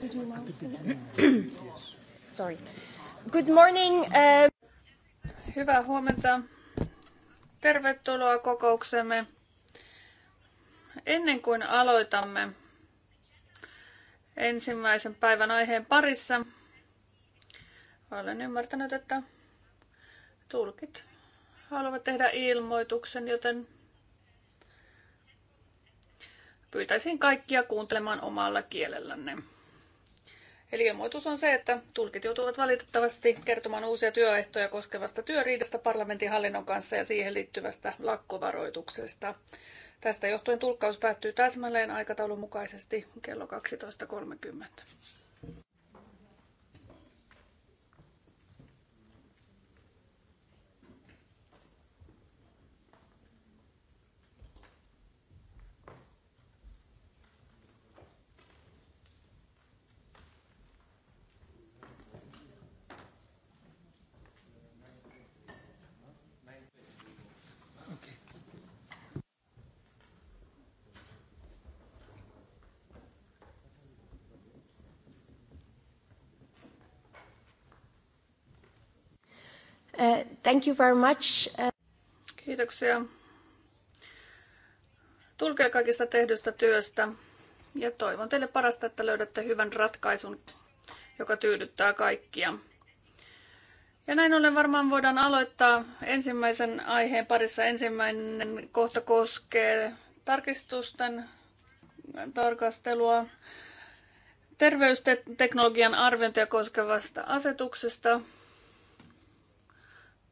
Sorry. Good morning. Uh... Hyvää huomenta. Tervetuloa kokouksemme. Ennen kuin aloitamme ensimmäisen päivän aiheen parissa, olen ymmärtänyt, että tulkit haluavat tehdä ilmoituksen, joten pyytäisin kaikkia kuuntelemaan omalla kielellänne. Eli ilmoitus on se, että tulkit joutuvat valitettavasti kertomaan uusia työehtoja koskevasta työriidasta parlamentin hallinnon kanssa ja siihen liittyvästä lakkovaroituksesta. Tästä johtuen tulkkaus päättyy täsmälleen aikataulun mukaisesti kello 12.30. Uh, thank you very much. Uh, Kiitoksia. Tulkee kaikista tehdystä työstä ja toivon teille parasta, että löydätte hyvän ratkaisun, joka tyydyttää kaikkia. Ja näin ollen varmaan voidaan aloittaa ensimmäisen aiheen parissa. Ensimmäinen kohta koskee tarkistusten tarkastelua terveysteknologian arviointia koskevasta asetuksesta.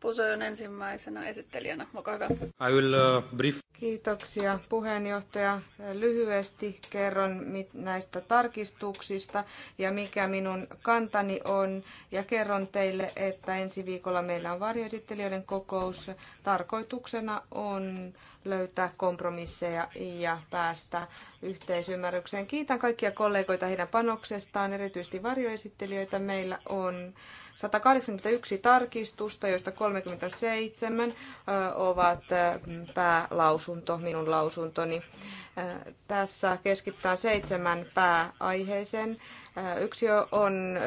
Pusojon ensimmäisenä esittelijänä. Olkaa hyvä. I will, uh, brief. Kiitoksia puheenjohtaja. Lyhyesti kerron näistä tarkistuksista ja mikä minun kantani on. Ja kerron teille, että ensi viikolla meillä on varjoesittelijöiden kokous. Tarkoituksena on löytää kompromisseja ja päästä yhteisymmärrykseen. Kiitän kaikkia kollegoita heidän panoksestaan, erityisesti varjoesittelijöitä. Meillä on 181 tarkistusta, joista 37 ovat päälausunto, minun lausuntoni. Tässä keskitytään seitsemän pääaiheeseen. Yksi on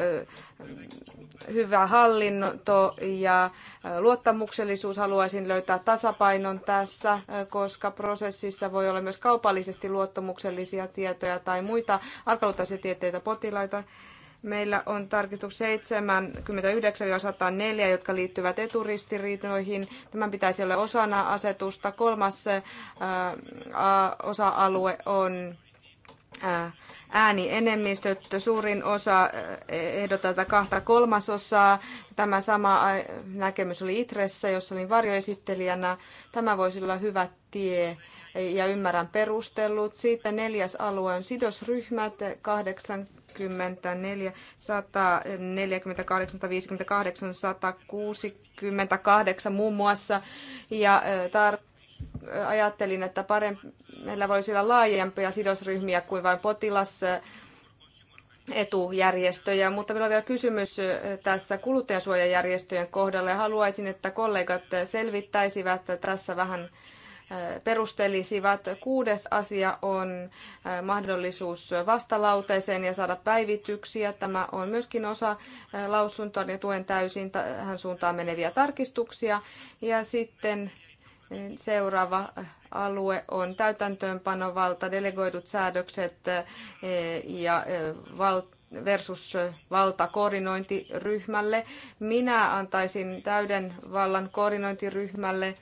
hyvä hallinto ja luottamuksellisuus. Haluaisin löytää tasapainon tässä, koska prosessissa voi olla myös kaupallisesti luottamuksellisia tietoja tai muita arkaluuttaisia tieteitä potilaita Meillä on tarkistus 79-104, jotka liittyvät eturistiriitoihin. Tämän pitäisi olla osana asetusta. Kolmas äh, osa-alue on äh, äänienemmistöt. Suurin osa äh, ehdotetaan kahta kolmasosaa. Tämä sama näkemys oli Itressä, jossa olin varjoesittelijänä. Tämä voisi olla hyvä tie ja ymmärrän perustellut. Siitä neljäs alue on sidosryhmät, kahdeksan 168 muun muassa. Ja tar- ajattelin, että parempi, meillä voisi olla laajempia sidosryhmiä kuin vain potilas etujärjestöjä, mutta meillä on vielä kysymys tässä kuluttajansuojajärjestöjen kohdalla ja haluaisin, että kollegat selvittäisivät tässä vähän perustelisivat. Kuudes asia on äh, mahdollisuus vastalauteeseen ja saada päivityksiä. Tämä on myöskin osa äh, lausuntoa ja niin tuen täysin tähän suuntaan meneviä tarkistuksia. Ja sitten äh, seuraava alue on täytäntöönpanovalta, delegoidut säädökset ja valta versus valtakoordinointiryhmälle. Minä antaisin täyden vallan koordinointiryhmälle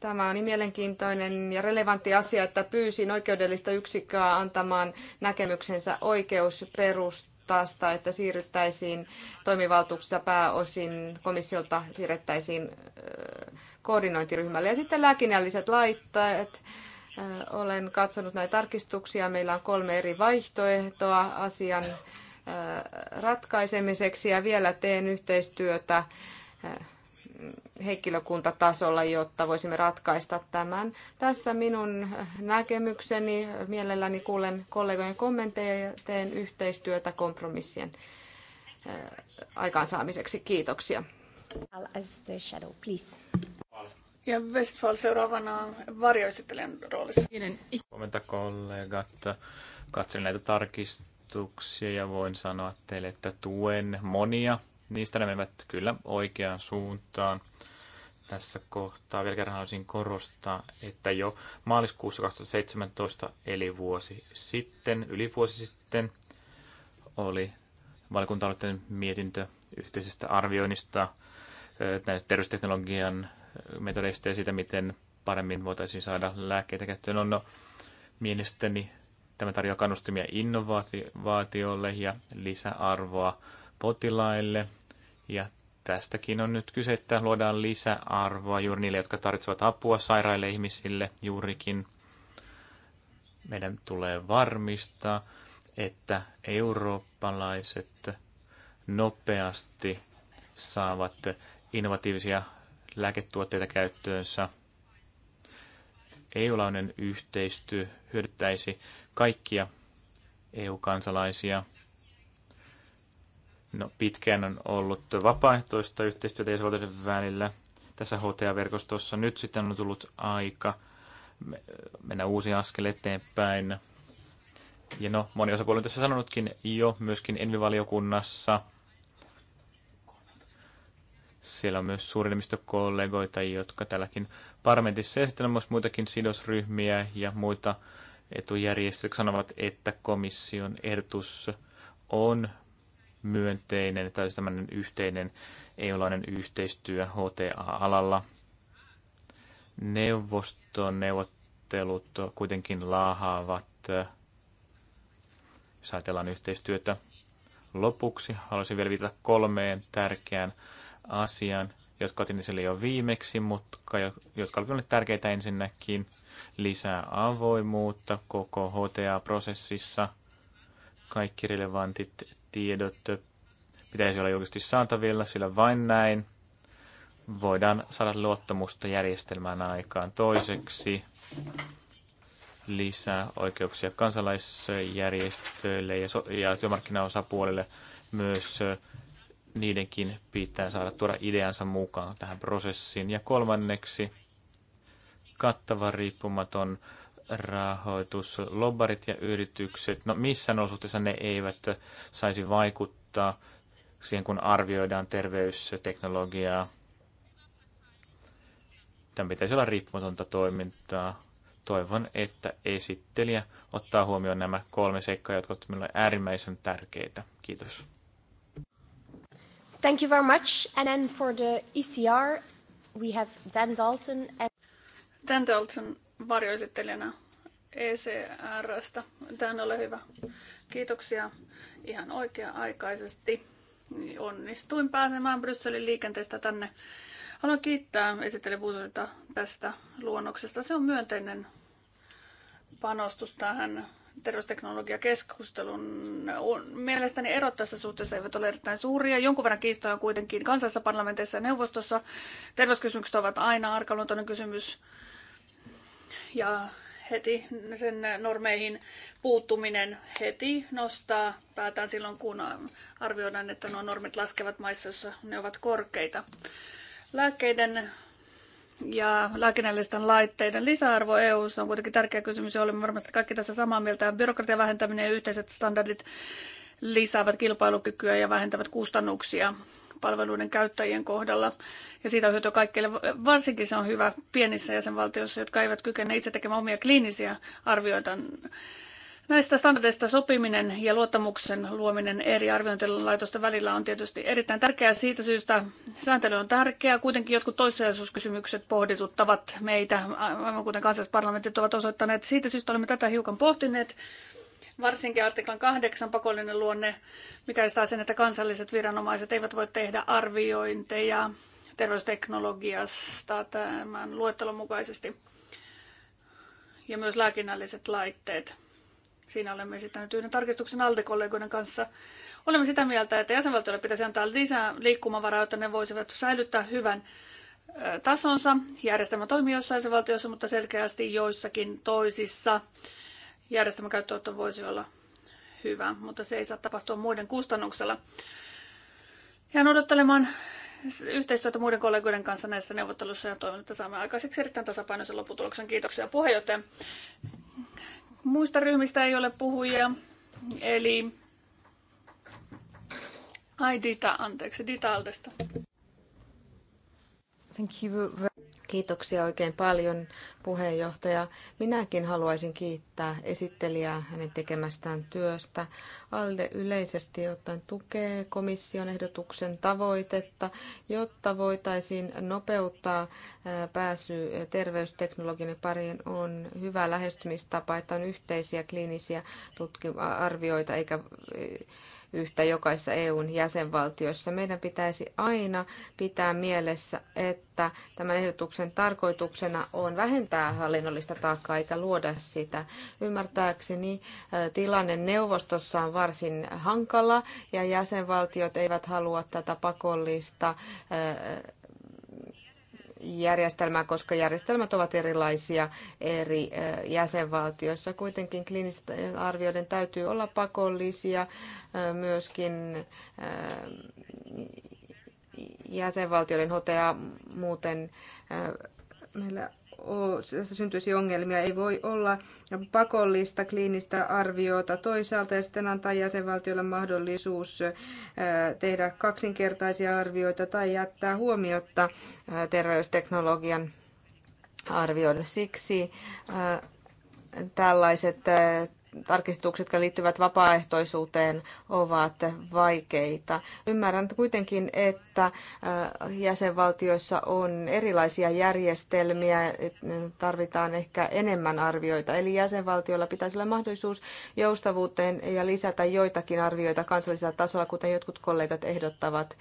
Tämä on niin mielenkiintoinen ja relevantti asia, että pyysin oikeudellista yksikköä antamaan näkemyksensä oikeusperustasta, että siirryttäisiin toimivaltuuksissa pääosin komissiolta siirrettäisiin koordinointiryhmälle. Ja sitten lääkinnälliset laitteet. Olen katsonut näitä tarkistuksia. Meillä on kolme eri vaihtoehtoa asian ratkaisemiseksi ja vielä teen yhteistyötä henkilökuntatasolla, jotta voisimme ratkaista tämän. Tässä minun näkemykseni. Mielelläni kuulen kollegojen kommentteja ja teen yhteistyötä kompromissien äh, aikaansaamiseksi. Kiitoksia. Ja Westfall seuraavana varjoesittelijän roolissa. Huomenta kollegat. Katselin näitä tarkistuksia ja voin sanoa teille, että tuen monia niistä ne menevät kyllä oikeaan suuntaan. Tässä kohtaa vielä kerran haluaisin korostaa, että jo maaliskuussa 2017, eli vuosi sitten, yli vuosi sitten, oli valiokunta mietintö yhteisestä arvioinnista näistä terveysteknologian metodeista ja siitä, miten paremmin voitaisiin saada lääkkeitä käyttöön. No, no, mielestäni tämä tarjoaa kannustimia innovaatiolle ja lisäarvoa potilaille ja tästäkin on nyt kyse, että luodaan lisäarvoa juuri niille, jotka tarvitsevat apua sairaille ihmisille juurikin. Meidän tulee varmistaa, että eurooppalaiset nopeasti saavat innovatiivisia lääketuotteita käyttöönsä. EU-lainen yhteistyö hyödyttäisi kaikkia EU-kansalaisia – No, pitkään on ollut vapaaehtoista yhteistyötä jäsenvaltioiden välillä tässä HTA-verkostossa. Nyt sitten on tullut aika mennä uusi askel eteenpäin. Ja no, moni osapuoli on tässä sanonutkin jo myöskin Envivaliokunnassa. Siellä on myös suuri kollegoita, jotka tälläkin parlamentissa ja sitten on myös muitakin sidosryhmiä ja muita etujärjestöjä, jotka sanovat, että komission ehdotus on myönteinen tai siis tämmöinen yhteinen EU-lainen yhteistyö HTA-alalla. Neuvoston neuvottelut kuitenkin laahaavat, jos ajatellaan yhteistyötä. Lopuksi haluaisin vielä viitata kolmeen tärkeään asiaan, jotka otin esille jo viimeksi, mutta jotka olivat tärkeitä ensinnäkin lisää avoimuutta koko HTA-prosessissa. Kaikki relevantit tiedot pitäisi olla julkisesti saatavilla, sillä vain näin voidaan saada luottamusta järjestelmään aikaan. Toiseksi lisää oikeuksia kansalaisjärjestöille ja, so- ja työmarkkinaosapuolille myös niidenkin pitää saada tuoda ideansa mukaan tähän prosessiin. Ja kolmanneksi kattava riippumaton rahoitus, lobbarit ja yritykset, no missään olosuhteissa ne eivät saisi vaikuttaa siihen, kun arvioidaan terveysteknologiaa. Tämä pitäisi olla riippumatonta toimintaa. Toivon, että esittelijä ottaa huomioon nämä kolme seikkaa, jotka ovat minulle äärimmäisen tärkeitä. Kiitos. Thank you very much. And then for the ECR, we have Dan Dalton. And... Dan Dalton varjoesittelijänä ECRstä. Tähän ole hyvä. Kiitoksia ihan oikea-aikaisesti. Onnistuin pääsemään Brysselin liikenteestä tänne. Haluan kiittää esittelijä tästä luonnoksesta. Se on myönteinen panostus tähän terveysteknologiakeskustelun mielestäni erot tässä suhteessa eivät ole erittäin suuria. Jonkun verran kiistoja on kuitenkin kansallisessa parlamenteissa ja neuvostossa. Terveyskysymykset ovat aina arkaluontoinen kysymys ja heti sen normeihin puuttuminen heti nostaa päätään silloin, kun arvioidaan, että nuo normit laskevat maissa, joissa ne ovat korkeita. Lääkkeiden ja lääkinnällisten laitteiden lisäarvo eu on kuitenkin tärkeä kysymys, ja olemme varmasti kaikki tässä samaa mieltä. Byrokratian vähentäminen ja yhteiset standardit lisäävät kilpailukykyä ja vähentävät kustannuksia palveluiden käyttäjien kohdalla. Ja siitä on hyötyä kaikille. Varsinkin se on hyvä pienissä jäsenvaltioissa, jotka eivät kykene itse tekemään omia kliinisiä arvioita. Näistä standardeista sopiminen ja luottamuksen luominen eri arviointilaitosten välillä on tietysti erittäin tärkeää. Siitä syystä sääntely on tärkeää. Kuitenkin jotkut toissijaisuuskysymykset pohdituttavat meitä, aivan kuten kansallisparlamentit ovat osoittaneet. Siitä syystä olemme tätä hiukan pohtineet varsinkin artiklan kahdeksan pakollinen luonne, mikä estää sen, että kansalliset viranomaiset eivät voi tehdä arviointeja terveysteknologiasta tämän luettelon mukaisesti. Ja myös lääkinnälliset laitteet. Siinä olemme esittäneet yhden tarkistuksen ALDE-kollegoiden kanssa. Olemme sitä mieltä, että jäsenvaltioille pitäisi antaa lisää liikkumavaraa, jotta ne voisivat säilyttää hyvän tasonsa. Järjestelmä toimii jossain valtiossa, mutta selkeästi joissakin toisissa järjestelmän käyttöönotto voisi olla hyvä, mutta se ei saa tapahtua muiden kustannuksella. Jään odottelemaan yhteistyötä muiden kollegoiden kanssa näissä neuvotteluissa ja toivon, että saamme aikaiseksi erittäin tasapainoisen lopputuloksen. Kiitoksia puheenjohtaja. Muista ryhmistä ei ole puhujia, eli ai Dita, anteeksi, Dita Aldesta. Thank you. Kiitoksia oikein paljon puheenjohtaja. Minäkin haluaisin kiittää esittelijää hänen tekemästään työstä. ALDE yleisesti ottaen tukee komission ehdotuksen tavoitetta, jotta voitaisiin nopeuttaa pääsy terveysteknologian pariin. On hyvä lähestymistapa, että on yhteisiä kliinisiä tutkimusta arvioita eikä yhtä jokaisessa EUn jäsenvaltiossa. Meidän pitäisi aina pitää mielessä, että tämän ehdotuksen tarkoituksena on vähentää hallinnollista taakkaa eikä luoda sitä. Ymmärtääkseni tilanne neuvostossa on varsin hankala ja jäsenvaltiot eivät halua tätä pakollista järjestelmää, koska järjestelmät ovat erilaisia eri eh, jäsenvaltioissa. Kuitenkin kliinisten arvioiden täytyy olla pakollisia eh, myöskin eh, jäsenvaltioiden hotea muuten meillä tästä syntyisi ongelmia. Ei voi olla pakollista kliinistä arviota toisaalta ja sitten antaa jäsenvaltiolle mahdollisuus tehdä kaksinkertaisia arvioita tai jättää huomiotta terveysteknologian arvioida. Siksi tällaiset tarkistukset, jotka liittyvät vapaaehtoisuuteen, ovat vaikeita. Ymmärrän kuitenkin, että äh, jäsenvaltioissa on erilaisia järjestelmiä, äh, tarvitaan ehkä enemmän arvioita. Eli jäsenvaltioilla pitäisi olla mahdollisuus joustavuuteen ja lisätä joitakin arvioita kansallisella tasolla, kuten jotkut kollegat ehdottavat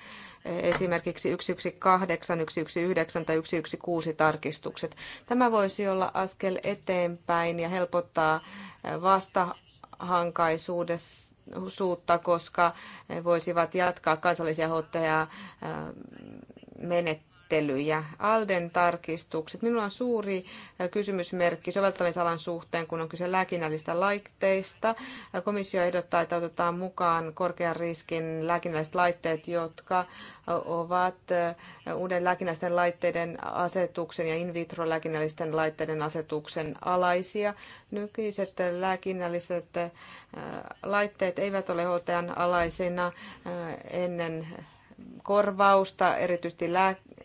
esimerkiksi 118, 119 tai 116 tarkistukset. Tämä voisi olla askel eteenpäin ja helpottaa vastahankaisuutta, koska voisivat jatkaa kansallisia hoitoja menet menettelyjä, ALDEn tarkistukset. Minulla on suuri kysymysmerkki soveltamisalan suhteen, kun on kyse lääkinnällistä laitteista. Komissio ehdottaa, että otetaan mukaan korkean riskin lääkinnälliset laitteet, jotka ovat uuden lääkinnällisten laitteiden asetuksen ja in vitro lääkinnällisten laitteiden asetuksen alaisia. Nykyiset lääkinnälliset laitteet eivät ole HTN alaisina ennen korvausta, erityisesti lää-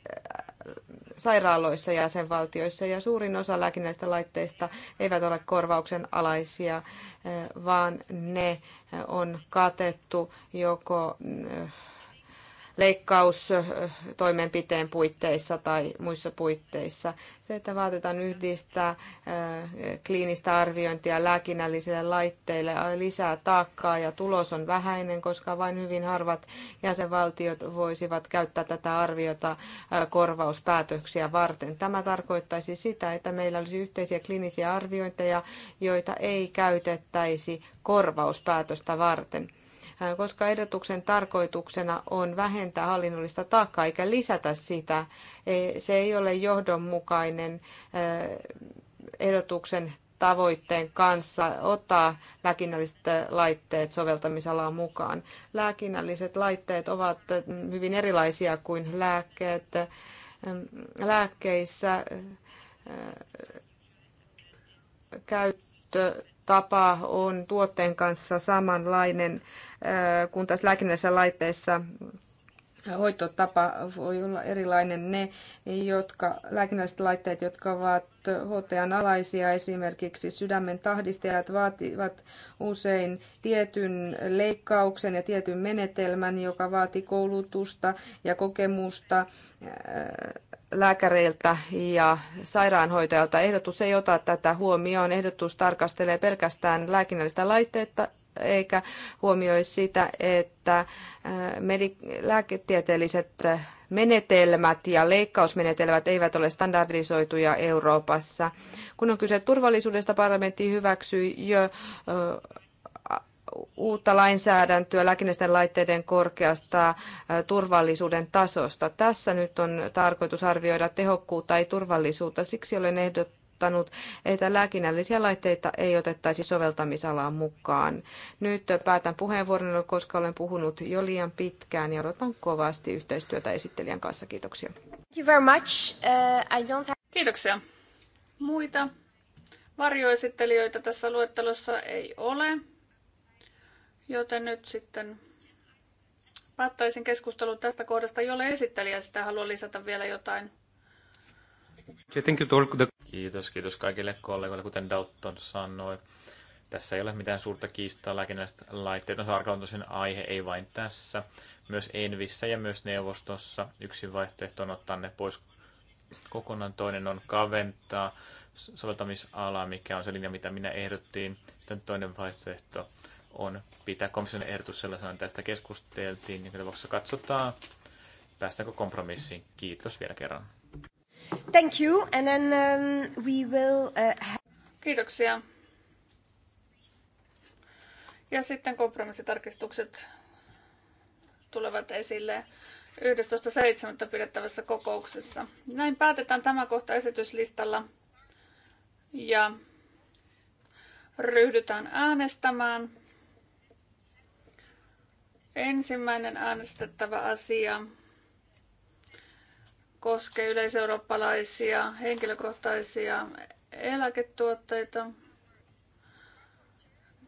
sairaaloissa ja sen valtioissa ja suurin osa lääkinnäistä laitteista eivät ole korvauksen alaisia, eh, vaan ne eh, on katettu joko eh, leikkaustoimenpiteen puitteissa tai muissa puitteissa. Se, että vaatetaan yhdistää kliinistä arviointia lääkinnällisille laitteille lisää taakkaa ja tulos on vähäinen, koska vain hyvin harvat jäsenvaltiot voisivat käyttää tätä arviota korvauspäätöksiä varten. Tämä tarkoittaisi sitä, että meillä olisi yhteisiä kliinisiä arviointeja, joita ei käytettäisi korvauspäätöstä varten koska ehdotuksen tarkoituksena on vähentää hallinnollista taakkaa eikä lisätä sitä. E, se ei ole johdonmukainen ehdotuksen tavoitteen kanssa ottaa lääkinnälliset laitteet soveltamisalaan mukaan. Lääkinnälliset laitteet ovat hyvin erilaisia kuin lääkkeet. Lääkkeissä käyttötapa on tuotteen kanssa samanlainen Äh, kun taas lääkinnällisissä laitteissa äh, hoitotapa voi olla erilainen. Ne, jotka, lääkinnälliset laitteet, jotka ovat HTAn alaisia, esimerkiksi sydämen tahdistajat, vaativat usein tietyn leikkauksen ja tietyn menetelmän, joka vaati koulutusta ja kokemusta äh, lääkäreiltä ja sairaanhoitajalta. Ehdotus ei ota tätä huomioon. Ehdotus tarkastelee pelkästään lääkinnällistä laitteetta eikä huomioi sitä, että äh, lääketieteelliset menetelmät ja leikkausmenetelmät eivät ole standardisoituja Euroopassa. Kun on kyse turvallisuudesta, parlamentti hyväksyi jo äh, uutta lainsäädäntöä lääkinnäisten laitteiden korkeasta äh, turvallisuuden tasosta. Tässä nyt on tarkoitus arvioida tehokkuutta ja turvallisuutta. Siksi olen ehdottanut ehdottanut, että lääkinnällisiä laitteita ei otettaisi soveltamisalaan mukaan. Nyt päätän puheenvuoron, koska olen puhunut jo liian pitkään ja odotan kovasti yhteistyötä esittelijän kanssa. Kiitoksia. Thank you very much. Uh, I don't have... Kiitoksia. Muita varjoesittelijöitä tässä luettelossa ei ole, joten nyt sitten päättäisin keskustelun tästä kohdasta, jolle esittelijä sitä haluaa lisätä vielä jotain. Kiitos, kiitos kaikille kollegoille, kuten Dalton sanoi. Tässä ei ole mitään suurta kiistaa lääkinnälliset laitteet. on no, sarkaluontoisen aihe ei vain tässä. Myös Envissä ja myös neuvostossa yksi vaihtoehto on ottaa ne pois kokonaan. Toinen on kaventaa soveltamisalaa, mikä on se linja, mitä minä ehdottiin. Sitten toinen vaihtoehto on pitää komission ehdotus sellaisena, tästä keskusteltiin. Niin tapauksessa katsotaan, päästäänkö kompromissiin. Kiitos vielä kerran. Thank you, and then um, we will... Uh, Kiitoksia. Ja sitten kompromissitarkistukset tulevat esille 11.7. pidettävässä kokouksessa. Näin päätetään tämä kohta esityslistalla ja ryhdytään äänestämään. Ensimmäinen äänestettävä asia koskee yleiseurooppalaisia henkilökohtaisia eläketuotteita.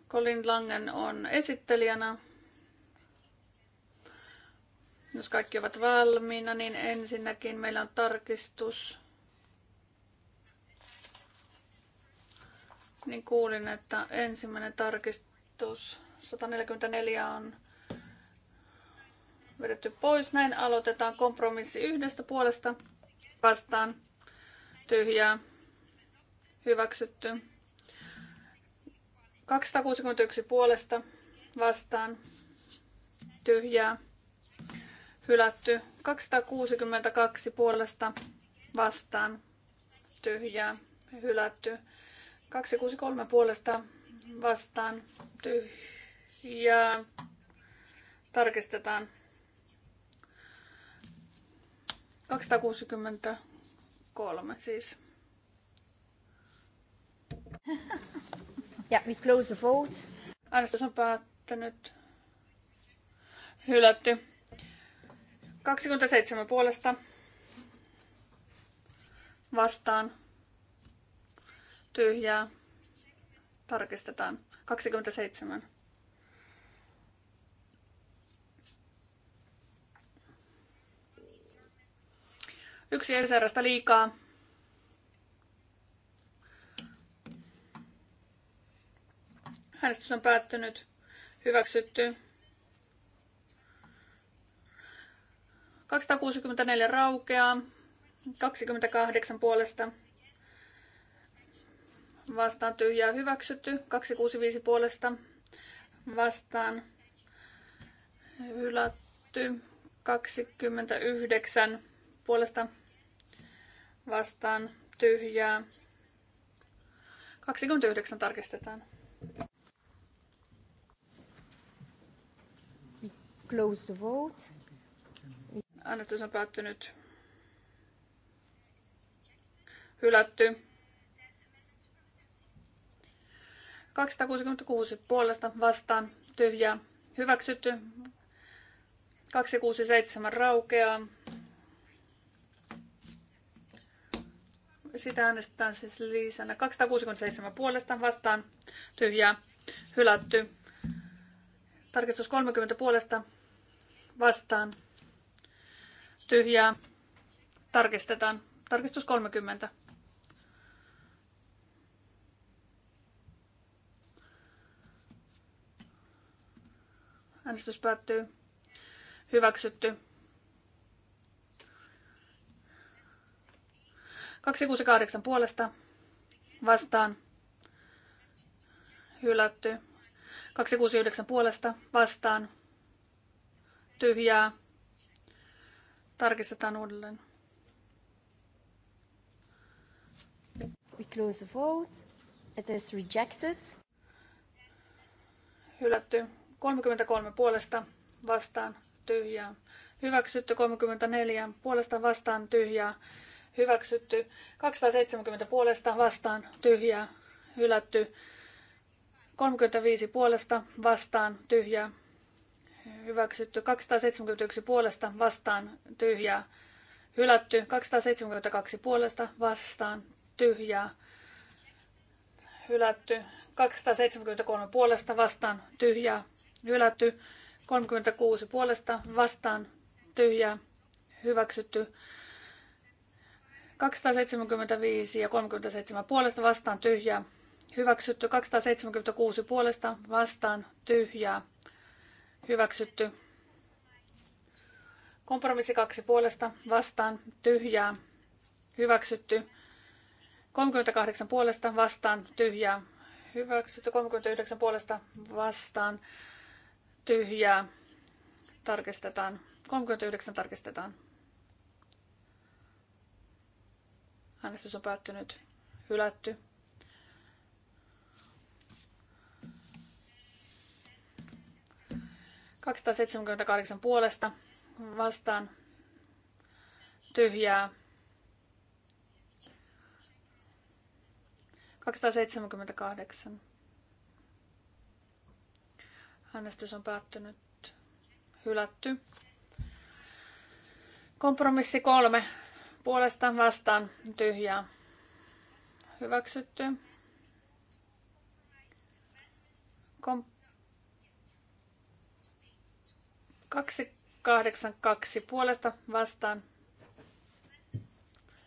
Colin Langen on esittelijänä. Jos kaikki ovat valmiina, niin ensinnäkin meillä on tarkistus. Niin kuulin, että ensimmäinen tarkistus 144 on vedetty pois. Näin aloitetaan kompromissi yhdestä puolesta vastaan tyhjää hyväksytty. 261 puolesta vastaan tyhjää hylätty. 262 puolesta vastaan tyhjää hylätty. 263 puolesta vastaan tyhjää tarkistetaan. 263 siis. Ja, Yeah, we close the vote. Äänestys on päättänyt. Hylätty. 27 puolesta. Vastaan. Tyhjää. Tarkistetaan. 27. Yksi ECRstä liikaa. Äänestys on päättynyt. Hyväksytty. 264 raukeaa. 28 puolesta. Vastaan tyhjää hyväksytty. 265 puolesta. Vastaan hylätty. 29 puolesta vastaan tyhjää. 29 tarkistetaan. Close the vote. Äänestys on päättynyt. Hylätty. 266 puolesta vastaan tyhjää. Hyväksytty. 267 raukeaa. Sitä äänestetään siis lisänä 267 puolesta vastaan tyhjää hylätty. Tarkistus 30 puolesta vastaan tyhjää tarkistetaan. Tarkistus 30. Äänestys päättyy. Hyväksytty. 268 puolesta vastaan hylätty. 269 puolesta vastaan tyhjää. Tarkistetaan uudelleen. We close the vote. It is rejected. Hylätty 33 puolesta vastaan tyhjää. Hyväksytty 34 puolesta vastaan tyhjää hyväksytty. 270 puolesta vastaan tyhjää hylätty. 35 puolesta vastaan tyhjää hyväksytty. 271 puolesta vastaan tyhjää hylätty. 272 puolesta vastaan tyhjää hylätty. 273 puolesta vastaan tyhjää hylätty. 36 puolesta vastaan tyhjää hyväksytty. 275 ja 37 puolesta vastaan tyhjää. Hyväksytty 276 puolesta vastaan tyhjää. Hyväksytty. Kompromissi 2 puolesta vastaan tyhjää. Hyväksytty. 38 puolesta vastaan tyhjää. Hyväksytty 39 puolesta vastaan tyhjää. Tarkistetaan. 39 tarkistetaan. Äänestys on päättynyt. Hylätty. kahdeksan puolesta vastaan tyhjää. 278. Äänestys on päättynyt. Hylätty. Kompromissi kolme puolesta vastaan tyhjää hyväksytty. Kom- 282 puolesta vastaan.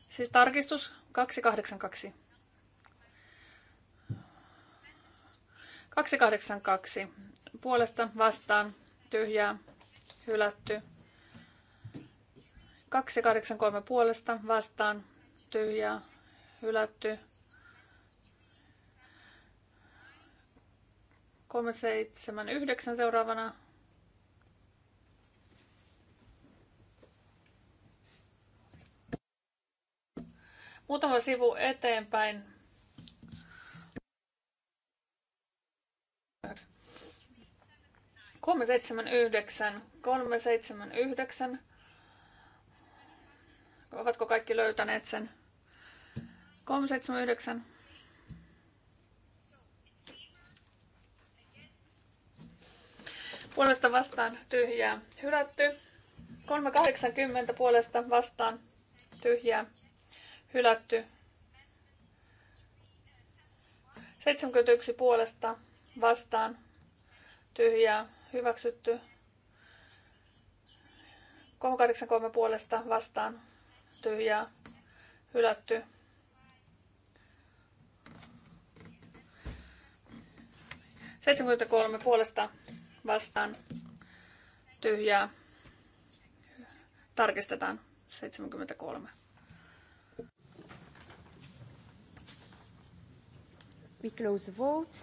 Siis tarkistus 282. 282 puolesta vastaan tyhjää hylätty. 283 puolesta vastaan tyhjää hylätty. 379 seuraavana. Muutama sivu eteenpäin. Kolme seitsemän yhdeksän, kolme seitsemän yhdeksän. Ovatko kaikki löytäneet sen? 379. Puolesta vastaan tyhjää hylätty. 380 puolesta vastaan tyhjää hylätty. 71 puolesta vastaan tyhjää hyväksytty. 383 puolesta vastaan ja hylätty. kolme puolesta vastaan tyhjää. Tarkistetaan 73. We close the vote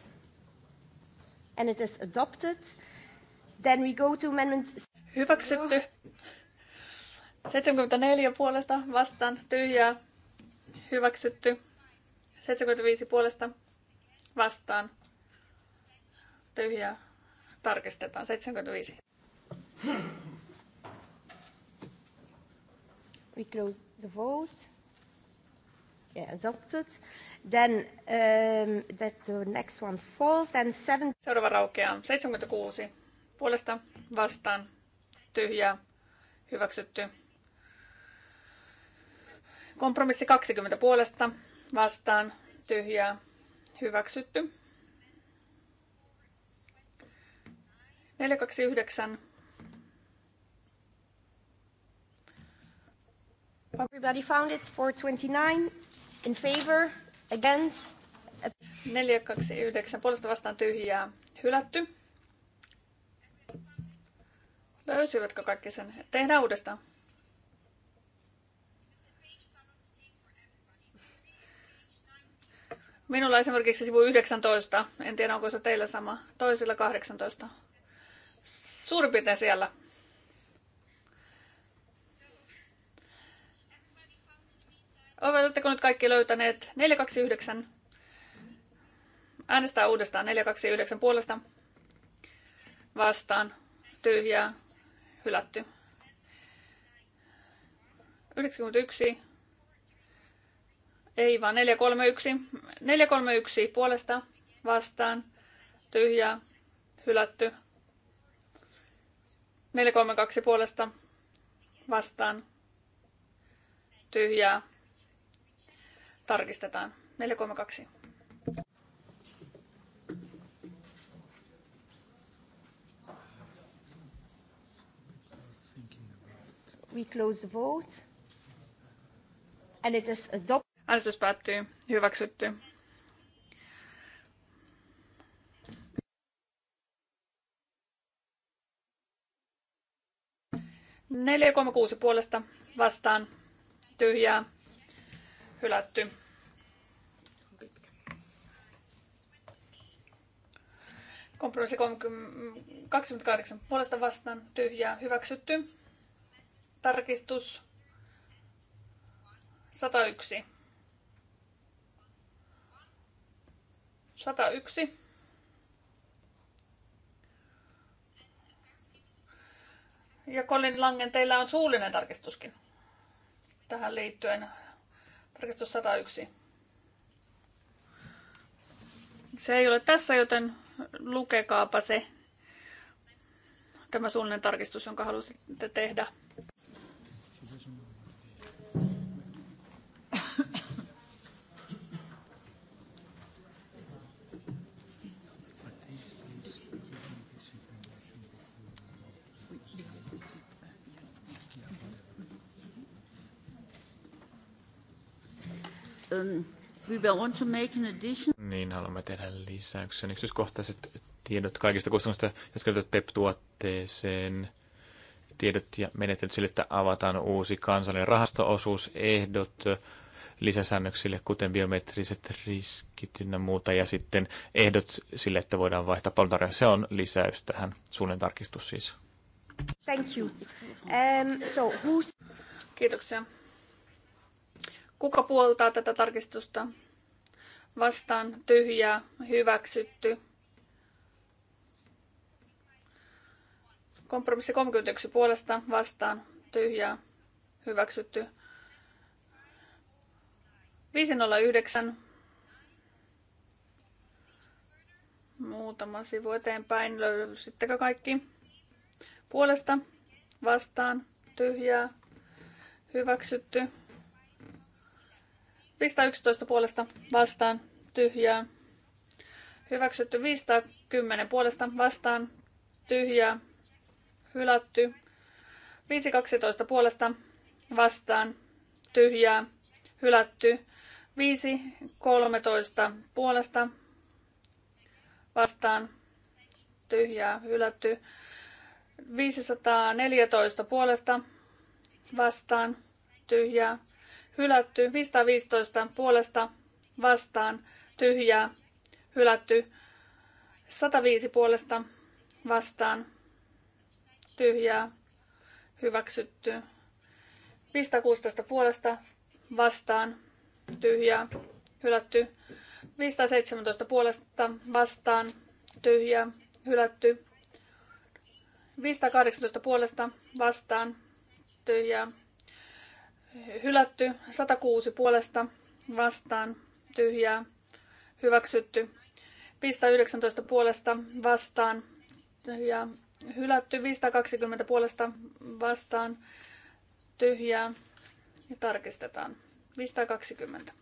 and it is adopted. Then we go to amendment... Hyväksytty. 74 puolesta vastaan tyhjää hyväksytty. 75 puolesta vastaan tyhjää tarkistetaan. 75. We close the vote. Yeah, adopted. Then um, that the next one falls. Then seven... Seuraava raukeaa. 76. Puolesta vastaan. Tyhjää. Hyväksytty. Kompromissi 20 puolesta vastaan tyhjää hyväksytty. 429. Everybody found it for 29 in favor against 429 puolesta vastaan tyhjää hylätty. Löysivätkö kaikki sen? Tehdään uudestaan. Minulla esimerkiksi sivu 19, en tiedä onko se teillä sama, toisilla 18. Suurin piirtein siellä. Oletteko nyt kaikki löytäneet 429? Äänestää uudestaan 429 puolesta. Vastaan. Tyhjää. Hylätty. 91 ei vaan 431. 431 puolesta vastaan. Tyhjää. Hylätty. 432 puolesta vastaan. Tyhjää. Tarkistetaan. 432. We close the vote. And it is adopted. Äänestys päättyy. Hyväksytty. Neljä kuusi puolesta vastaan. Tyhjää. Hylätty. Kompromissi 30, 28 puolesta vastaan. Tyhjää. Hyväksytty. Tarkistus 101 101. Ja Colin Langen, teillä on suullinen tarkistuskin tähän liittyen. Tarkistus 101. Se ei ole tässä, joten lukekaapa se, tämä suullinen tarkistus, jonka halusitte tehdä. Um, we want to make an addition. Niin, haluamme tehdä lisäyksen yksityiskohtaiset tiedot kaikista kustannusta, jotka liittyvät PEP-tuotteeseen. Tiedot ja menettelyt sille, että avataan uusi kansallinen rahastoosuus, ehdot lisäsäännöksille, kuten biometriset riskit ja muuta, ja sitten ehdot sille, että voidaan vaihtaa palveluntarjoajaa. Se on lisäys tähän suunnan tarkistus siis. Thank you. Um, so who's... Kiitoksia. Kuka puoltaa tätä tarkistusta? Vastaan tyhjää, hyväksytty. Kompromissi 31 puolesta vastaan tyhjää, hyväksytty. 509. Muutama sivu eteenpäin. Löysittekö kaikki? Puolesta vastaan tyhjää, hyväksytty. 511 puolesta vastaan tyhjää. Hyväksytty 510 puolesta vastaan tyhjää. Hylätty 512 puolesta vastaan tyhjää. Hylätty 513 puolesta vastaan tyhjää. Hylätty 514 puolesta vastaan tyhjää hylätty. 515 puolesta vastaan tyhjää hylätty. 105 puolesta vastaan tyhjää hyväksytty. 516 puolesta vastaan tyhjää hylätty. 517 puolesta vastaan tyhjää hylätty. 518 puolesta vastaan tyhjää hylätty, 106 puolesta vastaan, tyhjää, hyväksytty, 519 puolesta vastaan, tyhjää, hylätty, 520 puolesta vastaan, tyhjää, ja tarkistetaan, 520.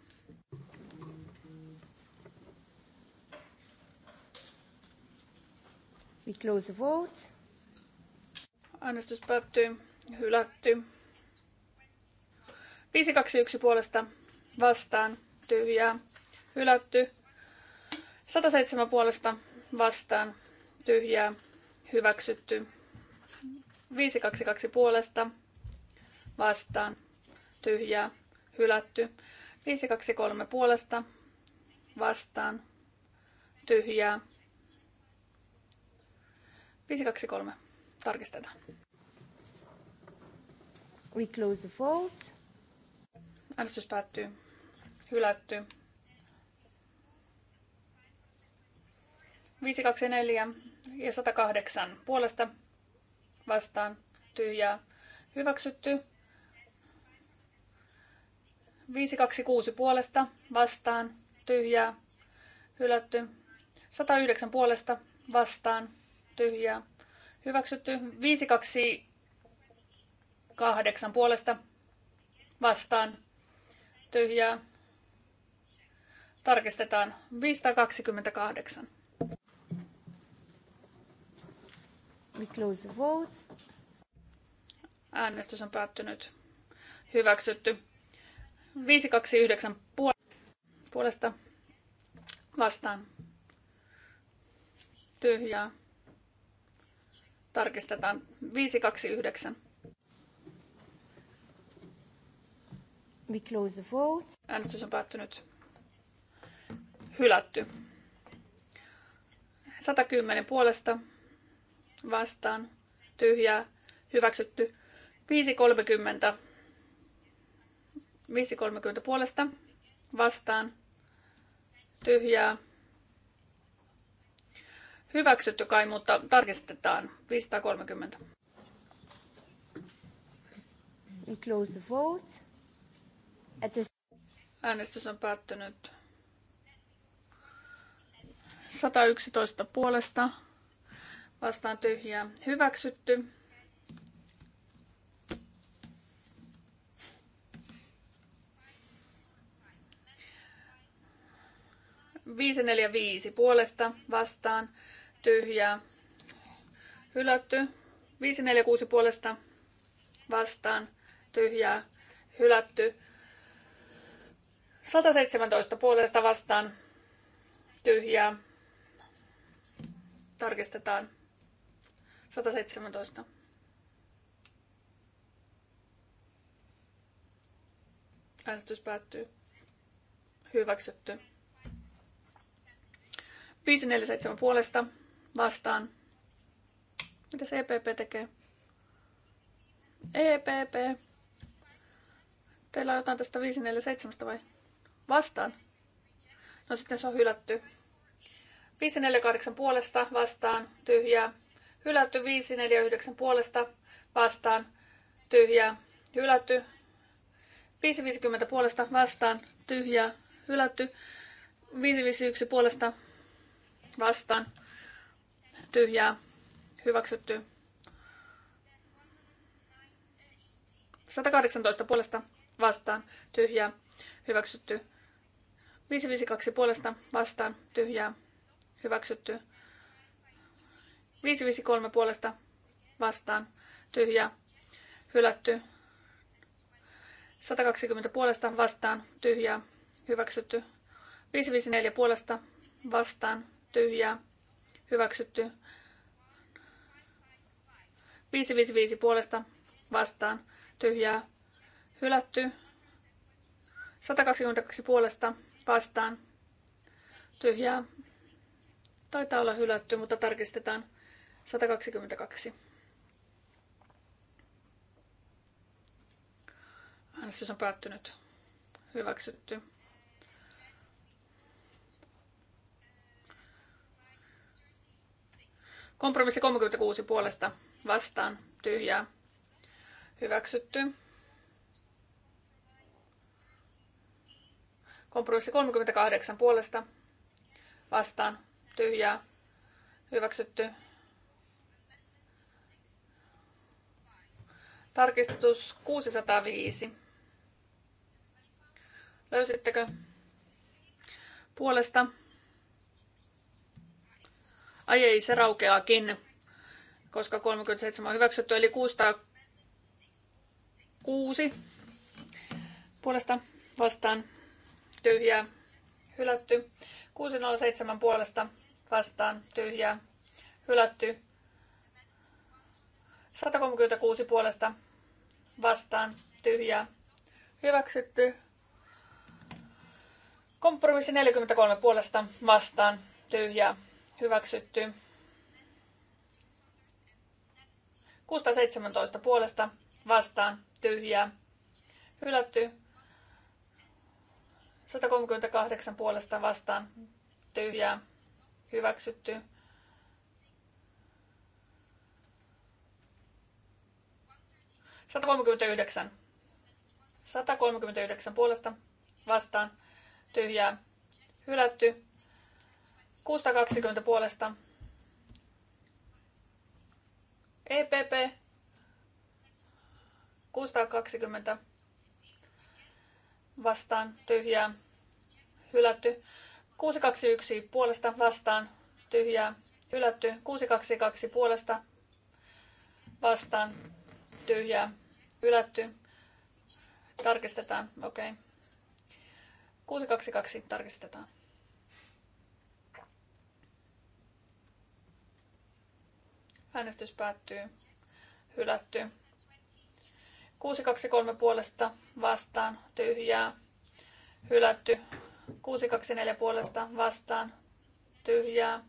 We close the vote. Äänestys päättyy. Hylätty. 521 puolesta vastaan tyhjää. Hylätty. 107 puolesta vastaan tyhjää. Hyväksytty. 522 puolesta vastaan tyhjää. Hylätty. 523 puolesta vastaan tyhjää. 523. Tarkistetaan. We close the vote. Äänestys päättyy. Hylätty. 524 ja 108 puolesta vastaan tyhjää hyväksytty. 526 puolesta vastaan tyhjää hylätty. 109 puolesta vastaan tyhjää hyväksytty. 528 puolesta vastaan tyhjää. Tarkistetaan 528. We close the vote. Äänestys on päättynyt. Hyväksytty. 529 puolesta vastaan. Tyhjää. Tarkistetaan 529. We close the vote. Äänestys on päättynyt. Hylätty. 110 puolesta vastaan. Tyhjää. Hyväksytty. 530. 530 puolesta vastaan. Tyhjää. Hyväksytty kai, mutta tarkistetaan. 530. We close the vote. Äänestys on päättynyt 111 puolesta, vastaan tyhjää, hyväksytty. Viisi neljä viisi puolesta vastaan tyhjää hylätty. Viisi neljä kuusi puolesta vastaan tyhjää hylätty. 117 puolesta vastaan tyhjää. Tarkistetaan. 117. Äänestys päättyy. Hyväksytty. 547 puolesta vastaan. Mitä se EPP tekee? EPP. Teillä on jotain tästä 547 vai? Vastaan. No sitten se on hylätty. 548 puolesta vastaan, tyhjää. Hylätty 549 puolesta vastaan, tyhjää. Hylätty 550 puolesta vastaan, tyhjää. Hylätty 551 puolesta vastaan, tyhjää. Hyväksytty 118 puolesta vastaan, tyhjää. Hyväksytty 552 puolesta vastaan tyhjää hyväksytty. 553 puolesta vastaan tyhjää hylätty. 120 puolesta vastaan tyhjää hyväksytty. 554 puolesta vastaan tyhjää hyväksytty. 555 puolesta vastaan tyhjää hylätty. 122 puolesta Vastaan. Tyhjää. Taitaa olla hylätty, mutta tarkistetaan. 122. Äänestys on päättynyt. Hyväksytty. Kompromissi 36 puolesta vastaan tyhjää. Hyväksytty. Kompromissi 38 puolesta vastaan tyhjää hyväksytty. Tarkistus 605. Löysittekö puolesta? Ai ei, se raukeakin, koska 37 on hyväksytty, eli 606 puolesta vastaan tyhjää, hylätty. 607 puolesta vastaan, tyhjää, hylätty. 136 puolesta vastaan, tyhjää, hyväksytty. Kompromissi 43 puolesta vastaan, tyhjää, hyväksytty. 617 puolesta vastaan, tyhjää, hylätty. 138 puolesta vastaan tyhjää hyväksytty. Sata 139. 139 puolesta vastaan tyhjää hylätty. 620 puolesta EPP 620 vastaan tyhjää hylätty. 621 puolesta vastaan tyhjää hylätty. 622 puolesta vastaan tyhjää hylätty. Tarkistetaan, okei. Okay. 622 tarkistetaan. Äänestys päättyy. Hylätty. 623 puolesta vastaan tyhjää. Hylätty. 624 puolesta vastaan. Tyhjää.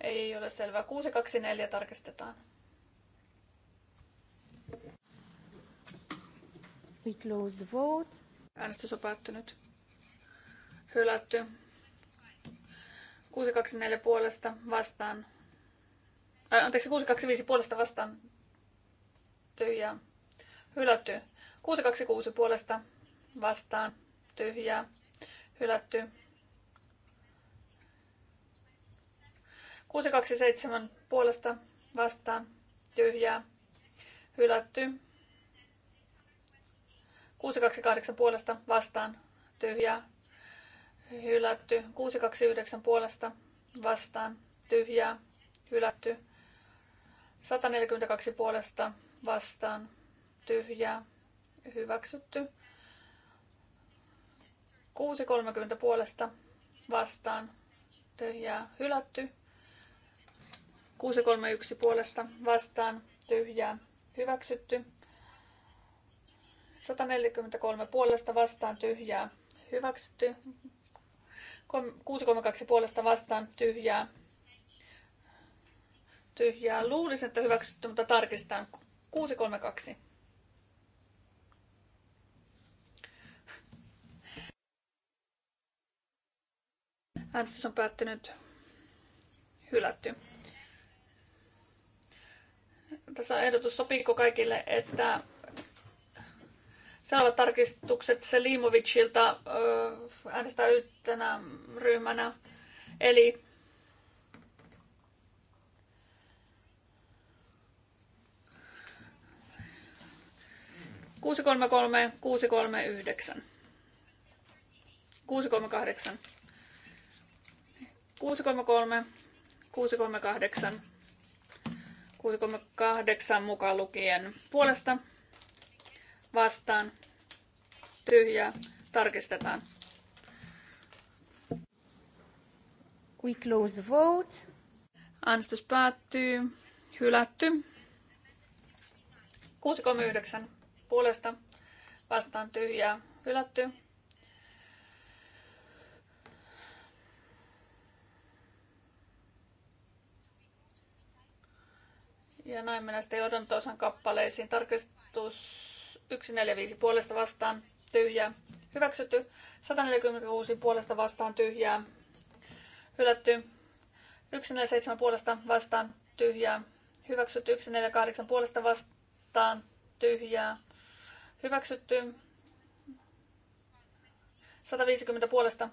Ei ole selvää. 624 tarkistetaan. We close the vote. Äänestys on päättynyt. Hylätty. 624 puolesta vastaan. Äh, anteeksi, 625 puolesta vastaan. Tyhjää. Hylätty. 626 puolesta vastaan. Tyhjää Hylätty. 627 puolesta vastaan. Tyhjää. Hylätty. 628 puolesta vastaan. Tyhjää. Hylätty. 629 puolesta vastaan. Tyhjää. Hylätty. 142 puolesta vastaan. Tyhjää. Hyväksytty. 6.30 puolesta vastaan tyhjää hylätty. 6.31 puolesta vastaan tyhjää hyväksytty. 143 puolesta vastaan tyhjää hyväksytty. 632 puolesta vastaan tyhjää. Tyhjää. Luulisin, että hyväksytty, mutta tarkistan. 632. Äänestys on päättynyt. Hylätty. Tässä ehdotus sopiiko kaikille, että seuraavat tarkistukset Selimovicilta äänestää yhtenä ryhmänä. Eli kuusi kolme kolme kuusi kolme yhdeksän kuusi kolme kahdeksan 633, 638, 638 mukaan lukien puolesta vastaan tyhjää tarkistetaan. We close the vote. Äänestys päättyy. Hylätty. 639 puolesta vastaan tyhjää. Hylätty. Ja näin mennään sitten johdantosan kappaleisiin. Tarkistus 145 puolesta vastaan tyhjää. Hyväksytty. 146 puolesta vastaan tyhjää. Hylätty. 147 puolesta vastaan tyhjää. Hyväksytty. 148 puolesta vastaan tyhjää. Hyväksytty. 150 puolesta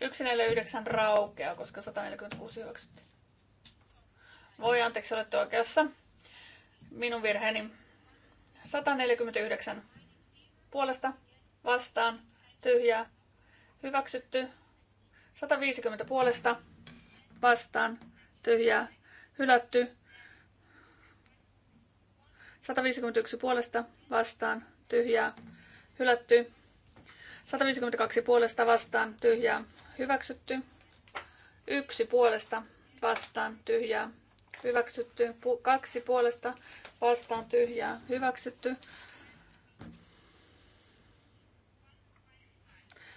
149 raukeaa, koska 146 hyväksyttiin. Voi anteeksi, olette oikeassa. Minun virheeni. 149 puolesta vastaan tyhjää hyväksytty. 150 puolesta vastaan tyhjää hylätty. 151 puolesta vastaan tyhjää hylätty. 152 puolesta vastaan tyhjää hyväksytty. Yksi puolesta vastaan tyhjää, hyväksytty. Kaksi puolesta vastaan tyhjää, hyväksytty.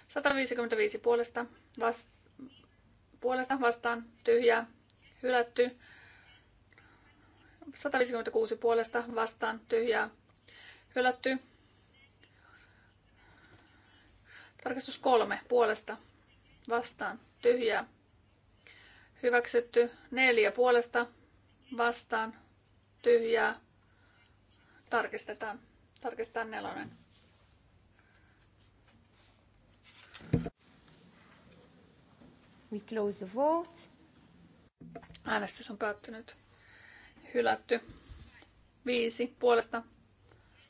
155 puolesta, vast, puolesta vastaan tyhjää, hylätty. 156 puolesta vastaan tyhjää, hylätty. Tarkastus kolme puolesta vastaan tyhjää. Hyväksytty neljä puolesta vastaan tyhjää. Tarkistetaan. Tarkistetaan nelonen. We close the vote. Äänestys on päättynyt. Hylätty. Viisi puolesta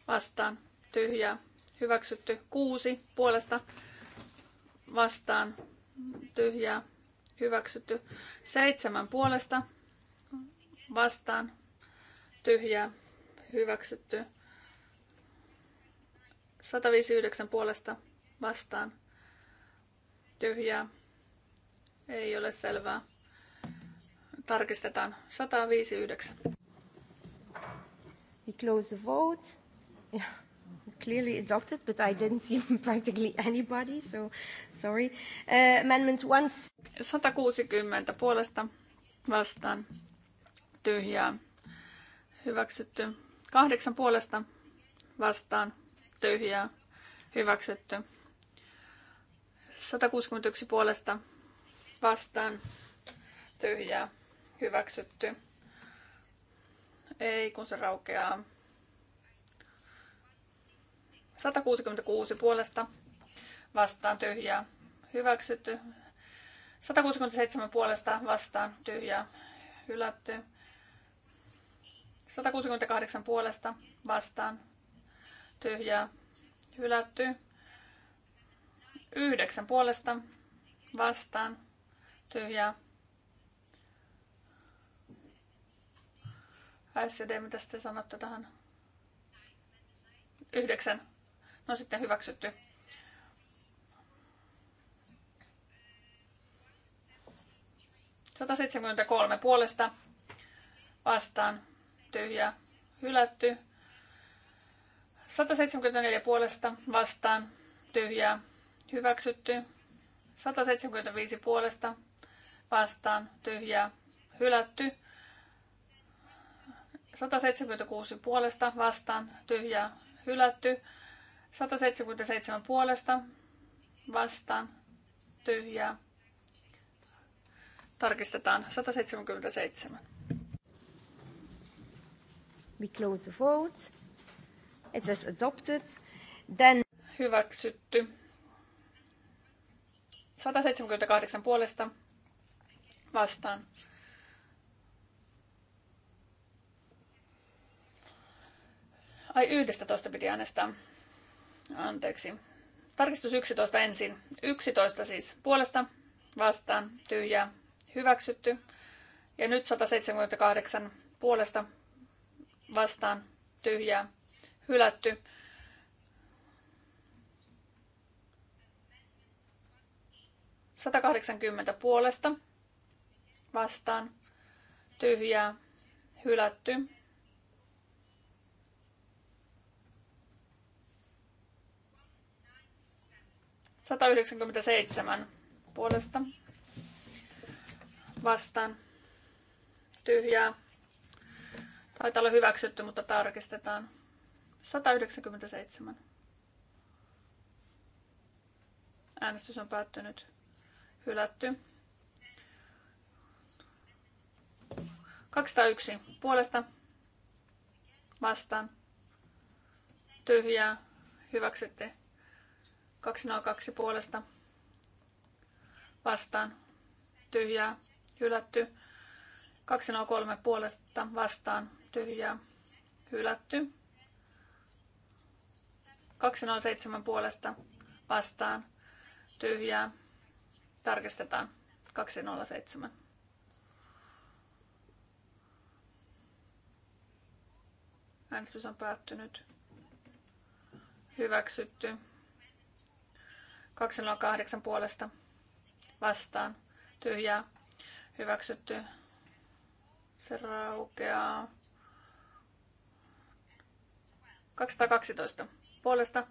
vastaan tyhjää. Hyväksytty kuusi puolesta vastaan tyhjää, hyväksytty. Seitsemän puolesta vastaan, tyhjää, hyväksytty. 159 puolesta vastaan, tyhjää, ei ole selvää. Tarkistetaan 159. We close the vote. Yeah clearly adopted, but I didn't see practically anybody, so sorry. Uh, amendment 160 puolesta vastaan tyhjää. Hyväksytty. Kahdeksan puolesta vastaan tyhjää. Hyväksytty. 161 puolesta vastaan tyhjää. Hyväksytty. Ei, kun se raukeaa. 166 puolesta vastaan tyhjää hyväksytty. 167 puolesta vastaan tyhjää hylätty. 168 puolesta vastaan tyhjää hylätty. 9 puolesta vastaan tyhjää SD, mitä te sanotte tähän? Yhdeksän. No sitten hyväksytty. kolme puolesta vastaan tyhjä hylätty. 174 puolesta vastaan tyhjä hyväksytty. 175 puolesta vastaan tyhjä hylätty. 176 puolesta vastaan tyhjä hylätty. 177 puolesta vastaan tyhjää. Tarkistetaan 177. We close the vote. It is adopted. Then... Hyväksytty. 178 puolesta vastaan. Ai 11 piti äänestää. Anteeksi. Tarkistus 11 ensin. 11 siis puolesta vastaan tyhjää hyväksytty. Ja nyt 178 puolesta vastaan tyhjää hylätty. Satakahdeksankymmentä puolesta vastaan tyhjää hylätty. 197 puolesta vastaan. Tyhjää. Taitaa olla hyväksytty, mutta tarkistetaan. 197. Äänestys on päättynyt. Hylätty. 201 puolesta vastaan. Tyhjää. Hyväksytte. 202 puolesta vastaan tyhjää hylätty. 203 puolesta vastaan tyhjää hylätty. 207 puolesta vastaan tyhjää. Tarkistetaan 207. Äänestys on päättynyt. Hyväksytty. 208 puolesta vastaan tyhjää hyväksytty. Se raukeaa 212 puolesta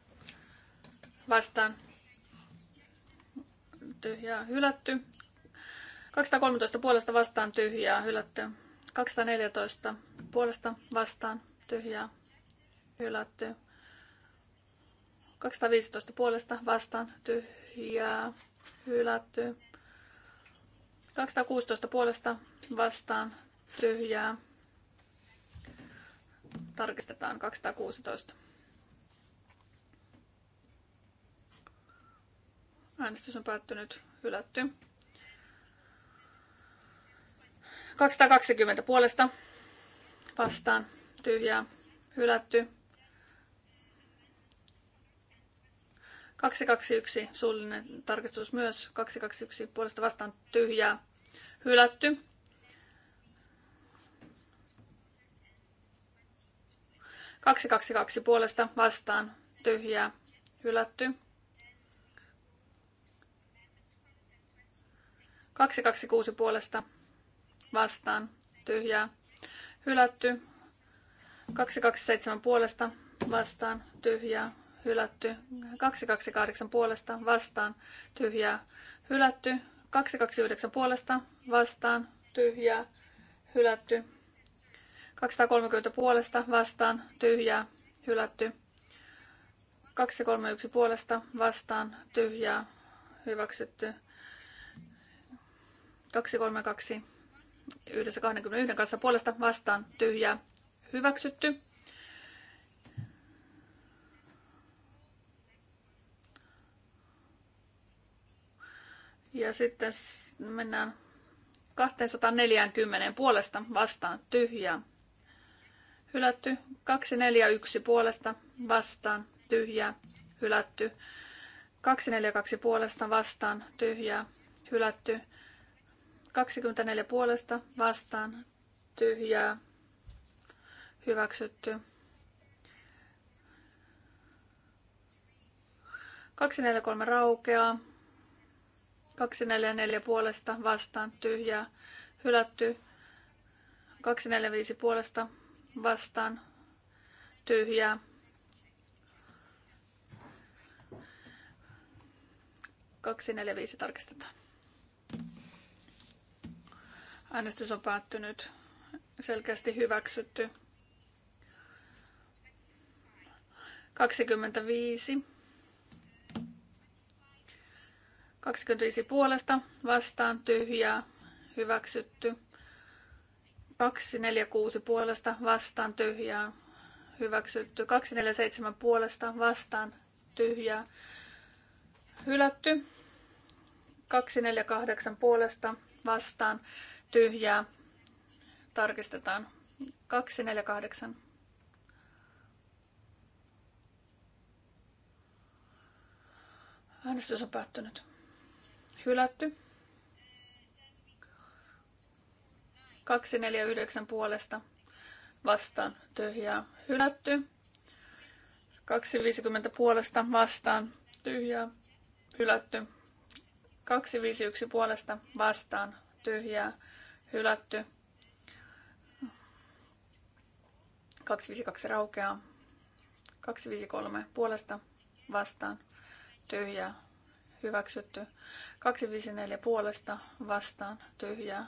vastaan tyhjää hylätty. 213 puolesta vastaan tyhjää hylätty. 214 puolesta vastaan tyhjää hylätty. 215 puolesta vastaan tyhjää hylätty. 216 puolesta vastaan tyhjää. Tarkistetaan 216. Äänestys on päättynyt, hylätty. 220 puolesta vastaan tyhjää, hylätty. 221 suullinen tarkistus myös. 221 puolesta vastaan tyhjää hylätty. Kaksi, kaksi, kaksi puolesta vastaan tyhjää hylätty. kuusi puolesta vastaan tyhjää hylätty. seitsemän puolesta vastaan tyhjää hylätty. 228 puolesta vastaan tyhjää hylätty. 229 puolesta vastaan tyhjää hylätty. 230 puolesta vastaan tyhjää hylätty. 231 puolesta vastaan tyhjää hyväksytty. 232 yhdessä 21 kanssa puolesta vastaan tyhjää hyväksytty. Ja sitten mennään 240 puolesta vastaan tyhjää. Hylätty 241 puolesta vastaan tyhjää. Hylätty 242 puolesta vastaan tyhjää. Hylätty 24 puolesta vastaan tyhjää. Hyväksytty 243 raukeaa. 244 puolesta vastaan tyhjää hylätty. 245 puolesta vastaan tyhjää. Kaksi, neljä, viisi tarkistetaan. Äänestys on päättynyt. Selkeästi hyväksytty. 25 25 puolesta vastaan tyhjää hyväksytty. 246 puolesta vastaan tyhjää hyväksytty. 247 puolesta vastaan tyhjää hylätty. 248 puolesta vastaan tyhjää tarkistetaan. 248 Äänestys on päättynyt. Hylätty. 249 puolesta vastaan tyhjää hylätty. 250 puolesta vastaan tyhjää hylätty. 251 puolesta vastaan tyhjää hylätty. 252 raukeaa. 253 puolesta vastaan tyhjää hyväksytty. 254 puolesta vastaan tyhjää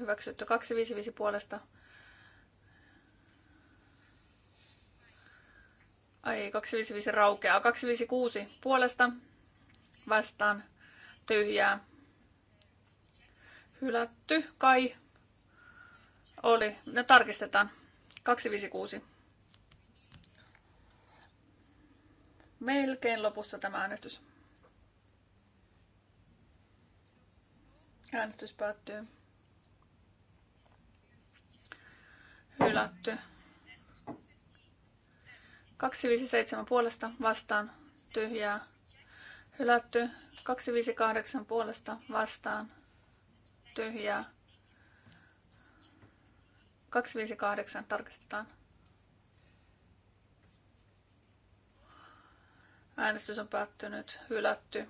hyväksytty. 255 puolesta Ai, 255 raukeaa. 256 puolesta vastaan tyhjää. Hylätty kai oli. Ne no, tarkistetaan. 256. Melkein lopussa tämä äänestys. Äänestys päättyy. Hylätty. 257 puolesta vastaan tyhjää. Hylätty. 258 puolesta vastaan tyhjää. 258 tarkistetaan. Äänestys on päättynyt, hylätty.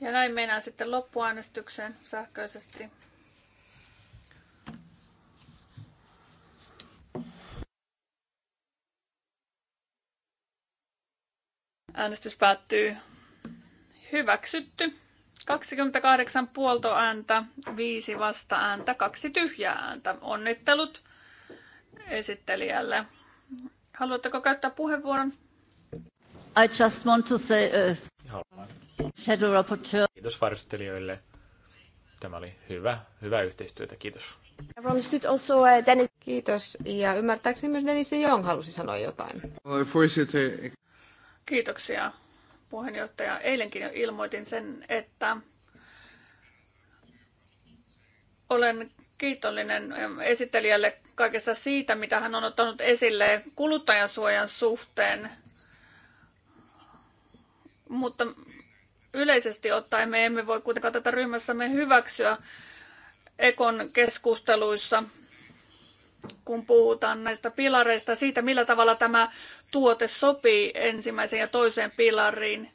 Ja näin mennään sitten loppuäänestykseen sähköisesti. Äänestys päättyy. Hyväksytty. 28 puoltoääntä, 5 vasta-ääntä, 2 tyhjää ääntä. Onnittelut esittelijälle. Haluatteko käyttää puheenvuoron? I just want to say... Uh... Shadow Rapporteur. Kiitos varustelijoille. Tämä oli hyvä, hyvä yhteistyötä. Kiitos. Uh, Kiitos. Ja ymmärtääkseni myös Dennis Jong halusi sanoa jotain. Kiitoksia puheenjohtaja. Eilenkin jo ilmoitin sen, että olen kiitollinen esittelijälle kaikesta siitä, mitä hän on ottanut esille kuluttajansuojan suhteen. Mutta Yleisesti ottaen me emme voi kuitenkaan tätä ryhmässämme hyväksyä Ekon keskusteluissa, kun puhutaan näistä pilareista, siitä millä tavalla tämä tuote sopii ensimmäiseen ja toiseen pilariin.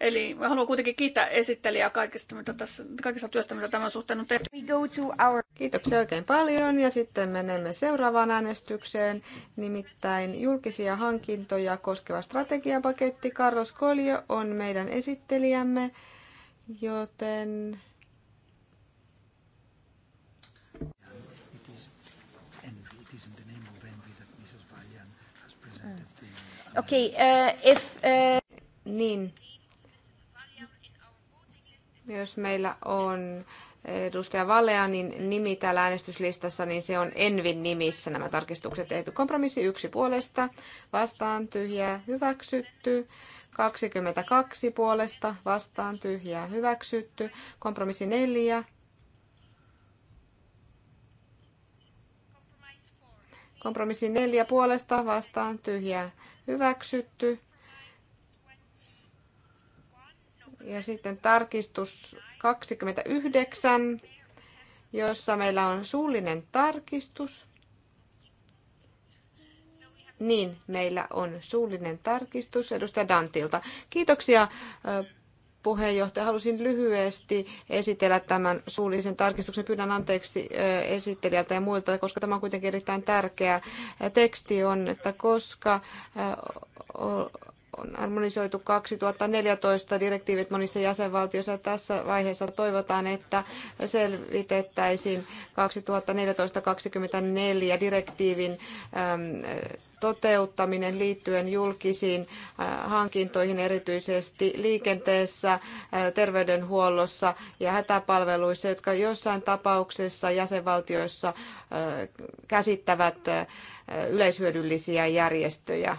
Eli haluan kuitenkin kiittää esittelijää kaikesta, mitä tässä, kaikesta työstä, mitä tämän suhteen on tehty. Our... Kiitoksia oikein paljon ja sitten menemme seuraavaan äänestykseen, nimittäin julkisia hankintoja koskeva strategiapaketti. Carlos Koljo on meidän esittelijämme, joten... Okei, okay, uh, if... Uh... Niin, jos meillä on edustaja Valeanin nimi täällä äänestyslistassa, niin se on Envin nimissä nämä tarkistukset tehty. Kompromissi yksi puolesta, vastaan tyhjää, hyväksytty. 22 puolesta, vastaan tyhjää, hyväksytty. Kompromissi neljä. Kompromissi neljä puolesta, vastaan tyhjää, hyväksytty. Ja sitten tarkistus 29, jossa meillä on suullinen tarkistus. Niin, meillä on suullinen tarkistus edustaja Dantilta. Kiitoksia puheenjohtaja. Halusin lyhyesti esitellä tämän suullisen tarkistuksen. Pyydän anteeksi esittelijältä ja muilta, koska tämä on kuitenkin erittäin tärkeä teksti on, että koska on harmonisoitu 2014 direktiivit monissa jäsenvaltioissa. Tässä vaiheessa toivotaan, että selvitettäisiin 2014-24 direktiivin toteuttaminen liittyen julkisiin hankintoihin erityisesti liikenteessä, terveydenhuollossa ja hätäpalveluissa, jotka jossain tapauksessa jäsenvaltioissa käsittävät yleishyödyllisiä järjestöjä.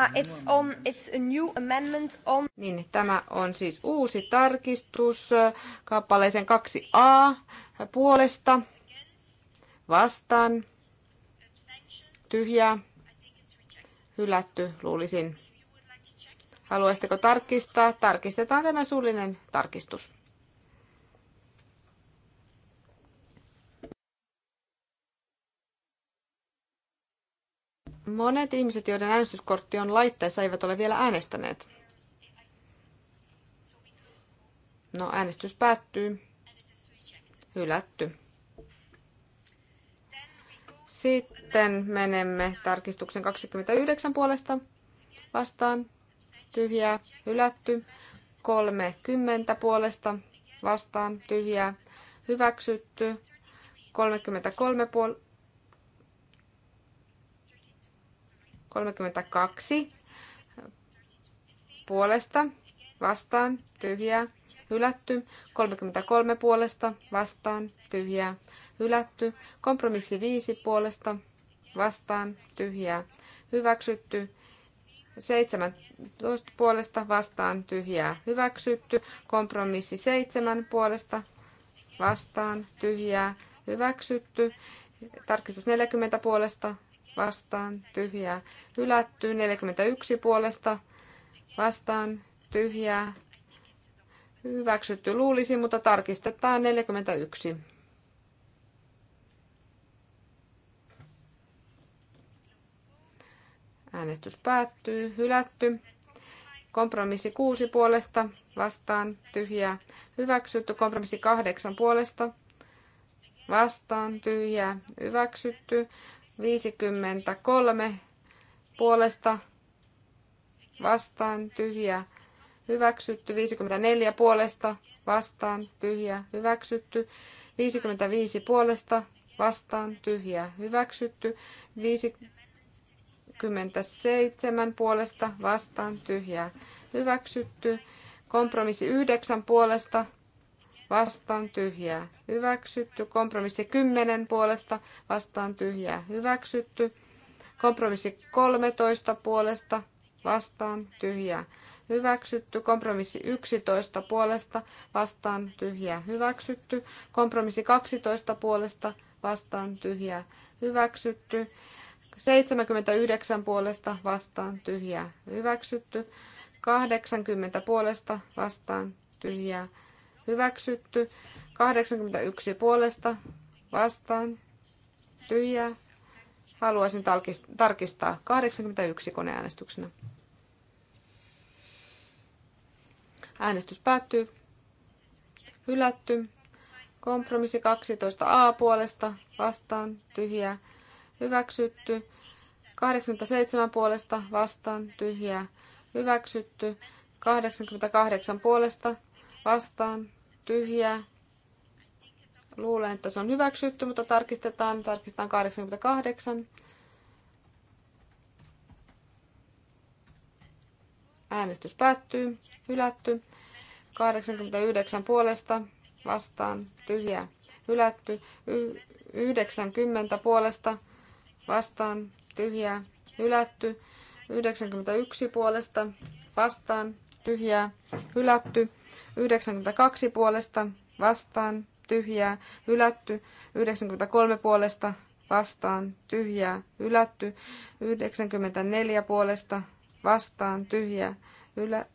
Ah, it's on, it's a new amendment on... Niin, tämä on siis uusi tarkistus kappaleeseen 2a puolesta vastaan tyhjää hylätty, luulisin. Haluaisitteko tarkistaa? Tarkistetaan tämä suullinen tarkistus. Monet ihmiset, joiden äänestyskortti on laitteessa, eivät ole vielä äänestäneet. No, äänestys päättyy. Hylätty. Sitten menemme tarkistuksen 29 puolesta vastaan. Tyhjää, hylätty. 30 puolesta vastaan, tyhjää, hyväksytty. 33 puolesta 32 puolesta vastaan tyhjää hylätty. 33 puolesta vastaan tyhjää hylätty. Kompromissi 5 puolesta vastaan tyhjää hyväksytty. 17 puolesta vastaan tyhjää hyväksytty. Kompromissi 7 puolesta vastaan tyhjää hyväksytty. Tarkistus 40 puolesta vastaan tyhjää hylätty. 41 puolesta vastaan tyhjää hyväksytty luulisi, mutta tarkistetaan 41. Äänestys päättyy. Hylätty. Kompromissi 6 puolesta vastaan tyhjää. Hyväksytty. Kompromissi 8 puolesta vastaan tyhjää. Hyväksytty. 53 puolesta vastaan tyhjä hyväksytty. 54 puolesta vastaan tyhjä hyväksytty. 55 puolesta vastaan tyhjä hyväksytty. 57 puolesta vastaan tyhjä hyväksytty. Kompromissi 9 puolesta vastaan tyhjää hyväksytty. Kompromissi 10 puolesta vastaan tyhjää hyväksytty. Kompromissi 13 puolesta vastaan tyhjää hyväksytty. Kompromissi 11 puolesta vastaan tyhjää hyväksytty. Kompromissi 12 puolesta vastaan tyhjää hyväksytty. 79 puolesta vastaan tyhjää hyväksytty. 80 puolesta vastaan tyhjää hyväksytty. 81 puolesta vastaan tyhjää. Haluaisin tarkistaa 81 koneäänestyksenä. Äänestys päättyy. Hylätty. Kompromissi 12a puolesta vastaan tyhjää. Hyväksytty. 87 puolesta vastaan tyhjää. Hyväksytty. 88 puolesta vastaan tyhjä, Luulen, että se on hyväksytty, mutta tarkistetaan. Tarkistetaan 88. Äänestys päättyy. Hylätty. 89 puolesta vastaan tyhjä, Hylätty. 90 puolesta vastaan tyhjä, Hylätty. 91 puolesta vastaan tyhjä, Hylätty. 92 puolesta vastaan tyhjää hylätty. 93 puolesta vastaan tyhjää hylätty. 94 puolesta vastaan tyhjää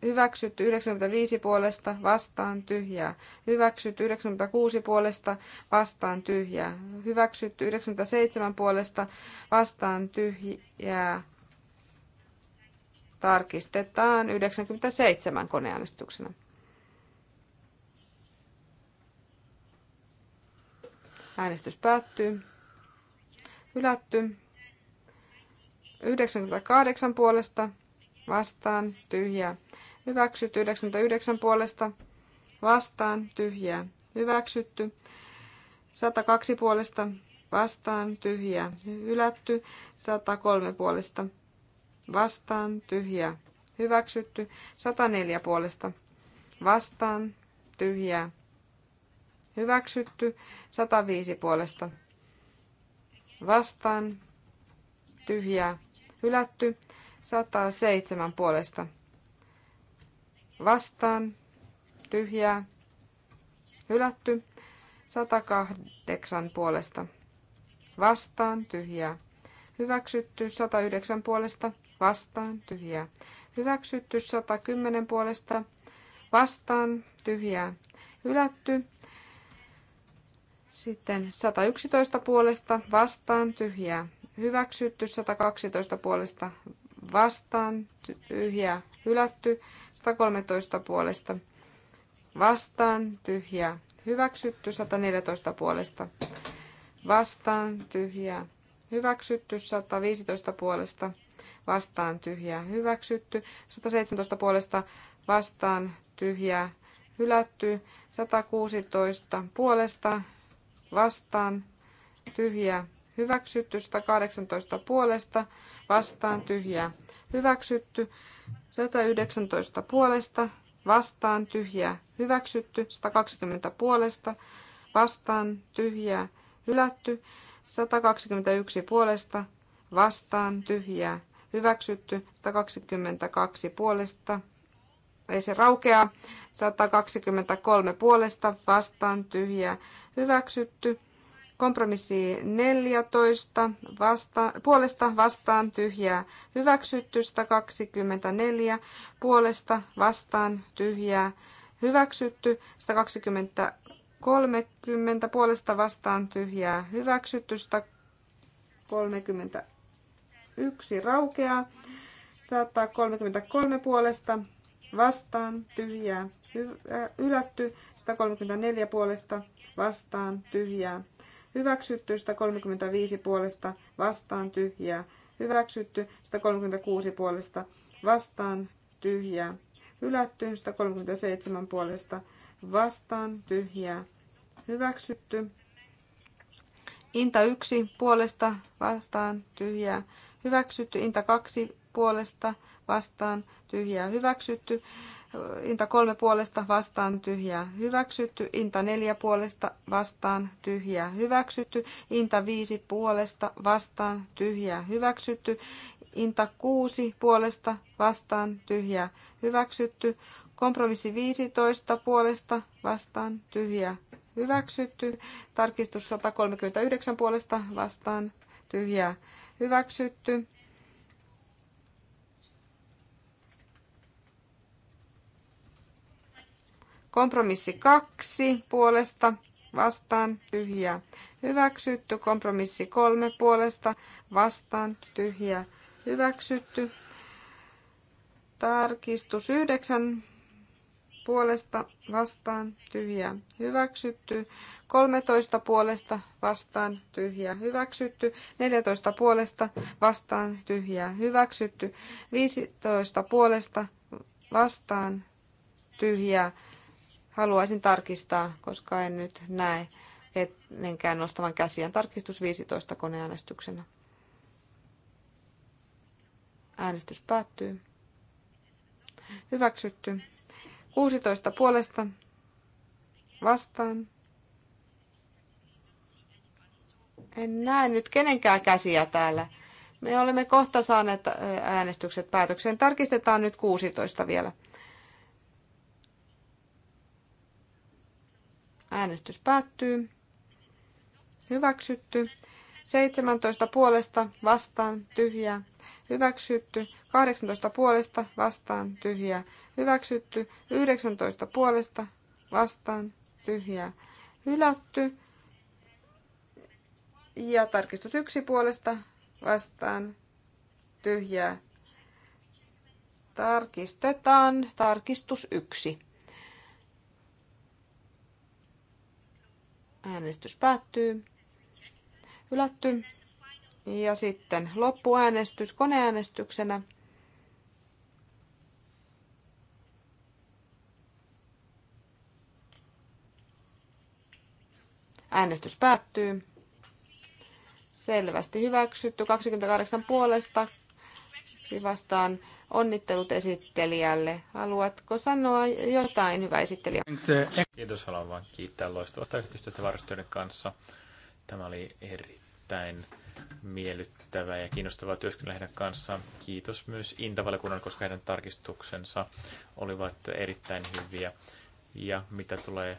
hyväksytty 95 puolesta, vastaan tyhjää. Hyväksytty 96 puolesta, vastaan tyhjää. Hyväksytty 97 puolesta, vastaan tyhjää. Tarkistetaan 97 koneäänestyksenä. Äänestys päättyy. Hylätty. 98 puolesta vastaan tyhjää. Hyväksytty 99 puolesta vastaan tyhjää. Hyväksytty 102 puolesta vastaan tyhjää. Hylätty 103 puolesta vastaan tyhjää. Hyväksytty 104 puolesta vastaan tyhjää. Hyväksytty 105 puolesta. Vastaan. Tyhjää. Hylätty 107 puolesta. Vastaan. Tyhjää. Hylätty 108 puolesta. Vastaan. Tyhjää. Hyväksytty 109 puolesta. Vastaan. Tyhjää. Hyväksytty 110 puolesta. Vastaan. Tyhjää. Hylätty sitten 111 puolesta vastaan tyhjää hyväksytty, 112 puolesta vastaan tyhjää hylätty, 113 puolesta vastaan tyhjää hyväksytty, 114 puolesta vastaan tyhjää hyväksytty, 115 puolesta vastaan tyhjää hyväksytty, 117 puolesta vastaan tyhjää hylätty, 116 puolesta vastaan tyhjä hyväksytty, 118 puolesta vastaan tyhjä hyväksytty, 119 puolesta vastaan tyhjä hyväksytty, 120 puolesta vastaan tyhjä hylätty, 121 puolesta vastaan tyhjä hyväksytty, 122 puolesta tai se raukeaa. 123 puolesta vastaan tyhjä hyväksytty. Kompromissi 14 vasta, puolesta vastaan tyhjää hyväksytty. 124 puolesta vastaan tyhjää hyväksytty. 120 30 puolesta vastaan tyhjää hyväksytty. 131 raukeaa, 133 puolesta vastaan, tyhjää, äh, ylätty, 134 puolesta vastaan, tyhjää, hyväksytty, 135 puolesta vastaan, tyhjää, hyväksytty, 136 puolesta vastaan, tyhjää, hylätty, 137 puolesta vastaan, tyhjää, hyväksytty. Inta 1 puolesta vastaan, tyhjää, hyväksytty. Inta 2 puolesta vastaan tyhjää hyväksytty. Inta kolme puolesta vastaan tyhjää hyväksytty. Inta neljä puolesta vastaan tyhjää hyväksytty. Inta viisi puolesta vastaan tyhjää hyväksytty. Inta kuusi puolesta vastaan tyhjää hyväksytty. Kompromissi 15 puolesta vastaan tyhjää hyväksytty. Tarkistus 139 puolesta vastaan tyhjää hyväksytty. Kompromissi kaksi puolesta vastaan tyhjää hyväksytty. Kompromissi kolme puolesta vastaan tyhjää hyväksytty. Tarkistus yhdeksän puolesta vastaan tyhjää hyväksytty. 13 puolesta vastaan tyhjää hyväksytty. 14 puolesta vastaan tyhjää hyväksytty. 15 puolesta vastaan tyhjää Haluaisin tarkistaa, koska en nyt näe ennenkään nostavan käsiään. Tarkistus 15 koneäänestyksenä. Äänestys päättyy. Hyväksytty. 16 puolesta vastaan. En näe nyt kenenkään käsiä täällä. Me olemme kohta saaneet äänestykset päätökseen. Tarkistetaan nyt 16 vielä. Äänestys päättyy. Hyväksytty. 17 puolesta vastaan tyhjä. Hyväksytty. 18 puolesta vastaan tyhjä. Hyväksytty. 19 puolesta vastaan tyhjä. Hylätty. Ja tarkistus yksi puolesta vastaan tyhjää. Tarkistetaan tarkistus yksi. Äänestys päättyy. Ylätty. Ja sitten loppuäänestys koneäänestyksenä. Äänestys päättyy. Selvästi hyväksytty. 28 puolesta, vastaan. Onnittelut esittelijälle. Haluatko sanoa jotain, hyvä esittelijä? Kiitos, haluan vain kiittää loistavasta yhteistyötä varastoiden kanssa. Tämä oli erittäin miellyttävää ja kiinnostavaa työskennellä heidän kanssa. Kiitos myös Intavalikunnan, koska heidän tarkistuksensa olivat erittäin hyviä. Ja mitä tulee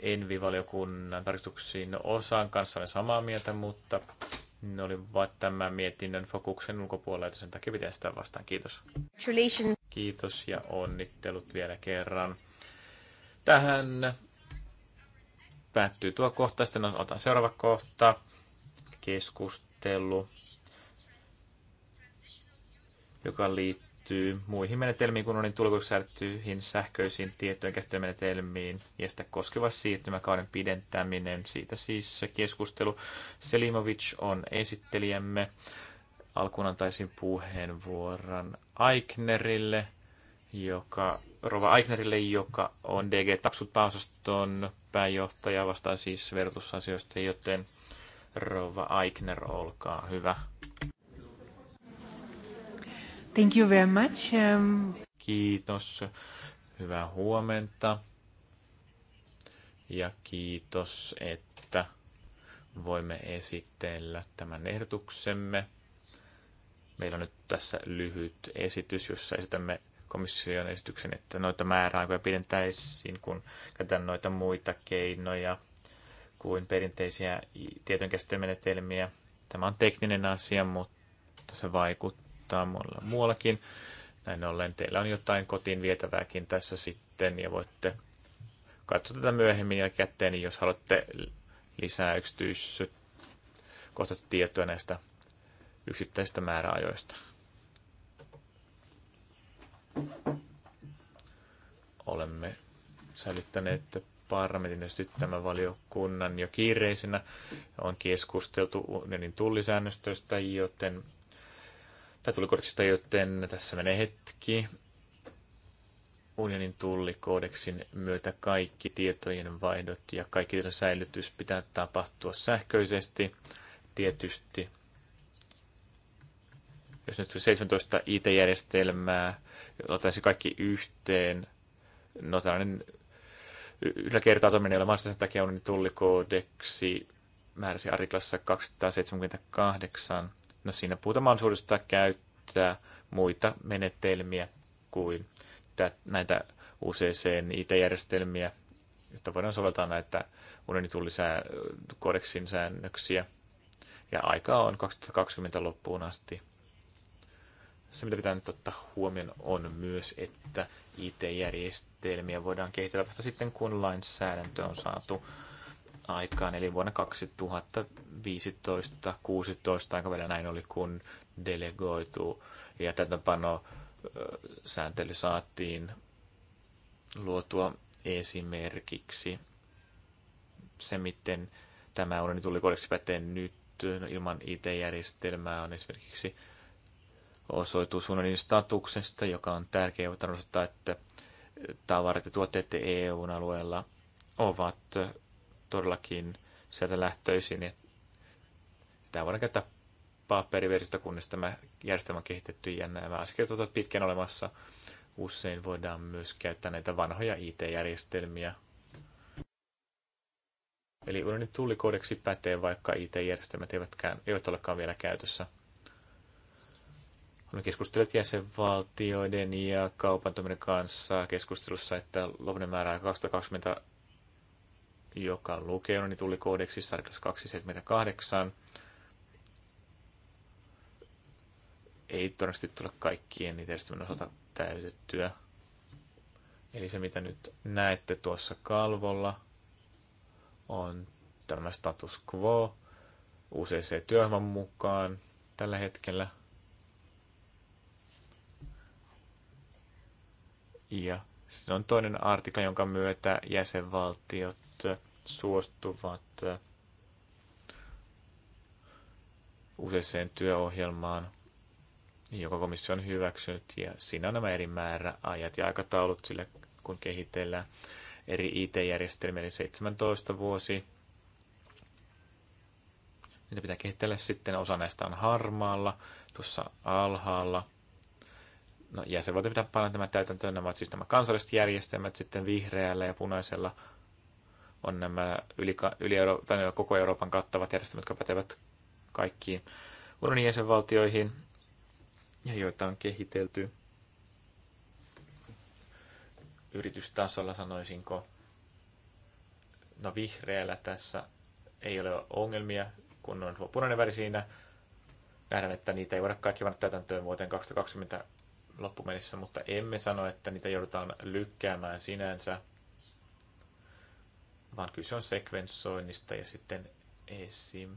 Envi-valiokunnan tarkistuksiin, no osaan kanssa olen samaa mieltä, mutta ne vain tämän mietinnön fokuksen ulkopuolella, joten sen takia pitää sitä vastaan. Kiitos. Kiitos ja onnittelut vielä kerran. Tähän päättyy tuo kohta. Sitten otan seuraava kohta. Keskustelu, joka liittyy liittyy muihin menetelmiin kuin onin niin tulkoksäädettyihin sähköisiin tietojen käsittelymenetelmiin ja sitä koskeva siirtymäkauden pidentäminen. Siitä siis se keskustelu. Selimovic on esittelijämme. Alkuun antaisin puheenvuoron Aiknerille, joka, Rova Aiknerille, joka on DG Tapsut pääosaston pääjohtaja, vastaa siis verotusasioista, joten Rova Aikner, olkaa hyvä. Thank you very much. Um... Kiitos. Hyvää huomenta. Ja kiitos, että voimme esitellä tämän ehdotuksemme. Meillä on nyt tässä lyhyt esitys, jossa esitämme komission esityksen, että noita määräaikoja pidentäisiin, kun käytetään noita muita keinoja kuin perinteisiä tietojenkäsittelymenetelmiä. Tämä on tekninen asia, mutta se vaikuttaa mutta monella muuallakin. Näin ollen teillä on jotain kotiin vietävääkin tässä sitten ja voitte katsoa tätä myöhemmin kätteen, niin jos haluatte lisää yksityiskohtaista tietoa näistä yksittäisistä määräajoista. Olemme säilyttäneet parlamentin tämän valiokunnan jo kiireisenä. On keskusteltu unionin tullisäännöstöstä, joten tuli tullikortista, joten tässä menee hetki. Unionin tullikoodeksin myötä kaikki tietojen vaihdot ja kaikki tietojen säilytys pitää tapahtua sähköisesti, tietysti. Jos nyt 17 IT-järjestelmää otaisi kaikki yhteen, no tällainen yläkertaa kertaa toiminen ei ole mahdollista, sen takia unionin tullikoodeksi määräsi artiklassa 278 No siinä puhutaan mahdollisuudesta käyttää muita menetelmiä kuin näitä UCCn IT-järjestelmiä, jotta voidaan soveltaa näitä unionitullikodeksin säännöksiä. Ja aikaa on 2020 loppuun asti. Se, mitä pitää nyt ottaa huomioon, on myös, että IT-järjestelmiä voidaan kehitellä vasta sitten, kun lainsäädäntö on saatu aikaan, eli vuonna 2015-2016 aikavälillä näin oli, kun delegoitu ja täytäntöpano sääntely saatiin luotua esimerkiksi se, miten tämä unioni tuli kodeksi pätee nyt no, ilman IT-järjestelmää on esimerkiksi osoitus unionin statuksesta, joka on tärkeä tarkoittaa, että tavarat ja tuotteet eu alueella ovat todellakin sieltä lähtöisin. tämä voidaan käyttää paperiversiota, kunnes tämä järjestelmä on kehitetty ja nämä asiakirjat ovat pitkään olemassa. Usein voidaan myös käyttää näitä vanhoja IT-järjestelmiä. Eli unionin tullikoodeksi pätee, vaikka IT-järjestelmät eivätkään, eivät olekaan vielä käytössä. Olemme keskustelleet jäsenvaltioiden ja kaupan kanssa keskustelussa, että lopullinen määrä 2020 joka lukee niin tuli tullikoodeksissa sarkas 278. Ei todennäköisesti tule kaikkien niitä järjestelmän osalta täytettyä. Eli se, mitä nyt näette tuossa kalvolla, on tämä status quo ucc työhön mukaan tällä hetkellä. Ja sitten on toinen artikla, jonka myötä jäsenvaltiot suostuvat äh, useiseen työohjelmaan, joka komissio on hyväksynyt, ja siinä on nämä eri määräajat ja aikataulut sille, kun kehitellään eri IT-järjestelmiä, eli 17 vuosi. Niitä pitää kehitellä sitten, osa näistä on harmaalla, tuossa alhaalla. No, jäsenvaltio pitää panna nämä täytäntöön, nämä siis nämä kansalliset järjestelmät sitten vihreällä ja punaisella on nämä yli, yli Euro- tai nämä koko Euroopan kattavat järjestelmät, jotka pätevät kaikkiin unionin jäsenvaltioihin ja joita on kehitelty yritystasolla, sanoisinko. No vihreällä tässä ei ole ongelmia, kun on punainen väri siinä. Nähdään, että niitä ei voida kaikki panna täytäntöön vuoteen 2020 loppumennessä, mutta emme sano, että niitä joudutaan lykkäämään sinänsä – vaan kyse on sekvensoinnista ja sitten esim.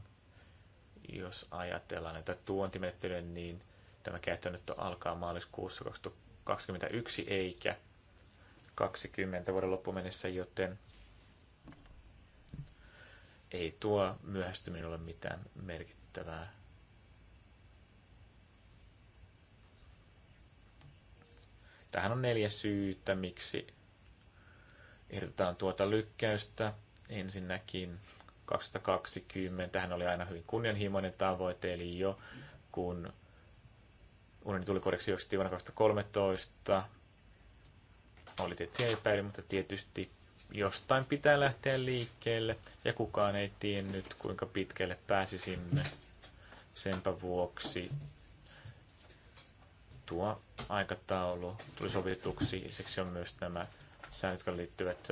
Jos ajatellaan näitä tuontimenettelyjä, niin tämä käyttöönotto alkaa maaliskuussa 2021 eikä 20 vuoden loppuun mennessä, joten ei tuo myöhästyminen ole mitään merkittävää. Tähän on neljä syytä, miksi ehdotetaan tuota lykkäystä. Ensinnäkin 2020, tähän oli aina hyvin kunnianhimoinen tavoite, eli jo kun unioni tuli kodeksi vuonna 2013, oli tiettyjä epäilyjä, mutta tietysti jostain pitää lähteä liikkeelle, ja kukaan ei tiennyt, kuinka pitkälle pääsisimme. Senpä vuoksi tuo aikataulu tuli sovituksi, siksi on myös nämä säännöt, jotka liittyvät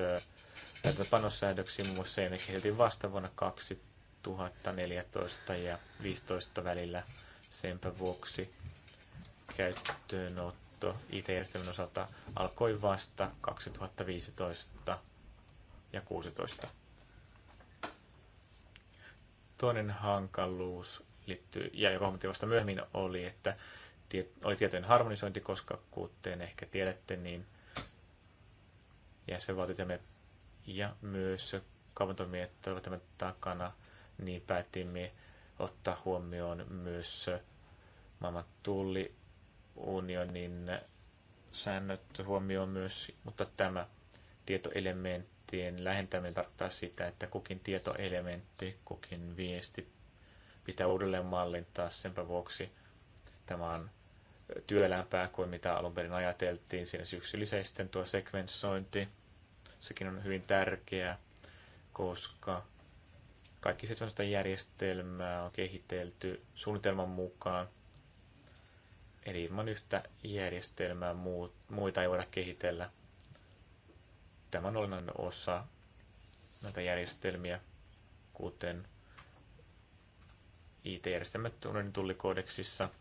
täytäntöpanossäädöksiin, muun muassa ja ne kehiteltiin vasta vuonna 2014 ja 2015 välillä. Senpä vuoksi käyttöönotto IT-järjestelmän osalta alkoi vasta 2015 ja 16. Toinen hankaluus liittyy, ja joka huomattiin vasta myöhemmin, oli, että oli tietojen harmonisointi, koska kuten ehkä tiedätte, niin jäsenvaltiot ja me ja myös kaupantoimijat olivat tämän takana, niin päätimme ottaa huomioon myös maailman tulliunionin säännöt huomioon myös, mutta tämä tietoelementtien lähentäminen tarkoittaa sitä, että kukin tietoelementti, kukin viesti pitää uudelleen mallintaa senpä vuoksi. Tämä on työlämpää kuin mitä alun perin ajateltiin. Siinä syksylliseen sitten tuo sekvensointi, sekin on hyvin tärkeää, koska kaikki 17 järjestelmää on kehitelty suunnitelman mukaan. Eli ilman yhtä järjestelmää muita ei voida kehitellä. Tämä on olennainen osa näitä järjestelmiä, kuten IT-järjestelmät unionin tullikoodeksissa –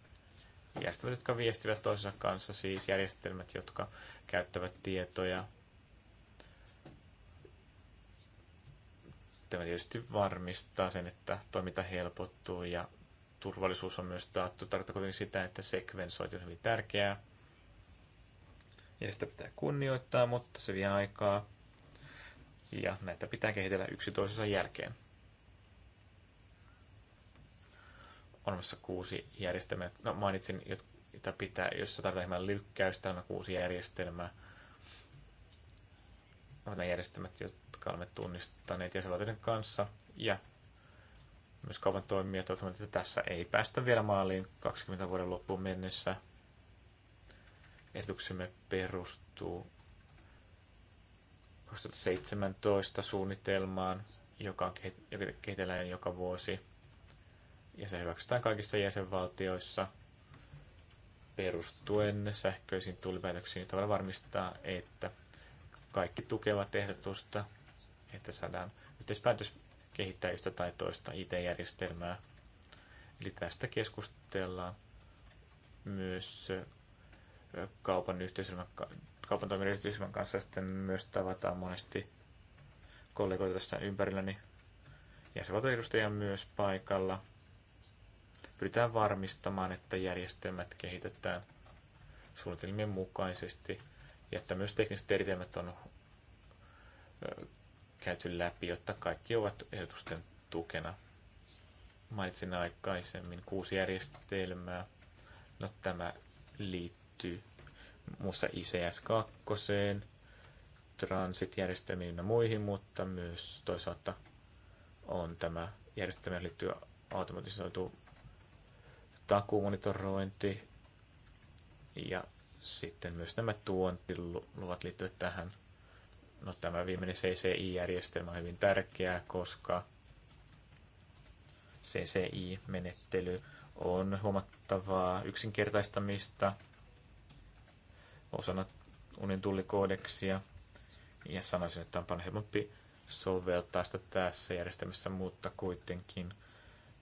järjestelmät, jotka viestivät toisensa kanssa, siis järjestelmät, jotka käyttävät tietoja. Tämä tietysti varmistaa sen, että toiminta helpottuu ja turvallisuus on myös taattu. Tarkoittaa kuitenkin sitä, että sekvensointi on hyvin tärkeää. Ja sitä pitää kunnioittaa, mutta se vie aikaa. Ja näitä pitää kehitellä yksi toisensa jälkeen. olemassa kuusi järjestelmää. No, mainitsin, jota pitää, jos tarvitaan hieman lykkäystä, nämä kuusi järjestelmää. nämä järjestelmät, jotka olemme tunnistaneet jäsenvaltioiden kanssa. Ja myös kaupan toimia, että tässä ei päästä vielä maaliin 20 vuoden loppuun mennessä. Ehdotuksemme perustuu 2017 suunnitelmaan, joka on kehitellään joka vuosi ja se hyväksytään kaikissa jäsenvaltioissa perustuen sähköisiin tuulipäätöksiin tavalla varmistaa, että kaikki tukevat ehdotusta, että saadaan yhteispäätös kehittää yhtä tai toista IT-järjestelmää. Eli tästä keskustellaan myös kaupan, kaupan toimijan yhteisryhmän kanssa sitten myös tavataan monesti kollegoita tässä ympärilläni. Ja se edustajia myös paikalla pyritään varmistamaan, että järjestelmät kehitetään suunnitelmien mukaisesti ja että myös tekniset eritelmät on käyty läpi, jotta kaikki ovat ehdotusten tukena. Mainitsin aikaisemmin kuusi järjestelmää. No tämä liittyy muussa ICS-2, transit-järjestelmiin ja muihin, mutta myös toisaalta on tämä järjestelmä liittyy automatisoitu takumonitorointi ja sitten myös nämä tuontiluvat liittyvät tähän. No tämä viimeinen CCI-järjestelmä on hyvin tärkeää, koska CCI-menettely on huomattavaa yksinkertaistamista osana unin tullikoodeksia. Ja sanoisin, että on paljon helpompi soveltaa sitä tässä järjestelmässä, mutta kuitenkin –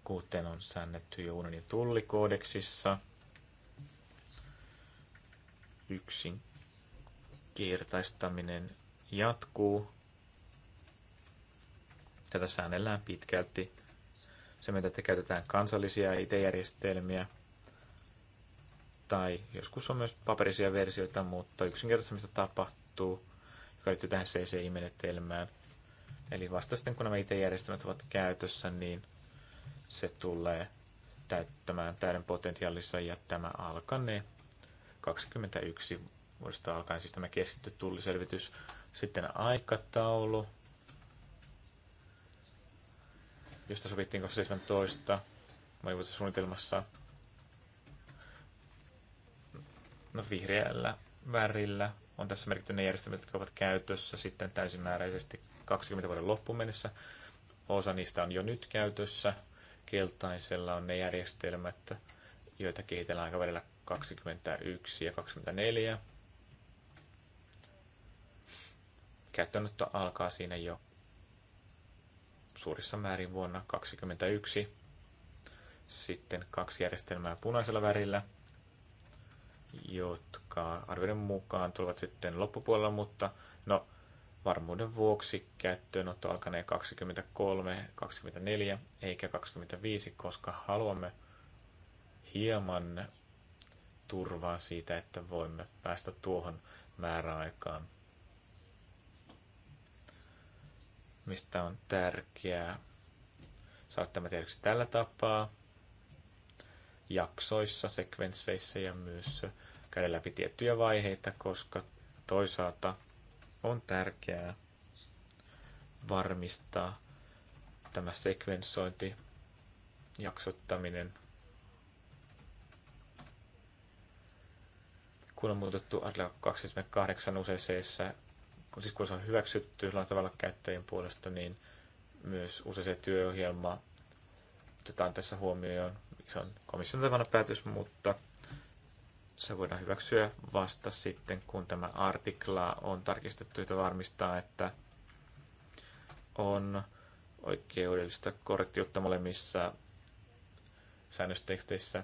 kuten on säännetty jo unionin tullikoodeksissa. Yksinkertaistaminen jatkuu. Tätä säännellään pitkälti se, mitä te käytetään kansallisia IT-järjestelmiä, tai joskus on myös paperisia versioita, mutta yksinkertaistamista tapahtuu, joka liittyy tähän CCI-menetelmään. Eli vasta sitten, kun nämä IT-järjestelmät ovat käytössä, niin se tulee täyttämään täyden potentiaalissa ja tämä alkanee 21 vuodesta alkaen, siis tämä keskitty tulliselvitys. Sitten aikataulu, josta sovittiin 2017 monivuotisessa suunnitelmassa. No vihreällä värillä on tässä merkitty ne järjestelmät, jotka ovat käytössä sitten täysimääräisesti 20 vuoden loppuun mennessä. Osa niistä on jo nyt käytössä, keltaisella on ne järjestelmät, joita kehitellään aikavälillä 21 ja 24. Käyttöönotto alkaa siinä jo suurissa määrin vuonna 2021. Sitten kaksi järjestelmää punaisella värillä, jotka arvioiden mukaan tulevat sitten loppupuolella, mutta no, varmuuden vuoksi käyttöönotto alkanee 23, 24 eikä 25, koska haluamme hieman turvaa siitä, että voimme päästä tuohon määräaikaan, mistä on tärkeää saada tämä tiedoksi tällä tapaa jaksoissa, sekvensseissä ja myös käydä läpi tiettyjä vaiheita, koska toisaalta – on tärkeää varmistaa tämä sekvensointi, jaksottaminen. Kun on muutettu Adla 28 useissa, kun siis kun se on hyväksytty jollain tavalla käyttäjien puolesta, niin myös usein työohjelma otetaan tässä huomioon. Se on komission tavalla päätös, mutta se voidaan hyväksyä vasta sitten, kun tämä artikla on tarkistettu, jota varmistaa, että on oikeudellista korrektiutta molemmissa säännösteksteissä.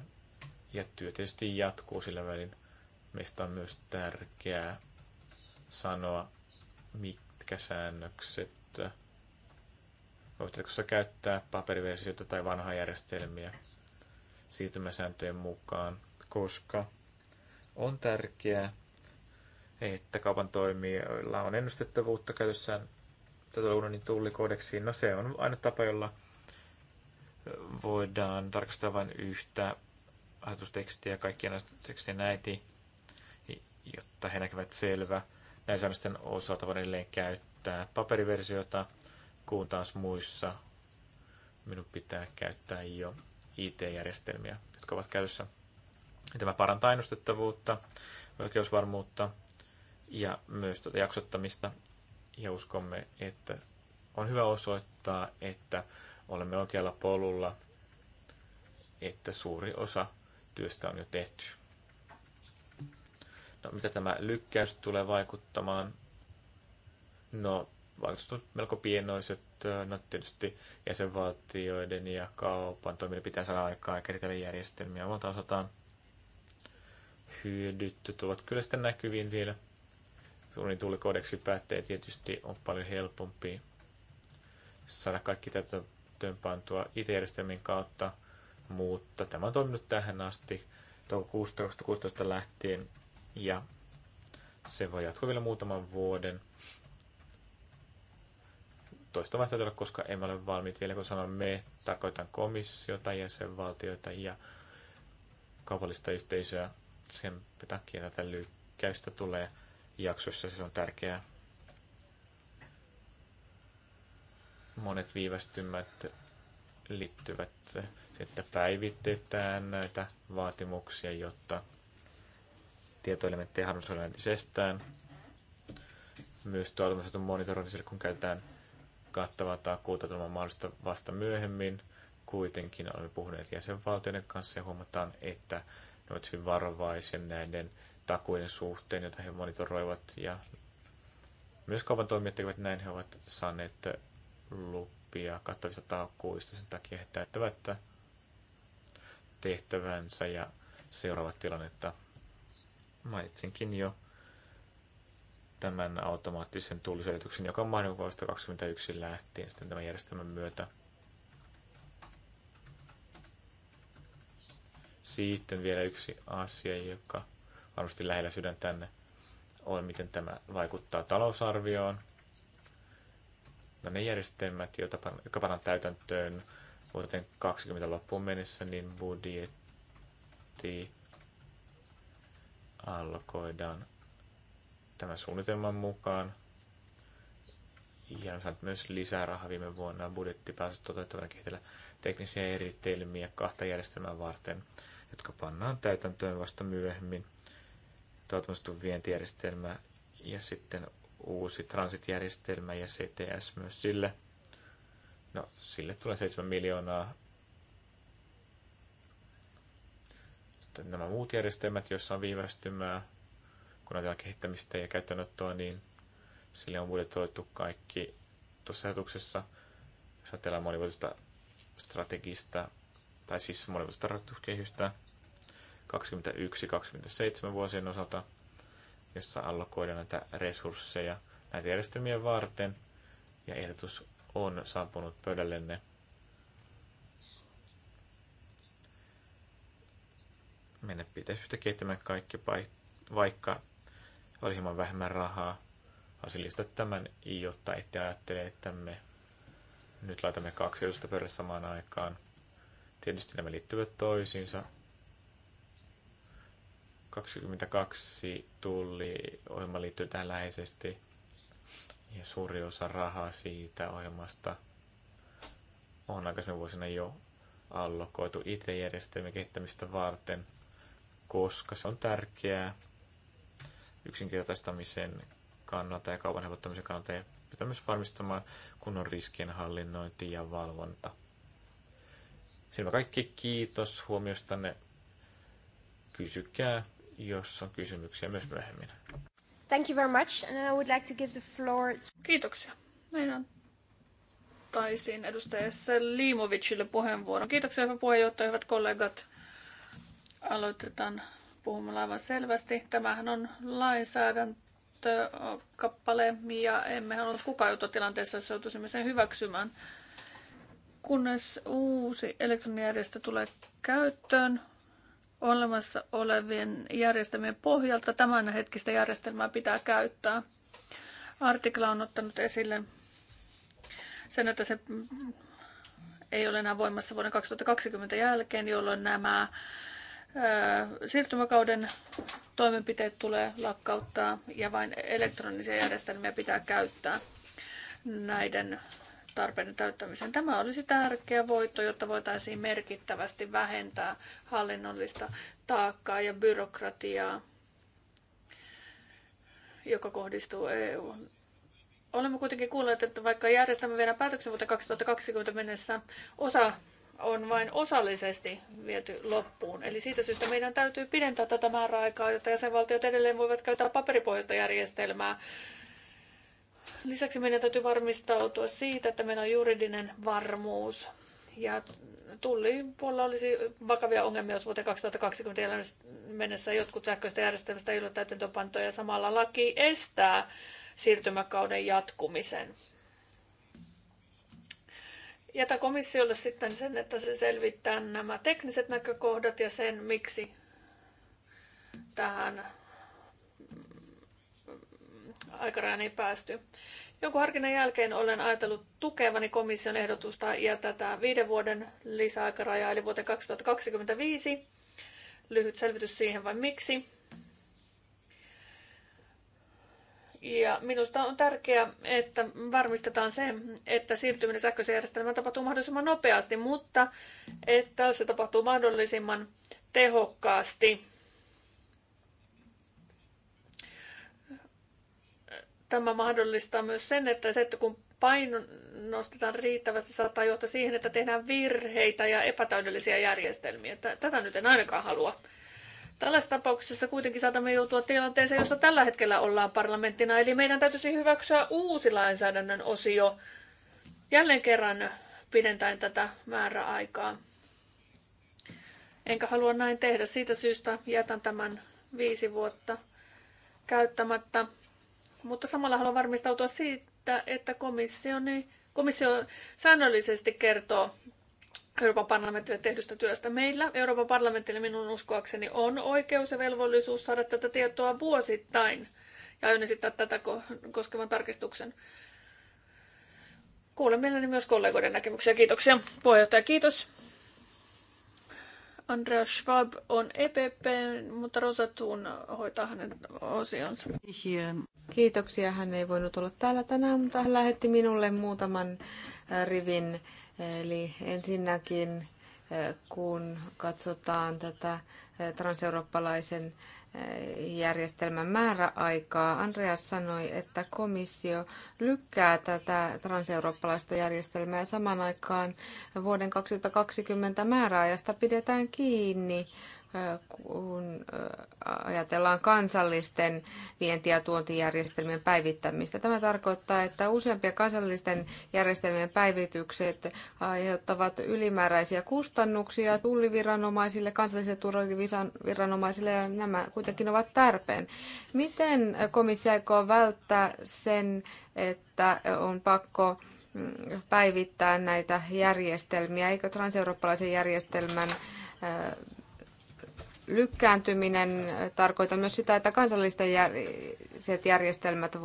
Ja työ tietysti jatkuu sillä välin. Meistä on myös tärkeää sanoa, mitkä säännökset voitteko käyttää paperiversiota tai vanhaa järjestelmiä siirtymäsääntöjen mukaan, koska on tärkeää, että kaupan toimijoilla on ennustettavuutta käytössään tätä unionin tullikodeksiin. No se on aina tapa, jolla voidaan tarkastaa vain yhtä asetustekstiä kaikkien asetustekstien äiti, jotta he näkevät selvä. Näin säännösten osalta voidaan edelleen käyttää paperiversiota, kun taas muissa minun pitää käyttää jo IT-järjestelmiä, jotka ovat käytössä Tämä parantaa ennustettavuutta, oikeusvarmuutta ja myös tuota jaksottamista. Ja uskomme, että on hyvä osoittaa, että olemme oikealla polulla, että suuri osa työstä on jo tehty. No, mitä tämä lykkäys tulee vaikuttamaan? No, vaikutukset on melko pienoiset. No, tietysti jäsenvaltioiden ja kaupan toimijoiden pitää saada aikaa ja järjestelmiä omalta osaltaan hyödyttöt ovat kyllä sitä näkyviin vielä. Suunnitulikodeksi päättäjä tietysti on paljon helpompi saada kaikki täytäntöönpantua IT-järjestelmien kautta, mutta tämä on toiminut tähän asti toukokuusta 2016 lähtien ja se voi jatkoa vielä muutaman vuoden. Toista vaihtoehtoa, koska emme ole valmiit vielä, kun sanon me, tarkoitan komissiota, jäsenvaltioita ja kaupallista yhteisöä sen takia tätä lykkäystä tulee jaksossa, se on tärkeää. Monet viivästymät liittyvät se, että päivitetään näitä vaatimuksia, jotta tietoelementtejä harmonisoidaan entisestään. Myös tuotantoisetun monitorointiselle, kun käytetään kattavaa takuuta, tämä on mahdollista vasta myöhemmin. Kuitenkin olemme puhuneet jäsenvaltioiden kanssa ja huomataan, että ne ovat hyvin varovaisia näiden takuiden suhteen, joita he monitoroivat. Ja myös kaupan toimijat tekevät näin, he ovat saaneet lupia kattavista takuista sen takia, he täyttävät tehtävänsä ja seuraavat tilannetta. Mainitsinkin jo tämän automaattisen tulliselityksen, joka on mahdollista 21 lähtien sitten tämän järjestelmän myötä. Sitten vielä yksi asia, joka varmasti lähellä tänne, on, miten tämä vaikuttaa talousarvioon. No ne järjestelmät, joita, jotka pannaan täytäntöön vuoteen 20 loppuun mennessä, niin budjetti allokoidaan tämän suunnitelman mukaan. Ja on saanut myös lisää rahaa viime vuonna budjettipäästöt toteuttavana kehitellä teknisiä eritelmiä kahta järjestelmää varten jotka pannaan täytäntöön vasta myöhemmin. Toivottavasti vientijärjestelmä ja sitten uusi transitjärjestelmä ja CTS myös sille. No, sille tulee 7 miljoonaa. Sitten nämä muut järjestelmät, joissa on viivästymää, kun ajatellaan kehittämistä ja käyttöönottoa, niin sille on budjetoitu kaikki tuossa ajatuksessa. Jos ajatellaan monivuotista strategista tai siis monivuotista rahoituskehystä 21-27 vuosien osalta, jossa allokoidaan näitä resursseja näitä järjestelmiä varten, ja ehdotus on saapunut pöydällenne. Meidän pitäisi yhtä kehittämään kaikki, vaikka oli hieman vähemmän rahaa. Haluaisin listata tämän, jotta ette ajattele, että me nyt laitamme kaksi edusta pöydälle samaan aikaan – Tietysti nämä liittyvät toisiinsa. 22 tulli ohjelma liittyy tähän läheisesti ja suuri osa rahaa siitä ohjelmasta on aikaisemmin vuosina jo allokoitu it järjestelmien kehittämistä varten, koska se on tärkeää yksinkertaistamisen kannalta ja kaupan helpottamisen kannalta ja pitää myös varmistamaan kunnon riskien hallinnointi ja valvonta. Siinä kaikki kiitos huomiostanne. Kysykää, jos on kysymyksiä myös myöhemmin. Thank you very much, and I would like to give the floor... To... Kiitoksia. Meidän taisin edustaja Liimovicille puheenvuoron. Kiitoksia, hyvä puheenjohtaja, hyvät kollegat. Aloitetaan puhumalla aivan selvästi. Tämähän on lainsäädäntökappale ja emme halua kukaan joutua tilanteessa, jos joutuisimme sen hyväksymään kunnes uusi elektronijärjestö tulee käyttöön olemassa olevien järjestelmien pohjalta. Tämän hetkistä järjestelmää pitää käyttää. Artikla on ottanut esille sen, että se ei ole enää voimassa vuoden 2020 jälkeen, jolloin nämä siirtymäkauden toimenpiteet tulee lakkauttaa ja vain elektronisia järjestelmiä pitää käyttää näiden tarpeiden täyttämiseen. Tämä olisi tärkeä voitto, jotta voitaisiin merkittävästi vähentää hallinnollista taakkaa ja byrokratiaa, joka kohdistuu EU. Olemme kuitenkin kuulleet, että vaikka järjestämme vielä päätöksen vuoteen 2020 mennessä, osa on vain osallisesti viety loppuun. Eli siitä syystä meidän täytyy pidentää tätä määräaikaa, jotta jäsenvaltiot edelleen voivat käyttää paperipohjaista järjestelmää Lisäksi meidän täytyy varmistautua siitä, että meillä on juridinen varmuus. Ja tullin puolella olisi vakavia ongelmia, jos vuoteen 2020 mennessä jotkut sähköistä järjestelmistä ei ole täytäntöpantoja ja samalla laki estää siirtymäkauden jatkumisen. Jätä komissiolle sitten sen, että se selvittää nämä tekniset näkökohdat ja sen, miksi tähän aikarajaan ei päästy. Jonkun harkinnan jälkeen olen ajatellut tukevani komission ehdotusta ja tätä viiden vuoden lisäaikarajaa, eli vuoteen 2025. Lyhyt selvitys siihen vai miksi. Ja minusta on tärkeää, että varmistetaan se, että siirtyminen sähköiseen järjestelmään tapahtuu mahdollisimman nopeasti, mutta että se tapahtuu mahdollisimman tehokkaasti Tämä mahdollistaa myös sen, että se, että kun paino nostetaan riittävästi, saattaa johtaa siihen, että tehdään virheitä ja epätäydellisiä järjestelmiä. Tätä nyt en ainakaan halua. Tällaisessa tapauksessa kuitenkin saatamme joutua tilanteeseen, jossa tällä hetkellä ollaan parlamenttina, eli meidän täytyisi hyväksyä uusi lainsäädännön osio jälleen kerran pidentäen tätä määräaikaa. Enkä halua näin tehdä. Siitä syystä jätän tämän viisi vuotta käyttämättä mutta samalla haluan varmistautua siitä, että komissio, säännöllisesti kertoo Euroopan parlamentille tehdystä työstä. Meillä Euroopan parlamentille minun uskoakseni on oikeus ja velvollisuus saada tätä tietoa vuosittain ja aion esittää tätä koskevan tarkistuksen. Kuulen mielelläni myös kollegoiden näkemyksiä. Kiitoksia puheenjohtaja, kiitos. Andreas Schwab on EPP, mutta Rosatun hoitaa hänen osionsa. Kiitoksia. Hän ei voinut olla täällä tänään, mutta hän lähetti minulle muutaman äh, rivin. Eli ensinnäkin, äh, kun katsotaan tätä äh, transeurooppalaisen järjestelmän määräaikaa. Andreas sanoi, että komissio lykkää tätä transeurooppalaista järjestelmää ja samaan aikaan vuoden 2020 määräajasta pidetään kiinni kun ajatellaan kansallisten vienti- ja tuontijärjestelmien päivittämistä. Tämä tarkoittaa, että useampia kansallisten järjestelmien päivitykset aiheuttavat ylimääräisiä kustannuksia tulliviranomaisille, kansallisille turvallisuusviranomaisille, ja nämä kuitenkin ovat tarpeen. Miten komissio aikoo välttää sen, että on pakko mm, päivittää näitä järjestelmiä? Eikö transeurooppalaisen järjestelmän lykkääntyminen tarkoittaa myös sitä, että kansalliset järjestelmät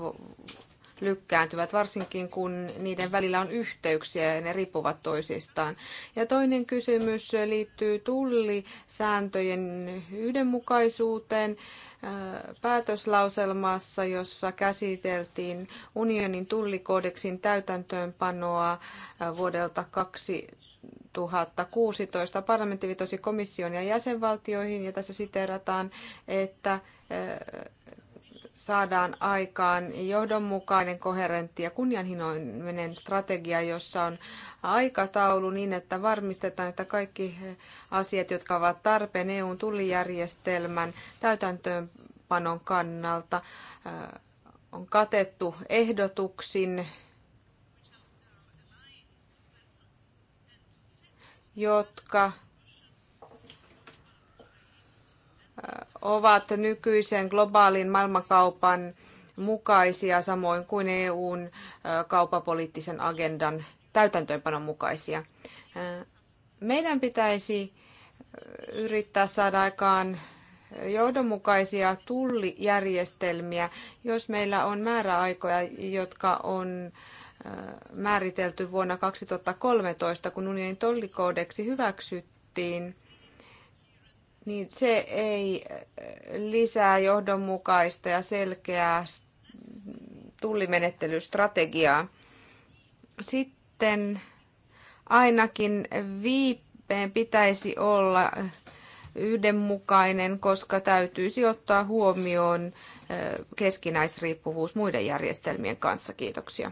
lykkääntyvät, varsinkin kun niiden välillä on yhteyksiä ja ne riippuvat toisistaan. Ja toinen kysymys liittyy tullisääntöjen yhdenmukaisuuteen päätöslauselmassa, jossa käsiteltiin unionin tullikodeksin täytäntöönpanoa vuodelta 2000 2016 parlamentti vitosi komission ja jäsenvaltioihin, ja tässä siteerataan, että saadaan aikaan johdonmukainen, koherentti ja kunnianhimoinen strategia, jossa on aikataulu niin, että varmistetaan, että kaikki asiat, jotka ovat tarpeen EUn tullijärjestelmän täytäntöönpanon kannalta, on katettu ehdotuksin jotka äh, ovat nykyisen globaalin maailmankaupan mukaisia, samoin kuin EUn äh, kaupapoliittisen agendan täytäntöönpanon mukaisia. Äh, meidän pitäisi yrittää saada aikaan johdonmukaisia tullijärjestelmiä, jos meillä on määräaikoja, jotka on Äh, määritelty vuonna 2013, kun unionin tollikoodeksi hyväksyttiin, niin se ei äh, lisää johdonmukaista ja selkeää tullimenettelystrategiaa. Sitten ainakin viipeen pitäisi olla yhdenmukainen, koska täytyisi ottaa huomioon äh, keskinäisriippuvuus muiden järjestelmien kanssa. Kiitoksia.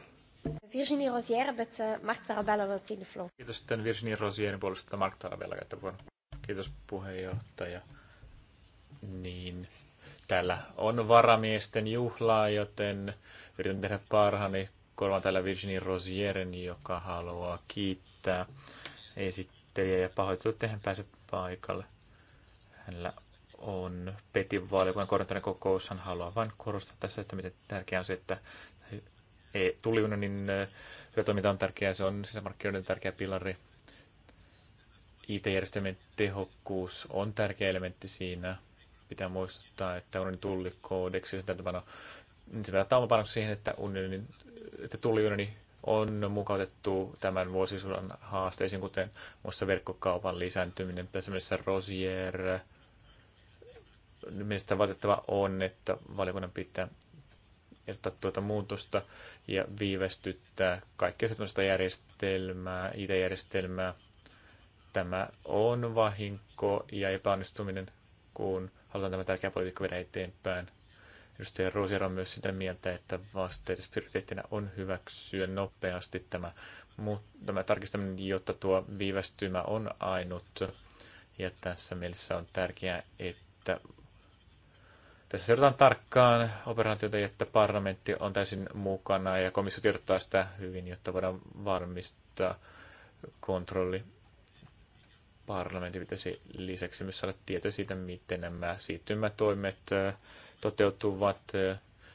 Virginie Rosier, but eh, Mark Tarabella will take Kiitos sitten Virginie Rosierin puolesta, Mark Tarabella käyttää Kiitos puheenjohtaja. Niin, täällä on varamiesten juhlaa, joten yritän tehdä parhaani. Korvaan täällä Virginie Rosierin, joka haluaa kiittää esittelijä ja pahoittelut, että hän pääse paikalle. Hänellä on Petin valiokunnan koordinaattorin kokous. Hän haluaa vain korostaa tässä, että miten tärkeää on se, että tuliunionin hyvä eh, on tärkeää, se on sisämarkkinoiden tärkeä pilari. IT-järjestelmien tehokkuus on tärkeä elementti siinä. Pitää muistuttaa, että unionin tullikoodeksi niin se täytyy panna se verrataan siihen, että, unionin, että tulliunioni on mukautettu tämän vuosisadan haasteisiin, kuten muassa verkkokaupan lisääntyminen. Tässä mielessä Rosier, mielestäni valitettava on, että valiokunnan pitää ehdottaa tuota muutosta ja viivästyttää kaikkea sellaista järjestelmää, IT-järjestelmää. Tämä on vahinko ja epäonnistuminen, kun halutaan tämä tärkeä politiikka viedä eteenpäin. Edustaja Roosier on myös sitä mieltä, että vasteiden prioriteettina on hyväksyä nopeasti tämä, tämä tarkistaminen, jotta tuo viivästymä on ainut. Ja tässä mielessä on tärkeää, että tässä seurataan tarkkaan operaatiota, että parlamentti on täysin mukana ja komissio tiedottaa sitä hyvin, jotta voidaan varmistaa kontrolli. Parlamentti pitäisi lisäksi myös saada tieto siitä, miten nämä siirtymätoimet toteutuvat,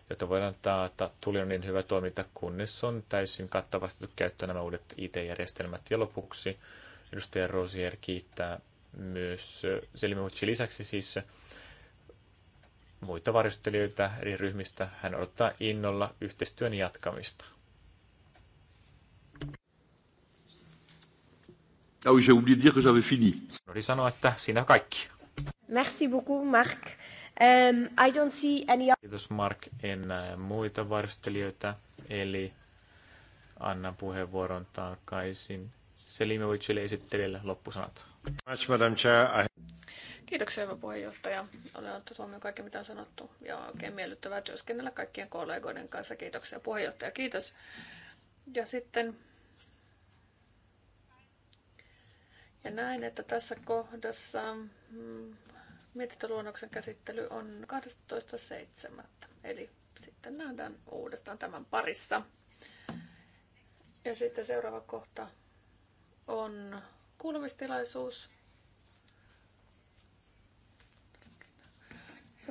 jotta voidaan taata niin hyvä toiminta, kunnes on täysin kattavasti käyttöön nämä uudet IT-järjestelmät. Ja lopuksi edustaja Rosier kiittää myös Selimovicin lisäksi siis muita varjostelijoita eri ryhmistä. Hän odottaa innolla yhteistyön jatkamista. Ah oui, j'ai oublié de dire que j'avais fini. Oli sanoa, että siinä kaikki. Merci beaucoup, Marc. Um, I don't see any... Kiitos, Mark. En näe muita varustelijoita, eli annan puheenvuoron takaisin Selimovicille esittelijälle loppusanat. Much, Madam Chair. I... Kiitoksia, hyvä puheenjohtaja. Olen ottanut huomioon kaiken, mitä on sanottu, ja on oikein miellyttävää työskennellä kaikkien kollegoiden kanssa. Kiitoksia, puheenjohtaja. Kiitos. Ja sitten... Ja näin, että tässä kohdassa mm, mietintöluonnoksen käsittely on 12.7. Eli sitten nähdään uudestaan tämän parissa. Ja sitten seuraava kohta on kuulemistilaisuus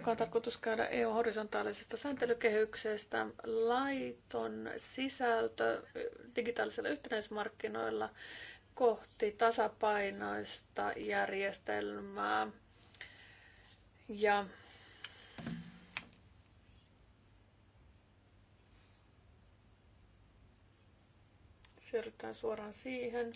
joka on tarkoitus käydä EU-horisontaalisesta sääntelykehyksestä, laiton sisältö digitaalisilla yhtenäismarkkinoilla kohti tasapainoista järjestelmää. Ja siirrytään suoraan siihen.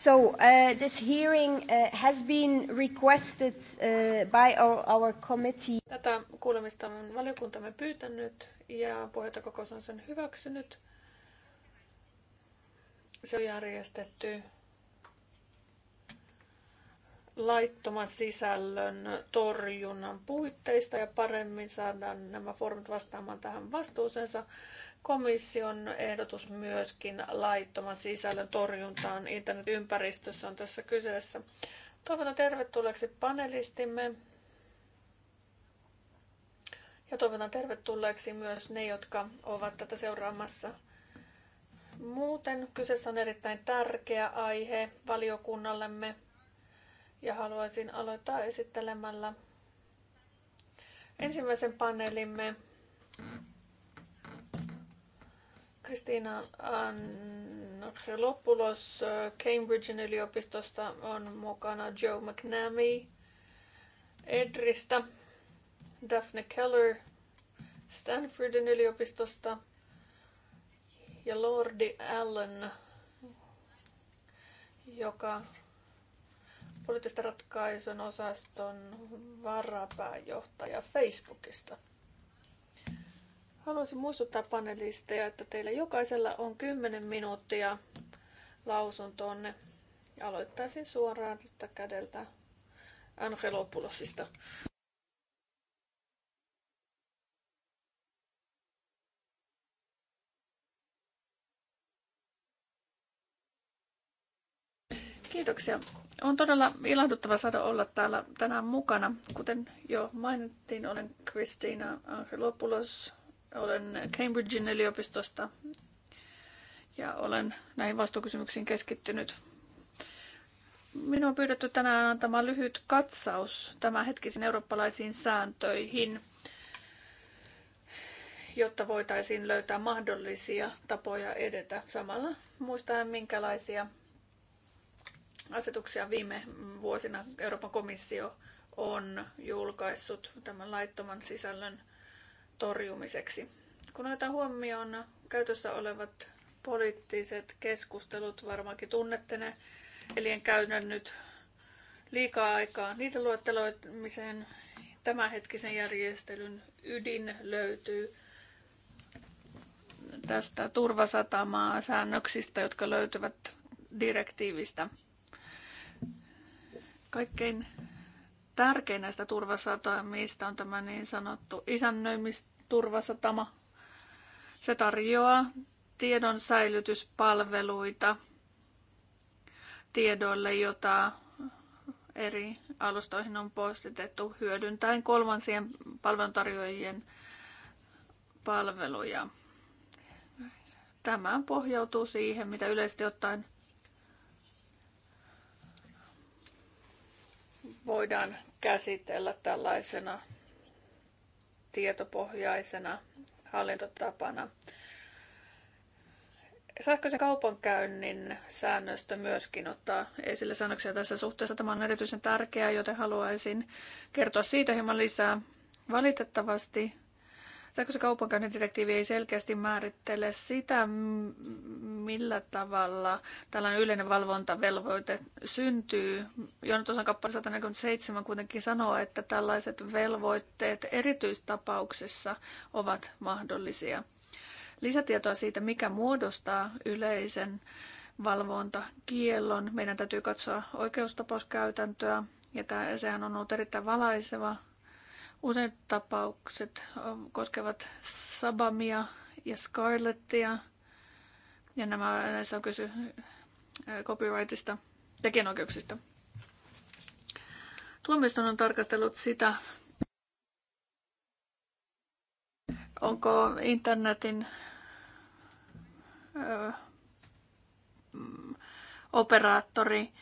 So uh, this hearing uh, has been requested uh, by our, our committee. Tätä kuulemista on valiokuntamme pyytänyt ja puheenjohtajakokous on sen hyväksynyt. Se on järjestetty laittoman sisällön torjunnan puitteista ja paremmin saadaan nämä foorumit vastaamaan tähän vastuuseensa. Komission ehdotus myöskin laittoman sisällön torjuntaan internetympäristössä on tässä kyseessä. Toivotan tervetulleeksi panelistimme ja toivotan tervetulleeksi myös ne, jotka ovat tätä seuraamassa. Muuten kyseessä on erittäin tärkeä aihe valiokunnallemme ja haluaisin aloittaa esittelemällä ensimmäisen paneelimme Kristiina Angelopoulos äh, Cambridgein yliopistosta on mukana Joe McNamee Edristä, Daphne Keller Stanfordin yliopistosta ja Lordi Allen, joka poliittisten ratkaisun osaston varapääjohtaja Facebookista. Haluaisin muistuttaa panelisteja, että teillä jokaisella on 10 minuuttia lausuntoonne. Aloittaisin suoraan tätä kädeltä Angelopulosista. Kiitoksia. On todella ilahduttava saada olla täällä tänään mukana. Kuten jo mainittiin, olen Kristiina Angelopoulos olen Cambridgein yliopistosta ja olen näihin vastuukysymyksiin keskittynyt. Minua on pyydetty tänään antamaan lyhyt katsaus tämänhetkisiin eurooppalaisiin sääntöihin, jotta voitaisiin löytää mahdollisia tapoja edetä. Samalla muistaen, minkälaisia asetuksia viime vuosina Euroopan komissio on julkaissut tämän laittoman sisällön torjumiseksi. Kun otetaan huomioon käytössä olevat poliittiset keskustelut, varmaankin tunnette ne, eli en käydä nyt liikaa aikaa niiden luettelemiseen. Tämänhetkisen järjestelyn ydin löytyy tästä turvasatamaa säännöksistä, jotka löytyvät direktiivistä. Kaikkein Tärkein näistä turvasatamista on tämä niin sanottu isännöimisturvasatama. Se tarjoaa tiedon säilytyspalveluita tiedoille, jota eri alustoihin on postitettu hyödyntäen kolmansien palveluntarjoajien palveluja. Tämä pohjautuu siihen, mitä yleisesti ottaen voidaan käsitellä tällaisena tietopohjaisena hallintotapana. Sähköisen kaupankäynnin säännöstö myöskin ottaa esille säännöksiä tässä suhteessa. Tämä on erityisen tärkeää, joten haluaisin kertoa siitä hieman lisää. Valitettavasti sähköisen kaupankäynnin direktiivi ei selkeästi määrittele sitä, millä tavalla tällainen yleinen valvontavelvoite syntyy. osan kappale 147 kuitenkin sanoo, että tällaiset velvoitteet erityistapauksissa ovat mahdollisia. Lisätietoa siitä, mikä muodostaa yleisen valvontakiellon. Meidän täytyy katsoa oikeustapauskäytäntöä, ja tämä, sehän on ollut erittäin valaiseva Usein tapaukset koskevat Sabamia ja Scarlettia, ja nämä, näissä on kysy copyrightista, tekijänoikeuksista. Tuomiston on tarkastellut sitä, onko internetin ö, mm, operaattori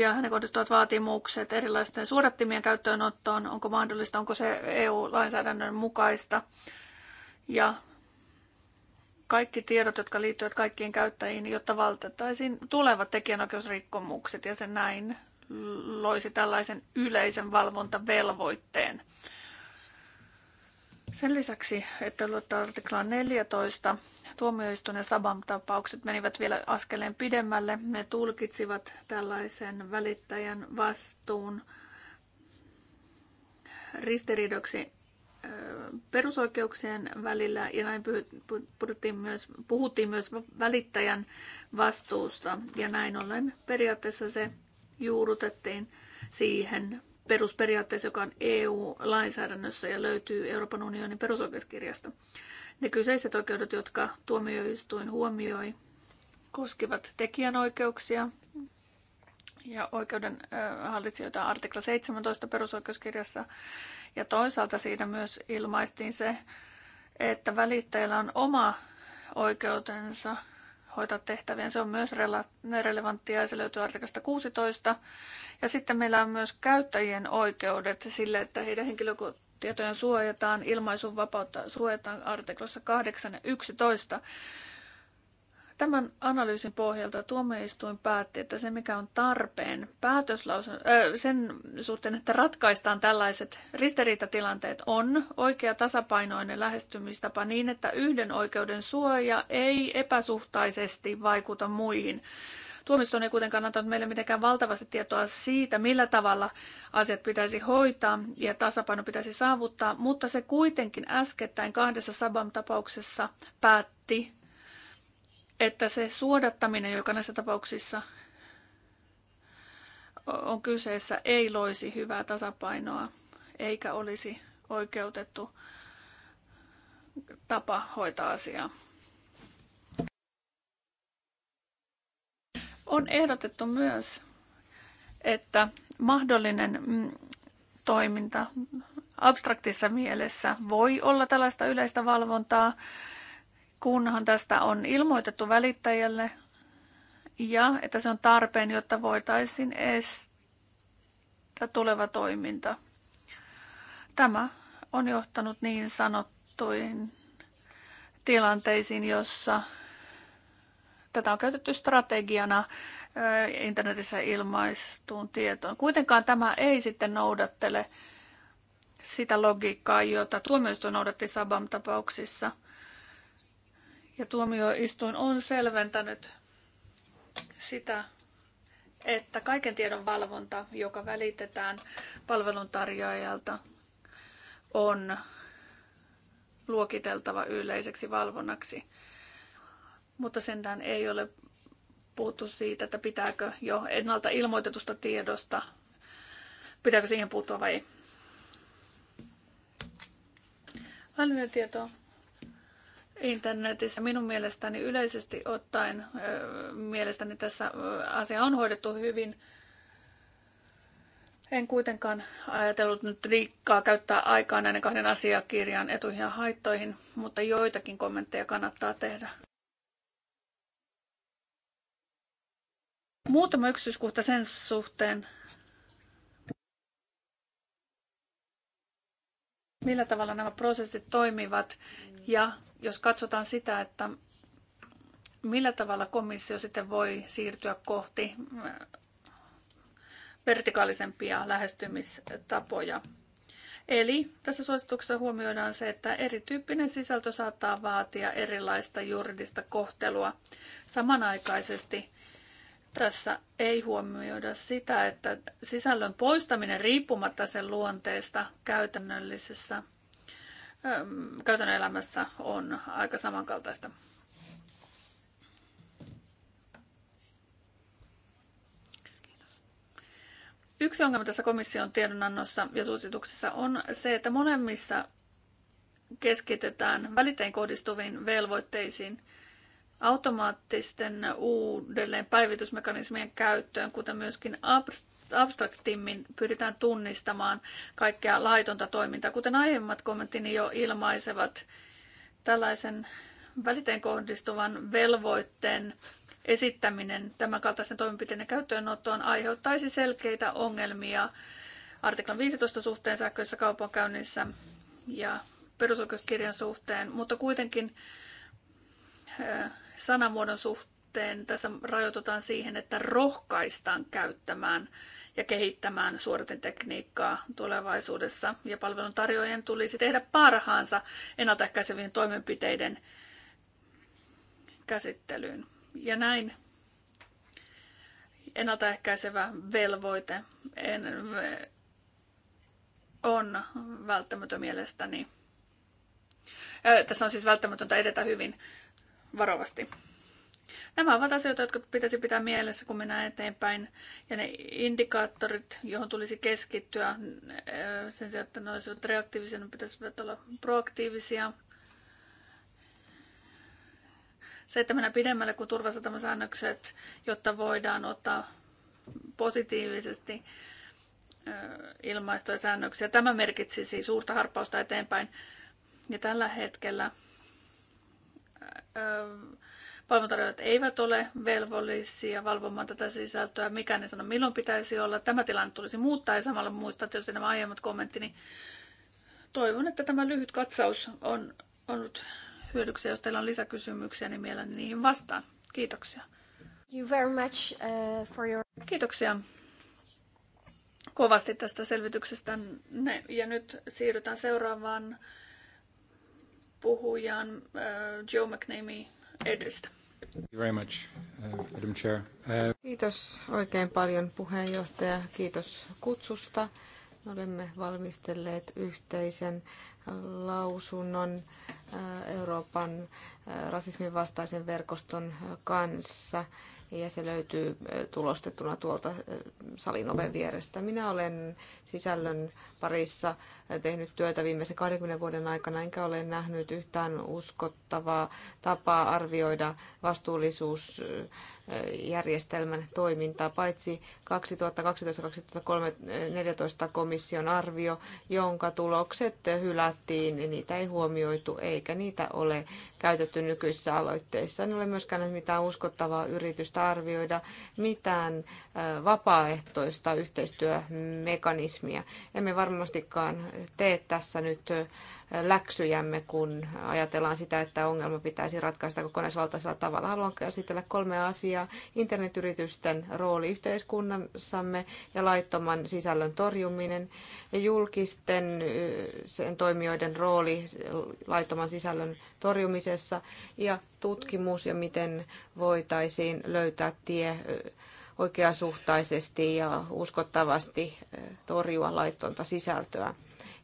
ja hänen kohdistuvat vaatimukset erilaisten suodattimien käyttöönottoon, onko mahdollista, onko se EU-lainsäädännön mukaista. Ja kaikki tiedot, jotka liittyvät kaikkiin käyttäjiin, jotta valtettaisiin tulevat tekijänoikeusrikkomukset ja se näin loisi tällaisen yleisen valvontavelvoitteen sen lisäksi, että luottaa artiklaan 14, tuomioistuin ja Sabam tapaukset menivät vielä askeleen pidemmälle. Ne tulkitsivat tällaisen välittäjän vastuun ristiriidoksi perusoikeuksien välillä ja näin puhuttiin myös, puhuttiin myös välittäjän vastuusta ja näin ollen periaatteessa se juurutettiin siihen perusperiaatteessa, joka on EU-lainsäädännössä ja löytyy Euroopan unionin perusoikeuskirjasta. Ne kyseiset oikeudet, jotka tuomioistuin huomioi, koskivat tekijänoikeuksia ja oikeuden hallitsijoita artikla 17 perusoikeuskirjassa. Ja toisaalta siinä myös ilmaistiin se, että välittäjällä on oma oikeutensa hoitaa tehtäviä. Se on myös relevanttia ja se löytyy artikasta 16. Ja sitten meillä on myös käyttäjien oikeudet sille, että heidän henkilötietojen suojataan, ilmaisun vapautta suojataan artiklassa 8 ja 11. Tämän analyysin pohjalta tuomioistuin päätti, että se mikä on tarpeen päätöslausun, ö, äh, sen suhteen, että ratkaistaan tällaiset ristiriitatilanteet, on oikea tasapainoinen lähestymistapa niin, että yhden oikeuden suoja ei epäsuhtaisesti vaikuta muihin. Tuomisto ei kuitenkaan antanut meille mitenkään valtavasti tietoa siitä, millä tavalla asiat pitäisi hoitaa ja tasapaino pitäisi saavuttaa, mutta se kuitenkin äskettäin kahdessa Sabam-tapauksessa päätti että se suodattaminen, joka näissä tapauksissa on kyseessä, ei loisi hyvää tasapainoa eikä olisi oikeutettu tapa hoitaa asiaa. On ehdotettu myös, että mahdollinen mm, toiminta abstraktissa mielessä voi olla tällaista yleistä valvontaa, kunhan tästä on ilmoitettu välittäjälle ja että se on tarpeen, jotta voitaisiin estää tuleva toiminta. Tämä on johtanut niin sanottuihin tilanteisiin, jossa tätä on käytetty strategiana internetissä ilmaistuun tietoon. Kuitenkaan tämä ei sitten noudattele sitä logiikkaa, jota tuomioistuin noudatti Sabam-tapauksissa – ja tuomioistuin on selventänyt sitä, että kaiken tiedon valvonta, joka välitetään palveluntarjoajalta, on luokiteltava yleiseksi valvonnaksi. Mutta sentään ei ole puhuttu siitä, että pitääkö jo ennalta ilmoitetusta tiedosta, pitääkö siihen puuttua vai ei. Älyllinen tietoa internetissä. Minun mielestäni yleisesti ottaen, mielestäni tässä asia on hoidettu hyvin. En kuitenkaan ajatellut nyt liikkaa käyttää aikaa näiden kahden asiakirjan etuihin ja haittoihin, mutta joitakin kommentteja kannattaa tehdä. Muutama yksityiskohta sen suhteen, millä tavalla nämä prosessit toimivat ja jos katsotaan sitä, että millä tavalla komissio sitten voi siirtyä kohti äh, vertikaalisempia lähestymistapoja. Eli tässä suosituksessa huomioidaan se, että erityyppinen sisältö saattaa vaatia erilaista juridista kohtelua. Samanaikaisesti tässä ei huomioida sitä, että sisällön poistaminen riippumatta sen luonteesta käytännöllisessä ähm, käytännön elämässä on aika samankaltaista. Yksi ongelma tässä komission tiedonannossa ja suosituksissa on se, että molemmissa keskitetään välitein kohdistuviin velvoitteisiin – automaattisten uudelleen päivitysmekanismien käyttöön, kuten myöskin abstraktimmin pyritään tunnistamaan kaikkea laitonta toimintaa. Kuten aiemmat kommenttini jo ilmaisevat, tällaisen väliteen kohdistuvan velvoitteen esittäminen tämän kaltaisen toimenpiteiden käyttöönottoon aiheuttaisi selkeitä ongelmia artiklan 15 suhteen sähköisessä kaupankäynnissä ja perusoikeuskirjan suhteen, mutta kuitenkin sanamuodon suhteen tässä rajoitutaan siihen, että rohkaistaan käyttämään ja kehittämään suoritetekniikkaa tulevaisuudessa. Ja palveluntarjoajien tulisi tehdä parhaansa ennaltaehkäisevien toimenpiteiden käsittelyyn. Ja näin ennaltaehkäisevä velvoite on välttämätön mielestäni. Tässä on siis välttämätöntä edetä hyvin varovasti. Nämä ovat asioita, jotka pitäisi pitää mielessä, kun mennään eteenpäin. Ja ne indikaattorit, johon tulisi keskittyä, äh, sen sijaan, että ne olisivat reaktiivisia, ne pitäisi olla proaktiivisia. Se, että mennään pidemmälle kuin turvasatamasäännökset, jotta voidaan ottaa positiivisesti äh, ilmaistuja säännöksiä. Tämä merkitsisi suurta harppausta eteenpäin. Ja tällä hetkellä palveluntarjoajat eivät ole velvollisia valvomaan tätä sisältöä, mikä ne sanoo, milloin pitäisi olla. Tämä tilanne tulisi muuttaa ja samalla muistaa, että jos nämä aiemmat kommenttini, niin toivon, että tämä lyhyt katsaus on ollut hyödyksi. Jos teillä on lisäkysymyksiä, niin mielelläni niihin vastaan. Kiitoksia. You very much, uh, for your... Kiitoksia kovasti tästä selvityksestä. Ja nyt siirrytään seuraavaan uh, Joe McNamee edestä. Thank you Very much, uh, Madam Chair. Uh, Kiitos oikein paljon puheenjohtaja. Kiitos kutsusta. Olemme valmistelleet yhteisen lausunnon äh, Euroopan äh, rasismin vastaisen verkoston kanssa ja se löytyy tulostettuna tuolta salin oven vierestä. Minä olen sisällön parissa tehnyt työtä viimeisen 20 vuoden aikana, enkä ole nähnyt yhtään uskottavaa tapaa arvioida vastuullisuus järjestelmän toimintaa, paitsi 2012-2014 komission arvio, jonka tulokset hylättiin, niitä ei huomioitu eikä niitä ole käytetty nykyisissä aloitteissa. En ole myöskään mitään uskottavaa yritystä arvioida mitään vapaaehtoista yhteistyömekanismia. Emme varmastikaan tee tässä nyt läksyjämme, kun ajatellaan sitä, että ongelma pitäisi ratkaista kokonaisvaltaisella tavalla. Haluan käsitellä kolme asiaa. Internetyritysten rooli yhteiskunnassamme ja laittoman sisällön torjuminen ja julkisten sen toimijoiden rooli laittoman sisällön torjumisessa tutkimisessa ja tutkimus ja miten voitaisiin löytää tie oikeasuhtaisesti ja uskottavasti torjua laitonta sisältöä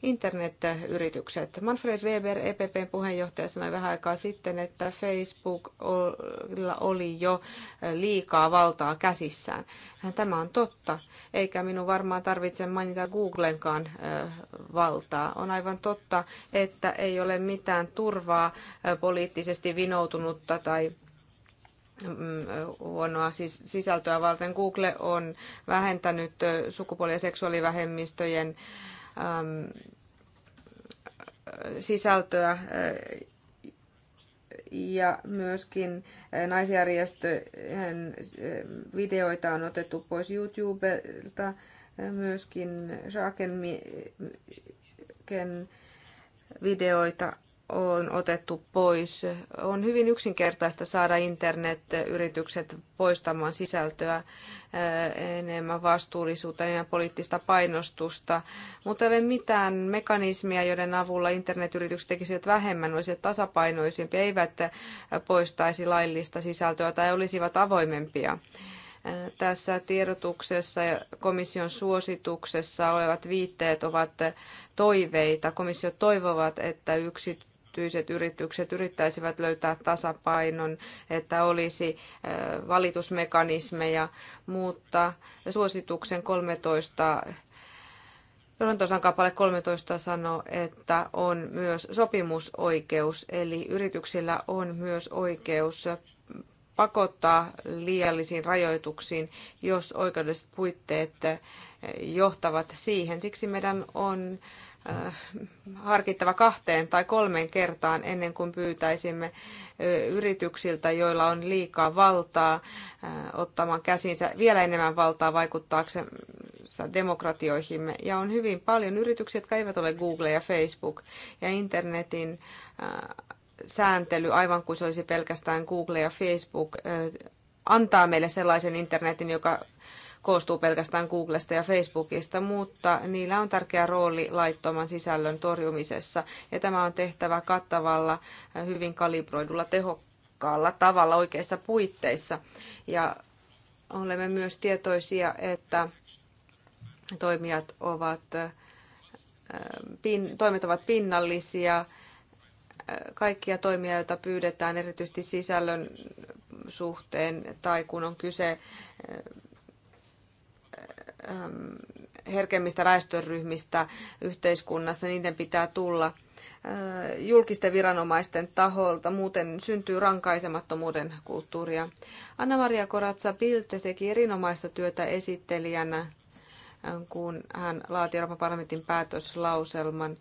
internetyritykset. Manfred Weber, EPPn puheenjohtaja, sanoi vähän aikaa sitten, että Facebookilla oli jo liikaa valtaa käsissään. Tämä on totta, eikä minun varmaan tarvitse mainita Googlenkaan valtaa. On aivan totta, että ei ole mitään turvaa poliittisesti vinoutunutta tai mm, huonoa sisältöä varten. Google on vähentänyt sukupuoli- ja seksuaalivähemmistöjen Ähm, sisältöä äh, ja myöskin äh, naisjärjestöjen äh, videoita on otettu pois YouTubelta. Myöskin Jaaken videoita on otettu pois. On hyvin yksinkertaista saada internet-yritykset poistamaan sisältöä enemmän vastuullisuutta, enemmän poliittista painostusta, mutta ei ole mitään mekanismia, joiden avulla internetyritykset tekisivät vähemmän, olisivat tasapainoisempia, eivät poistaisi laillista sisältöä tai olisivat avoimempia tässä tiedotuksessa ja komission suosituksessa olevat viitteet ovat toiveita. Komissio toivovat, että yksi yksityiset yritykset yrittäisivät löytää tasapainon, että olisi valitusmekanismeja, mutta suosituksen 13 Torontosan kappale 13 sanoo, että on myös sopimusoikeus, eli yrityksillä on myös oikeus pakottaa liiallisiin rajoituksiin, jos oikeudelliset puitteet johtavat siihen. Siksi meidän on Äh, harkittava kahteen tai kolmeen kertaan ennen kuin pyytäisimme yrityksiltä, joilla on liikaa valtaa, äh, ottamaan käsinsä vielä enemmän valtaa vaikuttaakseen demokratioihimme. Ja on hyvin paljon yrityksiä, jotka eivät ole Google ja Facebook ja internetin äh, sääntely, aivan kuin se olisi pelkästään Google ja Facebook, antaa meille sellaisen internetin, joka koostuu pelkästään Googlesta ja Facebookista, mutta niillä on tärkeä rooli laittoman sisällön torjumisessa. Ja tämä on tehtävä kattavalla, hyvin kalibroidulla, tehokkaalla tavalla oikeissa puitteissa. Ja olemme myös tietoisia, että toimijat ovat, pin, toimet ovat pinnallisia. Kaikkia toimia, joita pyydetään erityisesti sisällön suhteen tai kun on kyse Ähm, herkemmistä väestöryhmistä yhteiskunnassa, niiden pitää tulla äh, julkisten viranomaisten taholta, muuten syntyy rankaisemattomuuden kulttuuria. Anna-Maria Koratsa-Pilte teki erinomaista työtä esittelijänä, äh, kun hän laati Euroopan parlamentin päätöslauselman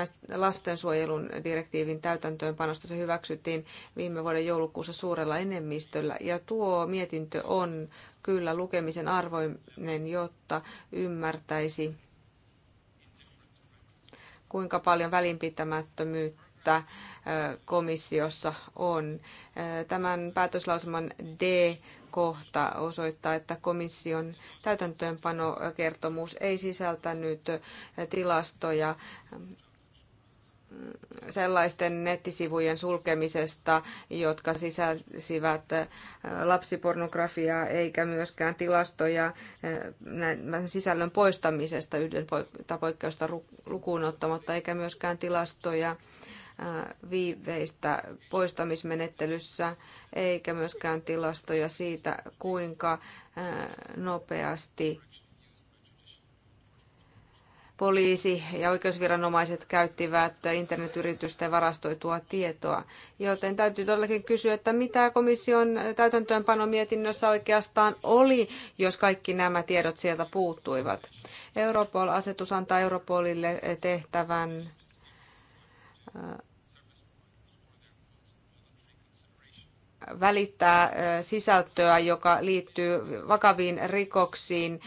äh, lastensuojelun direktiivin täytäntöönpanosta. Se hyväksyttiin viime vuoden joulukuussa suurella enemmistöllä ja tuo mietintö on kyllä lukemisen arvoinen, jotta ymmärtäisi, kuinka paljon välinpitämättömyyttä komissiossa on. Tämän päätöslausuman D-kohta osoittaa, että komission täytäntöönpanokertomus ei sisältänyt tilastoja sellaisten nettisivujen sulkemisesta, jotka sisälsivät äh, lapsipornografiaa eikä myöskään tilastoja äh, sisällön poistamisesta yhden poikkeusta lukuun ottamatta, eikä myöskään tilastoja äh, viiveistä poistamismenettelyssä, eikä myöskään tilastoja siitä, kuinka nopeasti poliisi ja oikeusviranomaiset käyttivät internetyritysten varastoitua tietoa. Joten täytyy todellakin kysyä, että mitä komission täytäntöönpanomietinnössä oikeastaan oli, jos kaikki nämä tiedot sieltä puuttuivat. Europol-asetus antaa Europolille tehtävän välittää sisältöä, joka liittyy vakaviin rikoksiin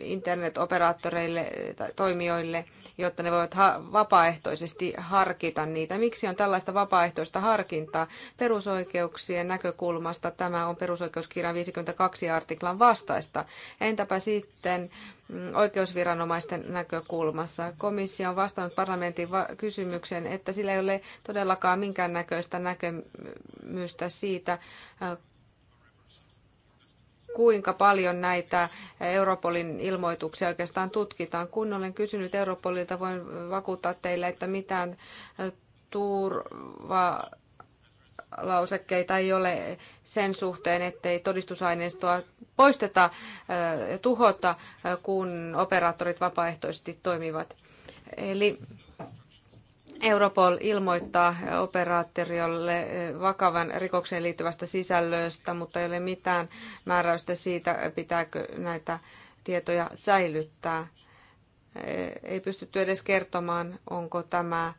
internetoperaattoreille tai toimijoille, jotta ne voivat vapaaehtoisesti harkita niitä. Miksi on tällaista vapaaehtoista harkintaa? Perusoikeuksien näkökulmasta tämä on perusoikeuskirjan 52 artiklan vastaista. Entäpä sitten Mm, oikeusviranomaisten näkökulmassa. Komissio on vastannut parlamentin kysymykseen, että sillä ei ole todellakaan minkäännäköistä näkemystä siitä, äh, kuinka paljon näitä Europolin ilmoituksia oikeastaan tutkitaan. Kun olen kysynyt Europolilta, voin vakuuttaa teille, että mitään äh, turva lausekkeita ei ole sen suhteen, ettei todistusaineistoa poisteta ja tuhota, kun operaattorit vapaaehtoisesti toimivat. Eli Europol ilmoittaa operaattorille vakavan rikokseen liittyvästä sisällöstä, mutta ei ole mitään määräystä siitä, pitääkö näitä tietoja säilyttää. Ei pystytty edes kertomaan, onko tämä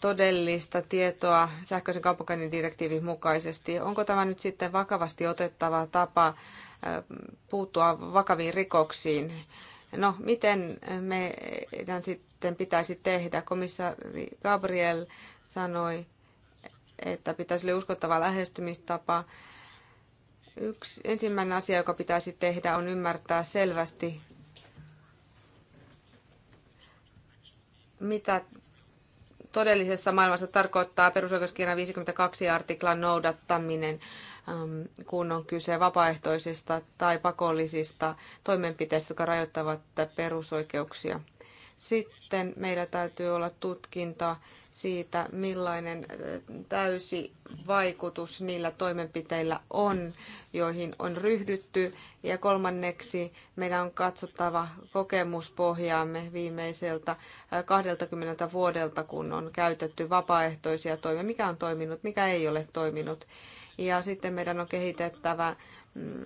todellista tietoa sähköisen kaupankäynnin direktiivin mukaisesti. Onko tämä nyt sitten vakavasti otettava tapa puuttua vakaviin rikoksiin? No, miten meidän sitten pitäisi tehdä? Komissaari Gabriel sanoi, että pitäisi olla uskottava lähestymistapa. Yksi ensimmäinen asia, joka pitäisi tehdä, on ymmärtää selvästi, mitä todellisessa maailmassa tarkoittaa perusoikeuskirjan 52 artiklan noudattaminen, kun on kyse vapaaehtoisista tai pakollisista toimenpiteistä, jotka rajoittavat perusoikeuksia. Sitten meillä täytyy olla tutkinta siitä, millainen täysi vaikutus niillä toimenpiteillä on, joihin on ryhdytty. Ja kolmanneksi meidän on katsottava kokemuspohjaamme viimeiseltä 20 vuodelta, kun on käytetty vapaaehtoisia toimia, mikä on toiminut, mikä ei ole toiminut. Ja sitten meidän on kehitettävä mm,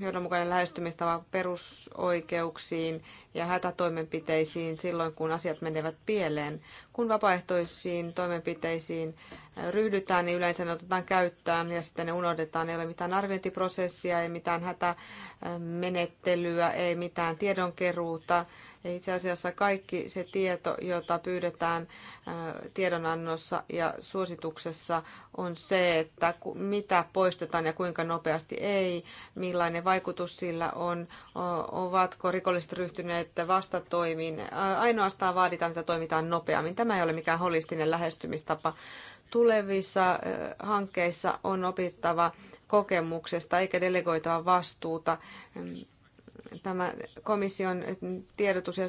johdonmukainen lähestymistapa perusoikeuksiin ja hätätoimenpiteisiin silloin, kun asiat menevät pieleen. Kun vapaaehtoisiin toimenpiteisiin ryhdytään, niin yleensä ne otetaan käyttöön ja sitten ne unohdetaan. Ei ole mitään arviointiprosessia, ei mitään hätämenettelyä, ei mitään tiedonkeruuta. Itse asiassa kaikki se tieto, jota pyydetään äh, tiedonannossa ja suosituksessa, on se, että mitä poistetaan ja kuinka nopeasti ei, millainen vaikutus sillä on, ovatko rikolliset ryhtyneet vastatoimiin. Ainoastaan vaaditaan, että toimitaan nopeammin. Tämä ei ole mikään holistinen lähestymistapa tulevissa äh, hankkeissa on opittava kokemuksesta eikä delegoitava vastuuta tämä komission tiedotus ja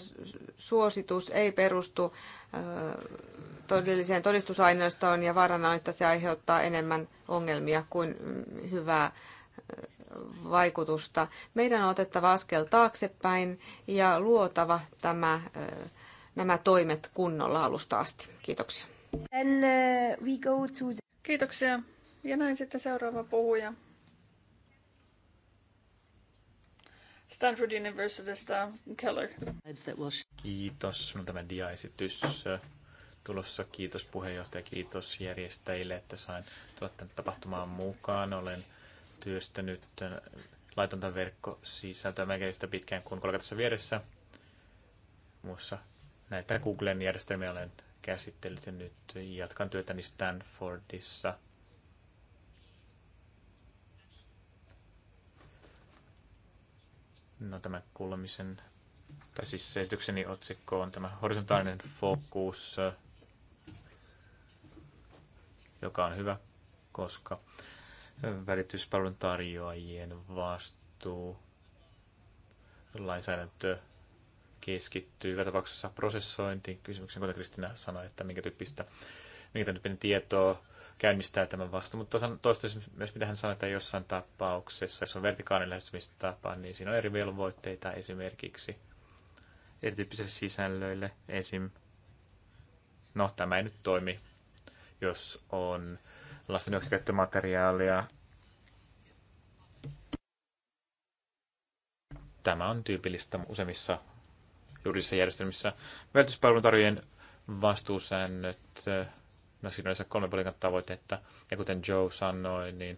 suositus ei perustu todelliseen todistusaineistoon ja vaarana on, että se aiheuttaa enemmän ongelmia kuin hyvää vaikutusta. Meidän on otettava askel taaksepäin ja luotava tämä, nämä toimet kunnolla alusta asti. Kiitoksia. uh, we go to the... Kiitoksia. Ja näin sitten seuraava puhuja. Stanford Universitystä Keller. Kiitos, sinulla tämä diaesitys tulossa. Kiitos puheenjohtaja, kiitos järjestäjille, että sain tulla tänne tapahtumaan mukaan. Olen työstänyt laitonta verkkosisältöä melkein yhtä pitkään kuin kollega tässä vieressä. Muussa näitä Googlen järjestelmiä olen käsittellyt ja nyt jatkan työtäni Stanfordissa – No tämä kuulemisen, tai siis esitykseni otsikko on tämä horisontaalinen fokus, joka on hyvä, koska välityspalvelun tarjoajien vastuu lainsäädäntö keskittyy hyvä tapauksessa prosessointiin. Kysymyksen, kuten Kristina sanoi, että minkä tyyppistä, minkä tyyppinen tietoa käynnistää tämän vastuun. Mutta toistaiseksi myös mitä hän sanoi, että jossain tapauksessa, jos on vertikaalinen lähestymistapa, niin siinä on eri velvoitteita esimerkiksi erityyppisille sisällöille. Esim. No, tämä ei nyt toimi, jos on lasten materiaalia. Tämä on tyypillistä useimmissa juridisissa järjestelmissä. Vältyspalvelun tarjoajien vastuusäännöt siinä yleensä kolme puolikan tavoitetta. Ja kuten Joe sanoi, niin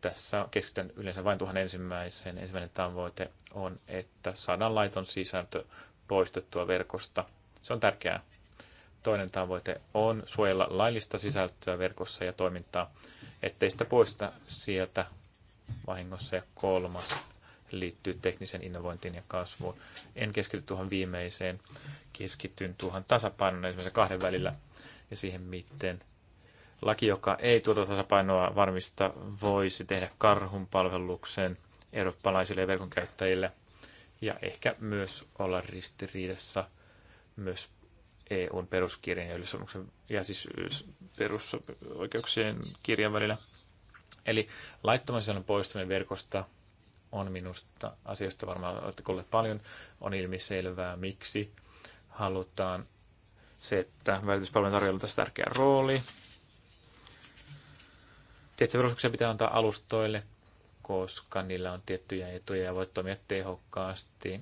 tässä keskitytään yleensä vain tuohon ensimmäiseen. Ensimmäinen tavoite on, että saadaan laiton sisältö poistettua verkosta. Se on tärkeää. Toinen tavoite on suojella laillista sisältöä verkossa ja toimintaa, ettei sitä poista sieltä vahingossa. Ja kolmas liittyy teknisen innovointiin ja kasvuun. En keskity tuohon viimeiseen, keskityn tuohon tasapainon esimerkiksi kahden välillä ja siihen, miten laki, joka ei tuota tasapainoa varmista, voisi tehdä karhun palveluksen eurooppalaisille ja verkon käyttäjille ja ehkä myös olla ristiriidassa myös EUn peruskirjan ja, ja siis perusoikeuksien kirjan välillä. Eli laittoman sisällön poistaminen verkosta on minusta asioista varmaan olette kuulleet paljon. On ilmiselvää, miksi halutaan se, että välityspalvelujen tarjolla on tässä tärkeä rooli. Tiettyjä pitää antaa alustoille, koska niillä on tiettyjä etuja ja voi toimia tehokkaasti,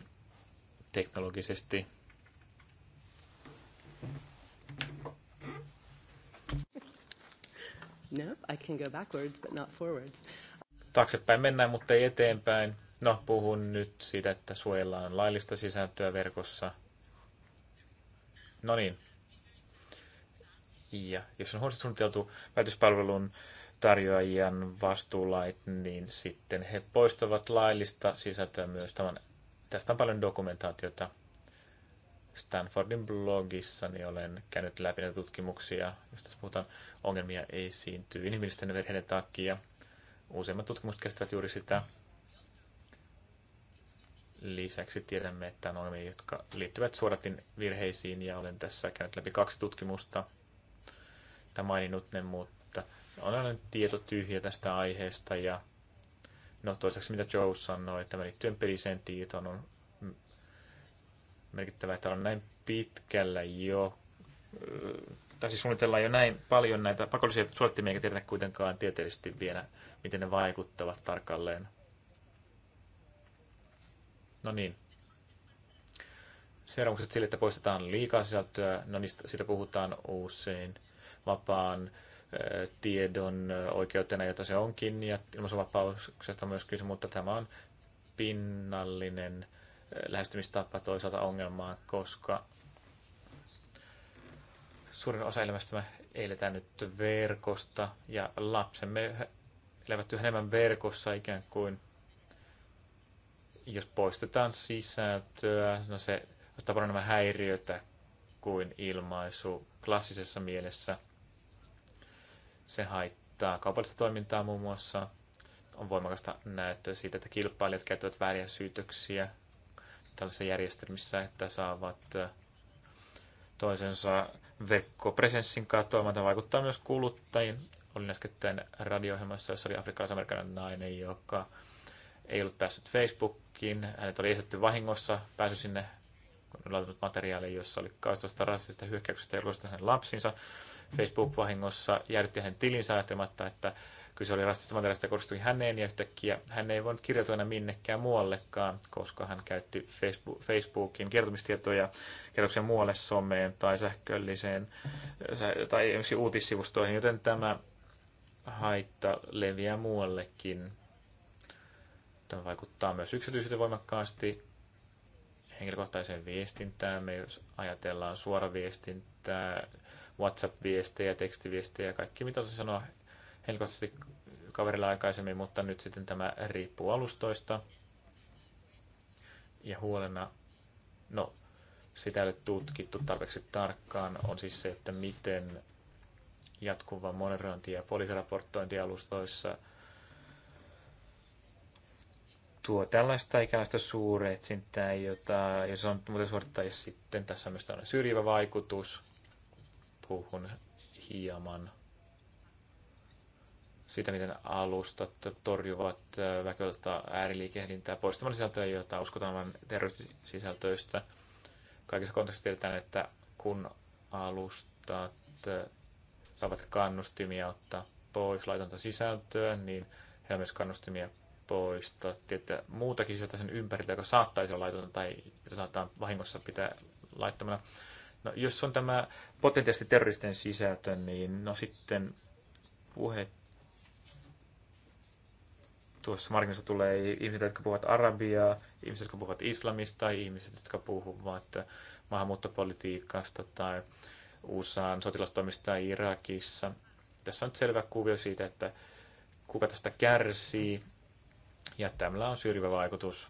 teknologisesti. No, I can go backwards, but not forwards. Taaksepäin mennään, mutta ei eteenpäin. No, puhun nyt siitä, että suojellaan laillista sisältöä verkossa. No niin, ja jos on huonosti suunniteltu välityspalvelun tarjoajien vastuulait, niin sitten he poistavat laillista sisältöä myös. Tämän, tästä on paljon dokumentaatiota Stanfordin blogissa, niin olen käynyt läpi näitä tutkimuksia, jos tässä puhutaan ongelmia esiintyy inhimillisten verheiden takia. Useimmat tutkimukset kestävät juuri sitä. Lisäksi tiedämme, että on ongelmia, jotka liittyvät suoratin virheisiin, ja olen tässä käynyt läpi kaksi tutkimusta – tästä maininnut ne, mutta on aina tieto tyhjä tästä aiheesta ja no toiseksi mitä Joe sanoi, että liittyen peliseen tietoon on merkittävää, että on näin pitkällä jo tai siis suunnitellaan jo näin paljon näitä pakollisia suorittimia, eikä tiedetä kuitenkaan tieteellisesti vielä, miten ne vaikuttavat tarkalleen. No niin. Seuraamukset sille, että poistetaan liikaa sisältöä, no niistä, siitä puhutaan usein vapaan tiedon oikeutena, jota se onkin, ja ilmaisuvapauksesta myös kyse, mutta tämä on pinnallinen lähestymistapa toisaalta ongelmaa, koska suurin osa elämästä me eletään nyt verkosta, ja lapsemme elävät yhä enemmän verkossa ikään kuin, jos poistetaan sisältöä, no se ottaa paljon enemmän häiriötä kuin ilmaisu klassisessa mielessä – se haittaa kaupallista toimintaa muun muassa. On voimakasta näyttöä siitä, että kilpailijat käyttävät vääriä syytöksiä tällaisissa järjestelmissä, että saavat toisensa verkkopresenssin katoamaan. Tämä vaikuttaa myös kuluttajiin. Olin äsken radio-ohjelmassa, jossa oli afrikkalais nainen, joka ei ollut päässyt Facebookiin. Hänet oli esitetty vahingossa, pääsy sinne, kun oli laitanut materiaalia, jossa oli kaustosta rasistista hyökkäyksestä ja hänen lapsinsa. Facebook vahingossa järjytti hänen tilinsä ajattelematta, että kyse oli rastista materiaalista kohdistui häneen ja yhtäkkiä hän ei voinut kirjautua enää minnekään muuallekaan, koska hän käytti Facebook, Facebookin kertomistietoja kerroksen muualle someen tai sähkölliseen tai esimerkiksi uutissivustoihin, joten tämä haitta leviää muuallekin. Tämä vaikuttaa myös yksityisyyteen voimakkaasti henkilökohtaiseen viestintään. Me jos ajatellaan suoraviestintää, WhatsApp-viestejä, tekstiviestejä, kaikki mitä osasin sanoa helposti kaverilla aikaisemmin, mutta nyt sitten tämä riippuu alustoista. Ja huolena, no sitä ei ole tutkittu tarpeeksi tarkkaan, on siis se, että miten jatkuva monerointi ja poliisiraportointi alustoissa tuo tällaista ikäänlaista suureetsintää, jota, jos on muuten suorittaisi ja sitten tässä on myös tällainen syrjivä vaikutus, puhun hieman siitä, miten alustat torjuvat äh, väkivaltaista ääriliikehdintää poistamalla sisältöjä, joita uskotaan vain terroristisisältöistä. Kaikissa kontekstissa tiedetään, että kun alustat äh, saavat kannustimia ottaa pois laitonta sisältöä, niin heillä myös kannustimia poistaa tiettyä muutakin sisältöä sen ympäriltä, joka saattaisi olla laitonta tai jota saattaa vahingossa pitää laittomana. No, jos on tämä potentiaalisesti terroristen sisältö, niin no sitten puhe tuossa markkinoissa tulee ihmiset, jotka puhuvat arabiaa, ihmiset, jotka puhuvat islamista ihmiset, jotka puhuvat maahanmuuttopolitiikasta tai USAan sotilastoimista Irakissa. Tässä on selvä kuvio siitä, että kuka tästä kärsii ja tämällä on syrjivä vaikutus.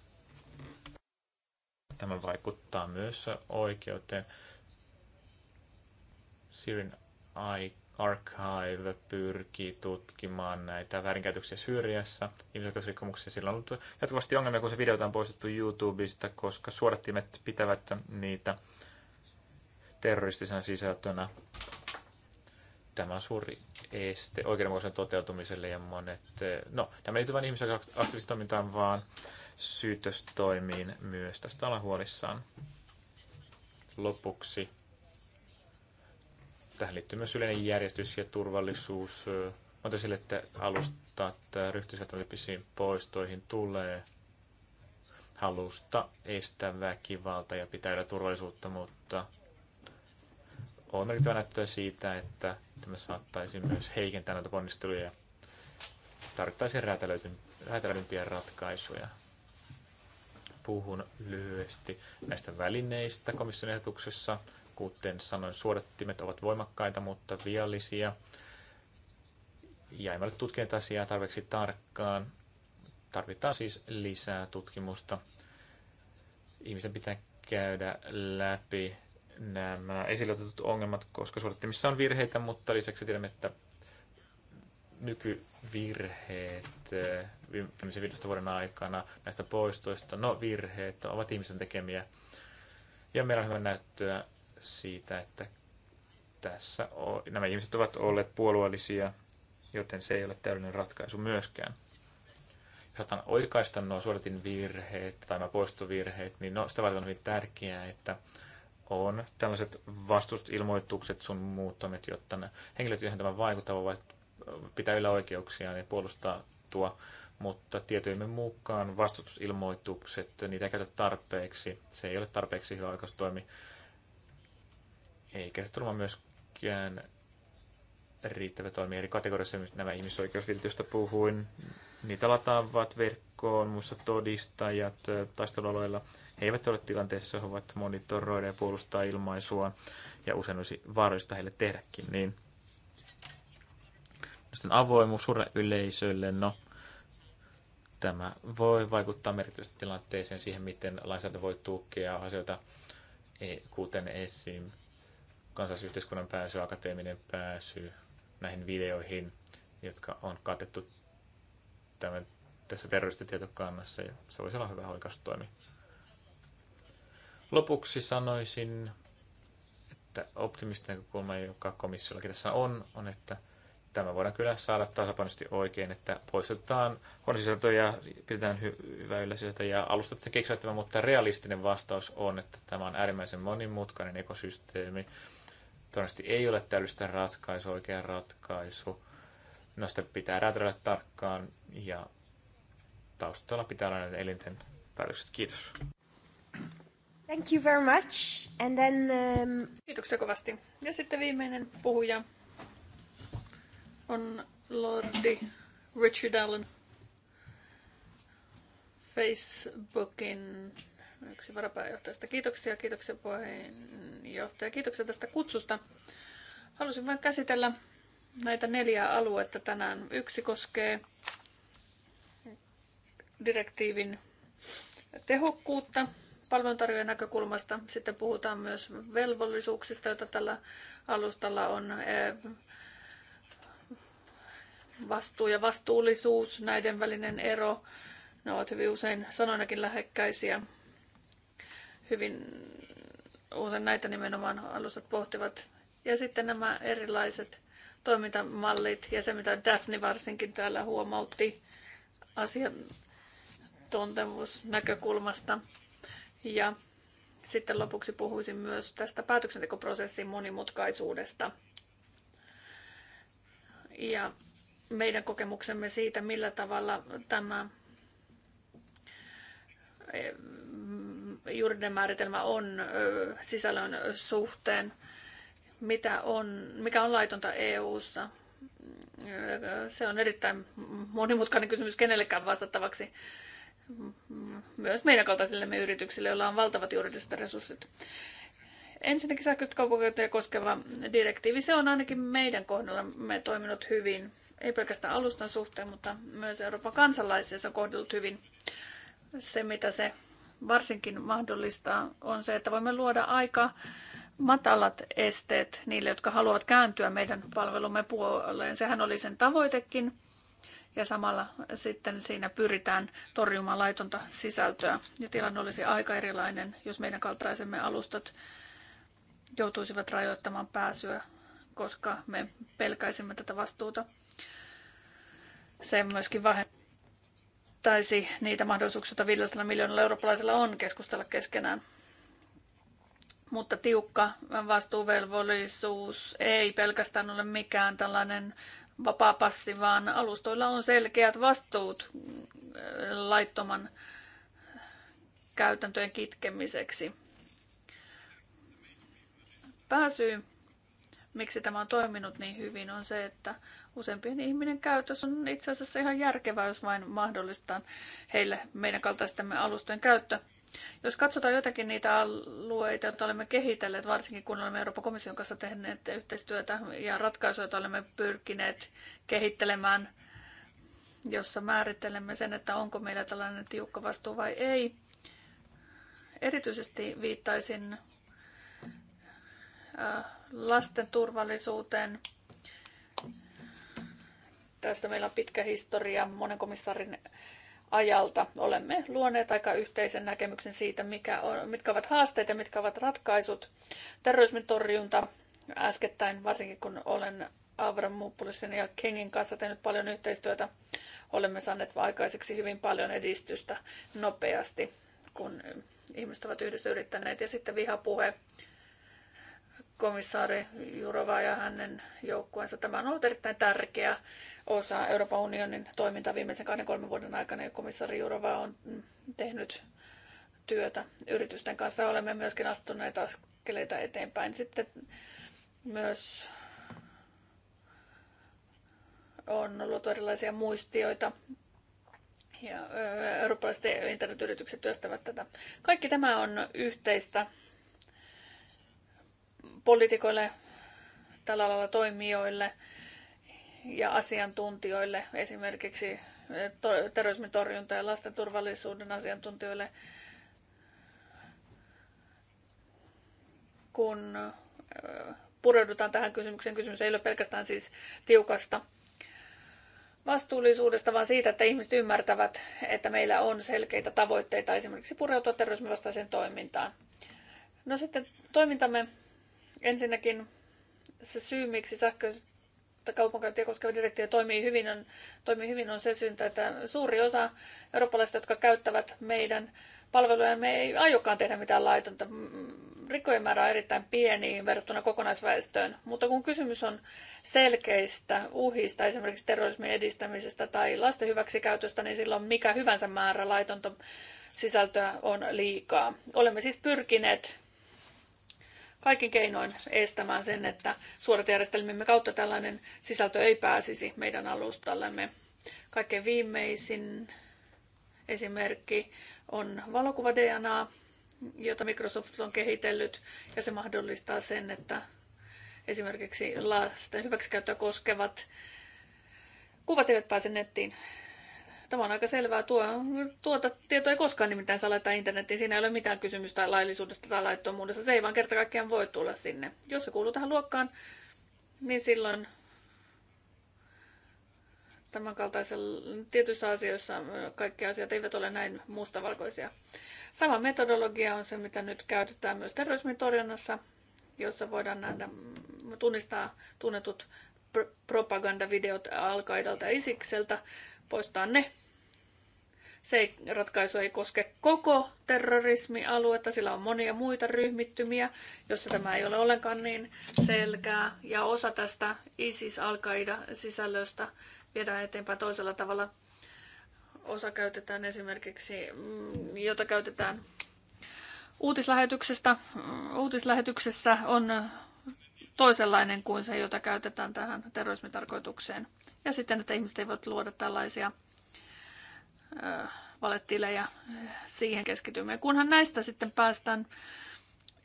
Tämä vaikuttaa myös oikeuteen Syrian Archive pyrkii tutkimaan näitä väärinkäytöksiä Syyriassa, ihmisoikeusrikkomuksia. Sillä on ollut jatkuvasti ongelmia, kun se video on poistettu YouTubesta, koska suodattimet pitävät niitä terroristisena sisältönä. Tämä on suuri este oikeudenmukaisen toteutumiselle ja monet, no tämä ei tule vain ihmisoikeusaktivistoimintaan, vaan syytöstoimiin myös. Tästä ollaan huolissaan. Lopuksi Tähän liittyy myös yleinen järjestys ja turvallisuus. Mutta sille, että alustat ryhtyisivät olipisiin poistoihin tulee halusta estää väkivalta ja pitää yllä turvallisuutta, mutta on merkittävä näyttöä siitä, että tämä saattaisi myös heikentää näitä ponnisteluja ja tarvittaisiin räätälöidympiä ratkaisuja. Puhun lyhyesti näistä välineistä komission ehdotuksessa. Kuten sanoin, suodattimet ovat voimakkaita, mutta viallisia. Ja emme ole tutkineet asiaa tarpeeksi tarkkaan. Tarvitaan siis lisää tutkimusta. Ihmisen pitää käydä läpi nämä esille otetut ongelmat, koska suodattimissa on virheitä, mutta lisäksi tiedämme, että nykyvirheet eh, viimeisen 15 vuoden aikana näistä poistoista, no virheet ovat ihmisten tekemiä. Ja meillä on hyvä näyttöä siitä, että tässä on, nämä ihmiset ovat olleet puolueellisia, joten se ei ole täydellinen ratkaisu myöskään. Jos otan oikaista nuo suoritin virheet tai mä poistovirheet, niin no, sitä varten on hyvin tärkeää, että on tällaiset vastustilmoitukset sun muuttamet, jotta ne henkilöt, joihin tämä vaikuttaa, voivat pitää yllä oikeuksiaan ja puolustaa tuo, mutta tietojemme mukaan vastustusilmoitukset, niitä ei käytä tarpeeksi. Se ei ole tarpeeksi hyvä oikeustoimi eikä se turma myöskään riittävä toimia eri kategoriassa, mistä nämä ihmisoikeusviltiöstä puhuin. Niitä lataavat verkkoon muussa todistajat taistelualueilla. He eivät ole tilanteessa, he ovat monitoroida ja puolustaa ilmaisua, ja usein olisi vaarallista heille tehdäkin niin. Sitten avoimuus suurelle yleisölle, no tämä voi vaikuttaa merkittävästi tilanteeseen siihen, miten lainsäädäntö voi tukea asioita, e, kuten esim kansallisyhteiskunnan pääsy, akateeminen pääsy näihin videoihin, jotka on katettu tämän, tässä terroristitietokannassa, ja se voisi olla hyvä oikeustoimi. Lopuksi sanoisin, että optimistinen kulma, joka komissiollakin tässä on, on, että tämä voidaan kyllä saada tasapainoisesti oikein, että poistetaan huonosisältöjä ja pidetään hy- hyvä yllä sieltä ja alustat se mutta realistinen vastaus on, että tämä on äärimmäisen monimutkainen ekosysteemi, todennäköisesti ei ole täydellistä ratkaisu, oikea ratkaisu. No sitä pitää räätälöidä tarkkaan ja taustalla pitää olla näiden elinten päätökset. Kiitos. Thank you very much. And then, um... Kiitoksia kovasti. Ja sitten viimeinen puhuja on Lordi Richard Allen, Facebookin yksi varapääjohtajasta. Kiitoksia, kiitoksia puheenjohtaja. Kiitoksia tästä kutsusta. Halusin vain käsitellä näitä neljää aluetta tänään. Yksi koskee direktiivin tehokkuutta palveluntarjoajan näkökulmasta. Sitten puhutaan myös velvollisuuksista, joita tällä alustalla on eh, vastuu ja vastuullisuus, näiden välinen ero. Ne ovat hyvin usein sanoinakin lähekkäisiä. Hyvin usein näitä nimenomaan alustat pohtivat. Ja sitten nämä erilaiset toimintamallit ja se, mitä Daphne varsinkin täällä huomautti asiantuntemusnäkökulmasta. Ja sitten lopuksi puhuisin myös tästä päätöksentekoprosessin monimutkaisuudesta ja meidän kokemuksemme siitä, millä tavalla tämä juridinen määritelmä on sisällön suhteen, mitä on, mikä on laitonta EU-ssa. Se on erittäin monimutkainen kysymys kenellekään vastattavaksi myös meidän kaltaisillemme yrityksille, joilla on valtavat juridiset resurssit. Ensinnäkin sähköistä kaupankäyntiä koskeva direktiivi, se on ainakin meidän kohdalla me toiminut hyvin, ei pelkästään alustan suhteen, mutta myös Euroopan kansalaisia se on kohdellut hyvin. Se, mitä se varsinkin mahdollista on se, että voimme luoda aika matalat esteet niille, jotka haluavat kääntyä meidän palvelumme puoleen. Sehän oli sen tavoitekin. Ja samalla sitten siinä pyritään torjumaan laitonta sisältöä. Ja tilanne olisi aika erilainen, jos meidän kaltaisemme alustat joutuisivat rajoittamaan pääsyä, koska me pelkäisimme tätä vastuuta. Se myöskin vähentää rajoittaisi niitä mahdollisuuksia, joita 500 miljoonalla eurooppalaisella on keskustella keskenään. Mutta tiukka vastuuvelvollisuus ei pelkästään ole mikään tällainen vapaa passi, vaan alustoilla on selkeät vastuut äh, laittoman käytäntöjen kitkemiseksi. Pääsyy, miksi tämä on toiminut niin hyvin, on se, että useampien ihminen käytössä on itse asiassa ihan järkevää, jos vain mahdollistetaan heille meidän kaltaistemme alustojen käyttö. Jos katsotaan jotakin niitä alueita, joita olemme kehitelleet, varsinkin kun olemme Euroopan komission kanssa tehneet yhteistyötä ja ratkaisuja, joita olemme pyrkineet kehittelemään, jossa määrittelemme sen, että onko meillä tällainen tiukka vastuu vai ei. Erityisesti viittaisin äh, lasten turvallisuuteen, Tästä meillä on pitkä historia monen komissarin ajalta. Olemme luoneet aika yhteisen näkemyksen siitä, mikä on, mitkä ovat haasteet ja mitkä ovat ratkaisut. Terrorismin torjunta äskettäin, varsinkin kun olen Muppulisen ja Kengin kanssa tehnyt paljon yhteistyötä, olemme saaneet aikaiseksi hyvin paljon edistystä nopeasti, kun ihmiset ovat yhdessä yrittäneet. Ja sitten vihapuhe, komissaari Jurova ja hänen joukkueensa. Tämä on ollut erittäin tärkeä osa Euroopan unionin toimintaa viimeisen kahden kolmen vuoden aikana, ja komissaari Jurova on tehnyt työtä yritysten kanssa. Olemme myöskin astuneet askeleita eteenpäin. Sitten myös on ollut erilaisia muistioita ja eurooppalaiset internetyritykset työstävät tätä. Kaikki tämä on yhteistä poliitikoille, tällä alalla toimijoille, ja asiantuntijoille, esimerkiksi eh, terrorismin torjunta ja lasten turvallisuuden asiantuntijoille, kun eh, pureudutaan tähän kysymykseen. Kysymys ei ole pelkästään siis tiukasta vastuullisuudesta, vaan siitä, että ihmiset ymmärtävät, että meillä on selkeitä tavoitteita esimerkiksi pureutua terrorismin vastaiseen toimintaan. No sitten toimintamme ensinnäkin se syy, miksi sähköiset kaupankäyntiä koskeva direktiivi toimii hyvin, on, toimii hyvin on se syntä, että suuri osa eurooppalaisista, jotka käyttävät meidän palveluja, me ei aiokaan tehdä mitään laitonta. Mm, rikkojen määrä on erittäin pieni verrattuna kokonaisväestöön, mutta kun kysymys on selkeistä uhista, esimerkiksi terrorismin edistämisestä tai lasten hyväksikäytöstä, niin silloin mikä hyvänsä määrä laitonta sisältöä on liikaa. Olemme siis pyrkineet kaikin keinoin estämään sen, että suoratejärjestelmimme kautta tällainen sisältö ei pääsisi meidän alustallemme. Kaikkein viimeisin esimerkki on valokuva-DNA, jota Microsoft on kehitellyt, ja se mahdollistaa sen, että esimerkiksi lasten hyväksikäyttöä koskevat kuvat eivät pääse nettiin Tämä on aika selvää. Tuo, tuota tietoa ei koskaan nimittäin saa laittaa internetiin. Siinä ei ole mitään kysymystä laillisuudesta tai laittomuudesta. Se ei vaan kerta kaikkiaan voi tulla sinne. Jos se kuuluu tähän luokkaan, niin silloin tämän kaltaisella, tietyissä asioissa kaikki asiat eivät ole näin mustavalkoisia. Sama metodologia on se, mitä nyt käytetään myös terrorismin torjunnassa, jossa voidaan nähdä, tunnistaa tunnetut propagandavideot Al-Qaidalta ja Isikseltä, poistaa ne. Se ratkaisu ei koske koko terrorismialuetta, sillä on monia muita ryhmittymiä, jossa tämä ei ole ollenkaan niin selkää. Ja osa tästä ISIS al sisällöstä viedään eteenpäin toisella tavalla. Osa käytetään esimerkiksi, mm, jota käytetään uutislähetyksestä. Mm, uutislähetyksessä on toisenlainen kuin se, jota käytetään tähän terrorismitarkoitukseen. Ja sitten, että ihmiset eivät luoda tällaisia ö, siihen keskitymme. Kunhan näistä sitten päästään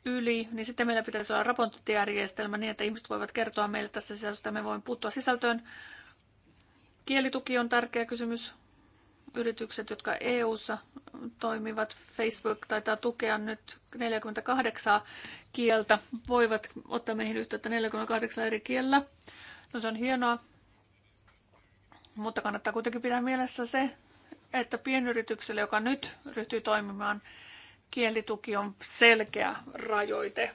yli, niin sitten meillä pitäisi olla raportointijärjestelmä niin, että ihmiset voivat kertoa meille tästä sisällöstä, me voimme puuttua sisältöön. Kielituki on tärkeä kysymys yritykset, jotka EU-ssa toimivat, Facebook taitaa tukea nyt 48 kieltä, voivat ottaa meihin yhteyttä 48 eri kielellä. No se on hienoa, mutta kannattaa kuitenkin pitää mielessä se, että pienyritykselle, joka nyt ryhtyy toimimaan, kielituki on selkeä rajoite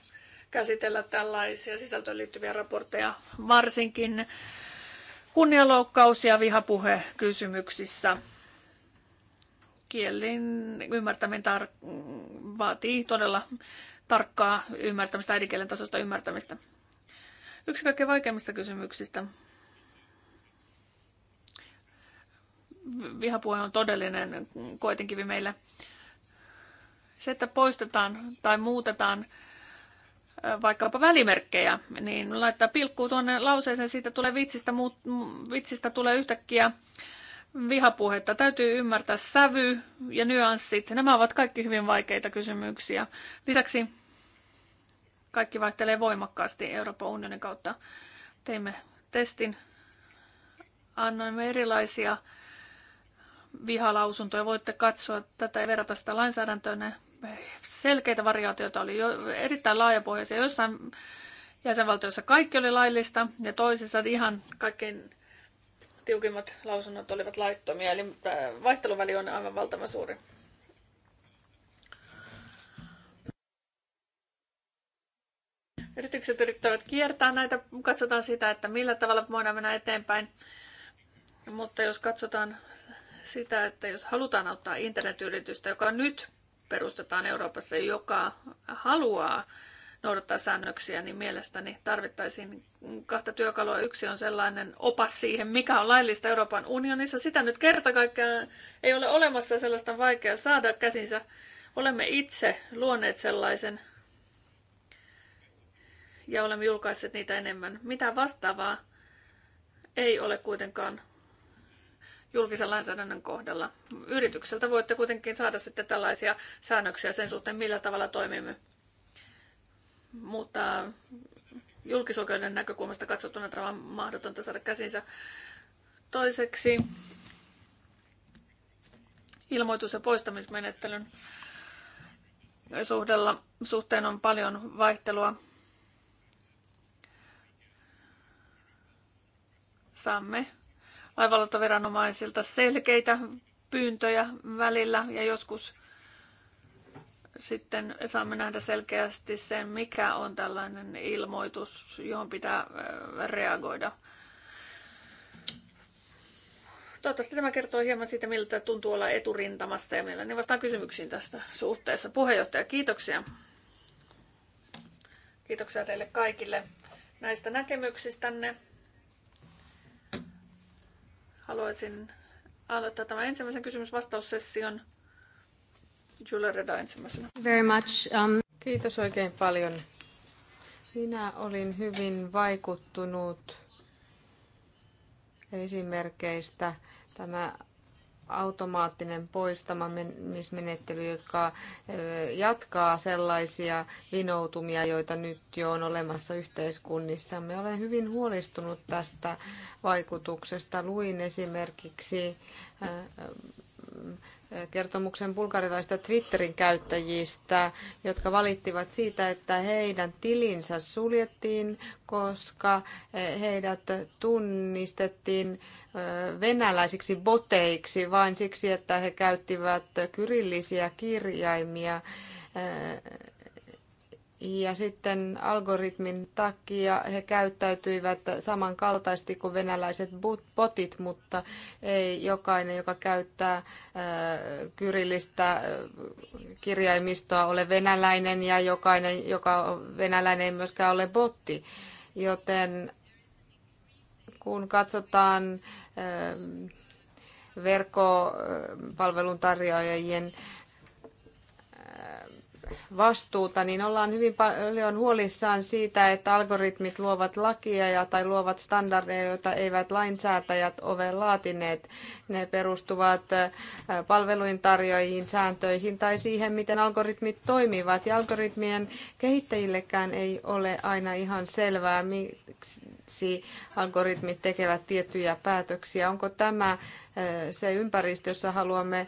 käsitellä tällaisia sisältöön liittyviä raportteja, varsinkin kunnianloukkaus- ja vihapuhekysymyksissä kielen ymmärtäminen tar- vaatii todella tarkkaa ymmärtämistä, äidinkielen tasosta ymmärtämistä. Yksi kaikkein vaikeimmista kysymyksistä. Vihapuhe on todellinen koetinkivi meille. Se, että poistetaan tai muutetaan vaikkapa välimerkkejä, niin laittaa pilkkuu tuonne lauseeseen, siitä tulee vitsistä, muut, vitsistä tulee yhtäkkiä vihapuhetta. Täytyy ymmärtää sävy ja nyanssit. Nämä ovat kaikki hyvin vaikeita kysymyksiä. Lisäksi kaikki vaihtelee voimakkaasti Euroopan unionin kautta. Teimme testin, annoimme erilaisia vihalausuntoja. Voitte katsoa tätä ja verrata sitä lainsäädäntöön. Selkeitä variaatioita oli jo erittäin laajapohjaisia. Jossain jäsenvaltioissa kaikki oli laillista ja toisissa ihan kaikkein tiukimmat lausunnot olivat laittomia, eli äh, vaihteluväli on aivan valtava suuri. Yritykset yrittävät kiertää näitä, katsotaan sitä, että millä tavalla voidaan mennä eteenpäin. Mutta jos katsotaan sitä, että jos halutaan auttaa internetyritystä, joka nyt perustetaan Euroopassa, joka haluaa noudattaa säännöksiä, niin mielestäni tarvittaisiin kahta työkalua. Yksi on sellainen opas siihen, mikä on laillista Euroopan unionissa. Sitä nyt kerta kaikkiaan ei ole olemassa, sellaista vaikea saada käsinsä. Olemme itse luoneet sellaisen ja olemme julkaisseet niitä enemmän. Mitä vastaavaa ei ole kuitenkaan julkisen lainsäädännön kohdalla. Yritykseltä voitte kuitenkin saada sitten tällaisia säännöksiä sen suhteen, millä tavalla toimimme mutta julkisoikeuden näkökulmasta katsottuna tämä on mahdotonta saada käsinsä. Toiseksi ilmoitus- ja poistamismenettelyn suhdella, suhteen on paljon vaihtelua. Saamme laivaloittoviranomaisilta selkeitä pyyntöjä välillä ja joskus sitten saamme nähdä selkeästi sen, mikä on tällainen ilmoitus, johon pitää reagoida. Toivottavasti tämä kertoo hieman siitä, miltä tuntuu olla eturintamassa ja mielelläni vastaan kysymyksiin tästä suhteessa. Puheenjohtaja, kiitoksia. Kiitoksia teille kaikille näistä näkemyksistänne. Haluaisin aloittaa tämän ensimmäisen kysymysvastaussession. Julia Reda ensimmäisenä. Very much, um... Kiitos oikein paljon. Minä olin hyvin vaikuttunut esimerkkeistä. Tämä automaattinen poistamismenettely, jotka jatkaa sellaisia vinoutumia, joita nyt jo on olemassa yhteiskunnissa. Me olen hyvin huolestunut tästä vaikutuksesta. Luin esimerkiksi kertomuksen bulgarilaista Twitterin käyttäjistä, jotka valittivat siitä, että heidän tilinsä suljettiin, koska eh, heidät tunnistettiin eh, venäläisiksi boteiksi vain siksi, että he käyttivät kyrillisiä kirjaimia eh, ja sitten algoritmin takia he käyttäytyivät samankaltaisesti kuin venäläiset botit, mutta ei jokainen, joka käyttää äh, kyrillistä äh, kirjaimistoa, ole venäläinen ja jokainen, joka on venäläinen, ei myöskään ole botti. Joten kun katsotaan äh, verkkopalvelun tarjoajien vastuuta, niin ollaan hyvin paljon huolissaan siitä, että algoritmit luovat lakia ja, tai luovat standardeja, joita eivät lainsäätäjät ole laatineet. Ne perustuvat palveluintarjoajiin, sääntöihin tai siihen, miten algoritmit toimivat. Ja algoritmien kehittäjillekään ei ole aina ihan selvää, miksi algoritmit tekevät tiettyjä päätöksiä. Onko tämä se ympäristö, jossa haluamme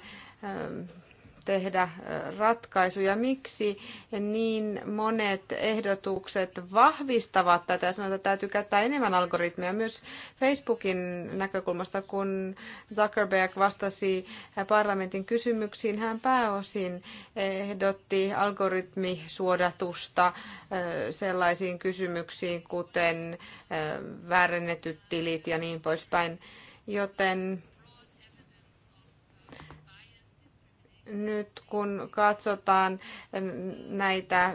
tehdä ratkaisuja. Miksi niin monet ehdotukset vahvistavat tätä ja sanotaan, että täytyy käyttää enemmän algoritmeja myös Facebookin näkökulmasta, kun Zuckerberg vastasi parlamentin kysymyksiin, hän pääosin ehdotti algoritmisuodatusta sellaisiin kysymyksiin, kuten väärennetyt tilit ja niin poispäin. Joten nyt kun katsotaan näitä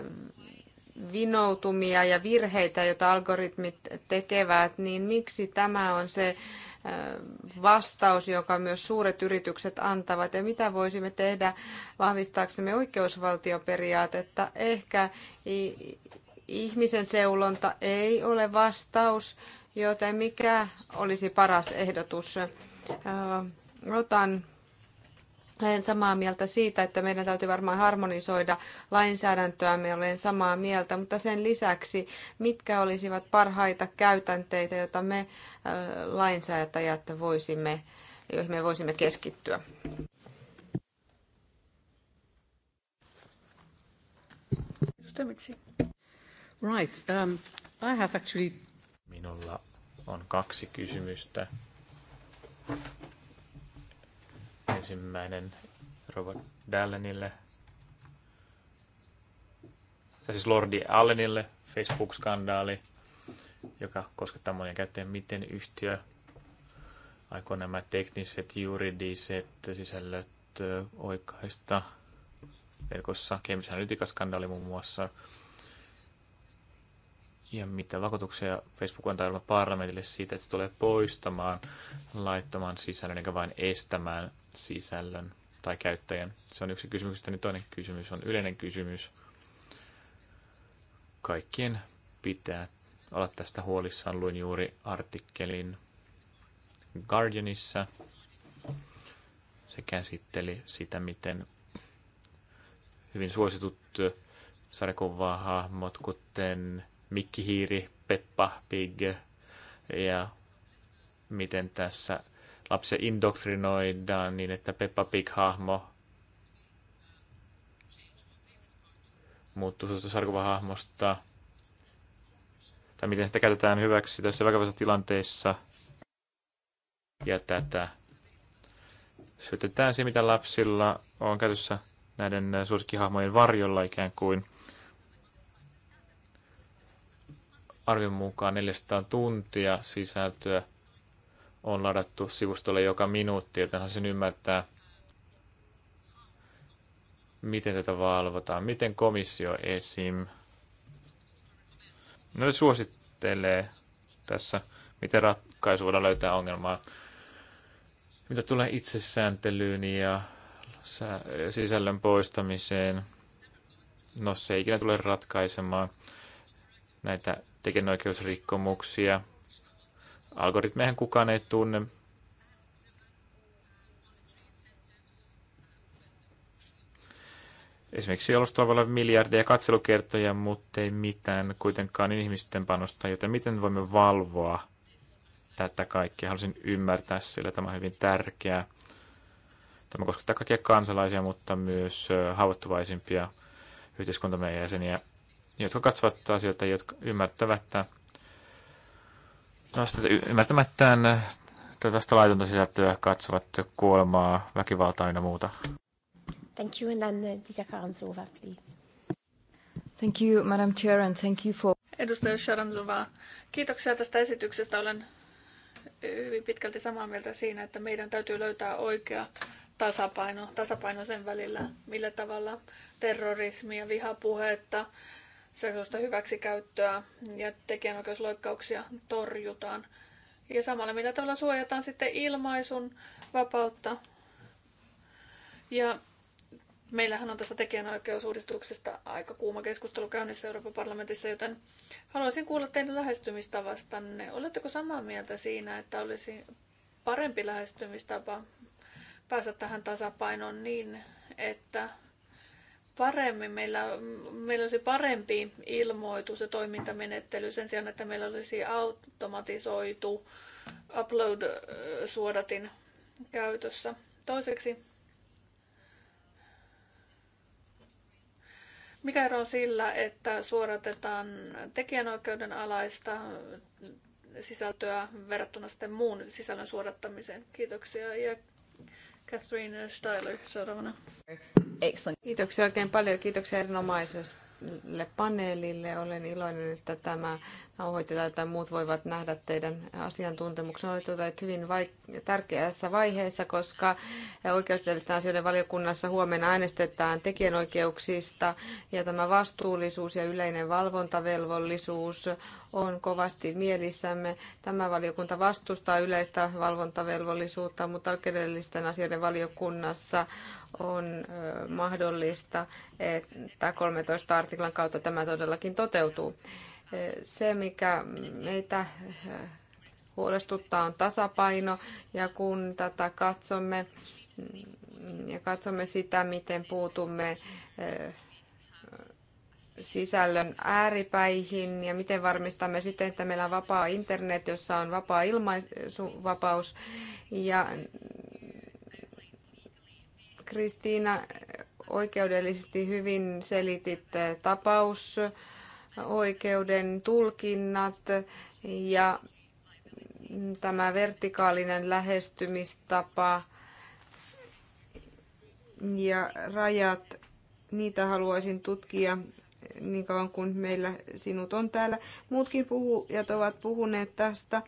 vinoutumia ja virheitä, joita algoritmit tekevät, niin miksi tämä on se vastaus, joka myös suuret yritykset antavat ja mitä voisimme tehdä vahvistaaksemme oikeusvaltioperiaatetta. Ehkä ihmisen seulonta ei ole vastaus, joten mikä olisi paras ehdotus? Otan olen samaa mieltä siitä, että meidän täytyy varmaan harmonisoida lainsäädäntöä, me olen samaa mieltä, mutta sen lisäksi, mitkä olisivat parhaita käytänteitä, joita me äh, lainsäätäjät voisimme, joihin me voisimme keskittyä? Right, um, I have actually... Minulla on kaksi kysymystä Ensimmäinen Robert Dallenille, Ja siis Lordi Allenille, Facebook-skandaali, joka koskettaa monia käyttäjien miten yhtiö Aiko nämä tekniset, juridiset sisällöt oikaista verkossa. Cambridge Analytica-skandaali muun muassa. Ja mitä vakuutuksia Facebook on tarjolla parlamentille siitä, että se tulee poistamaan laittoman sisällön eikä vain estämään sisällön tai käyttäjän. Se on yksi kysymys. Sitten toinen kysymys on yleinen kysymys. Kaikkien pitää olla tästä huolissaan. Luin juuri artikkelin Guardianissa. Se käsitteli sitä, miten hyvin suositut sarjakuvaa hahmot, kuten Hiiri, Peppa Pig ja miten tässä lapsia indoktrinoidaan niin, että Peppa Pig-hahmo muuttuu sarkuvahahmosta, tai miten sitä käytetään hyväksi tässä vakavassa tilanteessa, ja tätä syötetään se, mitä lapsilla on käytössä näiden suosikkihahmojen varjolla ikään kuin. Arvion mukaan 400 tuntia sisältöä on ladattu sivustolle joka minuutti, hän sen ymmärtää, miten tätä valvotaan, miten komissio esim. No suosittelee tässä, miten ratkaisu voidaan löytää ongelmaa. Mitä tulee itsesääntelyyn ja sisällön poistamiseen, no se ei ikinä tule ratkaisemaan näitä tekijänoikeusrikkomuksia. Algoritmeihin kukaan ei tunne. Esimerkiksi jalostaa voi olla miljardeja katselukertoja, mutta ei mitään kuitenkaan ihmisten panosta, joten miten voimme valvoa tätä kaikkea. Haluaisin ymmärtää, sillä tämä on hyvin tärkeää. Tämä koskettaa kaikkia kansalaisia, mutta myös haavoittuvaisimpia yhteiskuntamme jäseniä, jotka katsovat asioita, jotka ymmärtävät, että sitten ymmärtämättään äh, tällaista laitonta sisältöä katsovat kuolemaa, väkivaltaa ja muuta. Thank you and then uh, Dita Karanzova, please. Thank you, Madam Chair, and thank you for... Edustaja Sharanzova, kiitoksia tästä esityksestä. Olen hyvin pitkälti samaa mieltä siinä, että meidän täytyy löytää oikea tasapaino, tasapaino sen välillä, millä tavalla terrorismia, vihapuhetta, seksuaalista hyväksikäyttöä ja tekijänoikeusloikkauksia torjutaan. Ja samalla millä tavalla suojataan sitten ilmaisun vapautta. Ja meillähän on tässä tekijänoikeusuudistuksesta aika kuuma keskustelu käynnissä Euroopan parlamentissa, joten haluaisin kuulla teidän lähestymistavastanne. Oletteko samaa mieltä siinä, että olisi parempi lähestymistapa päästä tähän tasapainoon niin, että paremmin, meillä, meillä olisi parempi ilmoitus ja toimintamenettely sen sijaan, että meillä olisi automatisoitu upload-suodatin äh, käytössä. Toiseksi, mikä ero on sillä, että suodatetaan tekijänoikeuden alaista sisältöä verrattuna sitten muun sisällön suodattamiseen? Kiitoksia ja Catherine Styler seuraavana. Excellent. Kiitoksia oikein paljon. Kiitoksia erinomaisesta paneelille. Olen iloinen, että tämä nauhoitetaan, että muut voivat nähdä teidän asiantuntemuksen. Olette olleet hyvin vai- tärkeässä vaiheessa, koska oikeudellisten asioiden valiokunnassa huomenna äänestetään tekijänoikeuksista, ja tämä vastuullisuus ja yleinen valvontavelvollisuus on kovasti mielissämme. Tämä valiokunta vastustaa yleistä valvontavelvollisuutta, mutta oikeudellisten asioiden valiokunnassa on mahdollista, että 13 artiklan kautta tämä todellakin toteutuu. Se, mikä meitä huolestuttaa, on tasapaino, ja kun tätä katsomme mm, ja katsomme sitä, miten puutumme sisällön ääripäihin ja miten varmistamme sitten, että meillä on vapaa internet, jossa on vapaa ilmaisuvapaus ja Kristiina, oikeudellisesti hyvin selitit eh, tapausoikeuden tulkinnat ja tämä vertikaalinen lähestymistapa ja rajat, niitä haluaisin tutkia niin kauan kuin meillä sinut on täällä. Muutkin puhujat ovat puhuneet tästä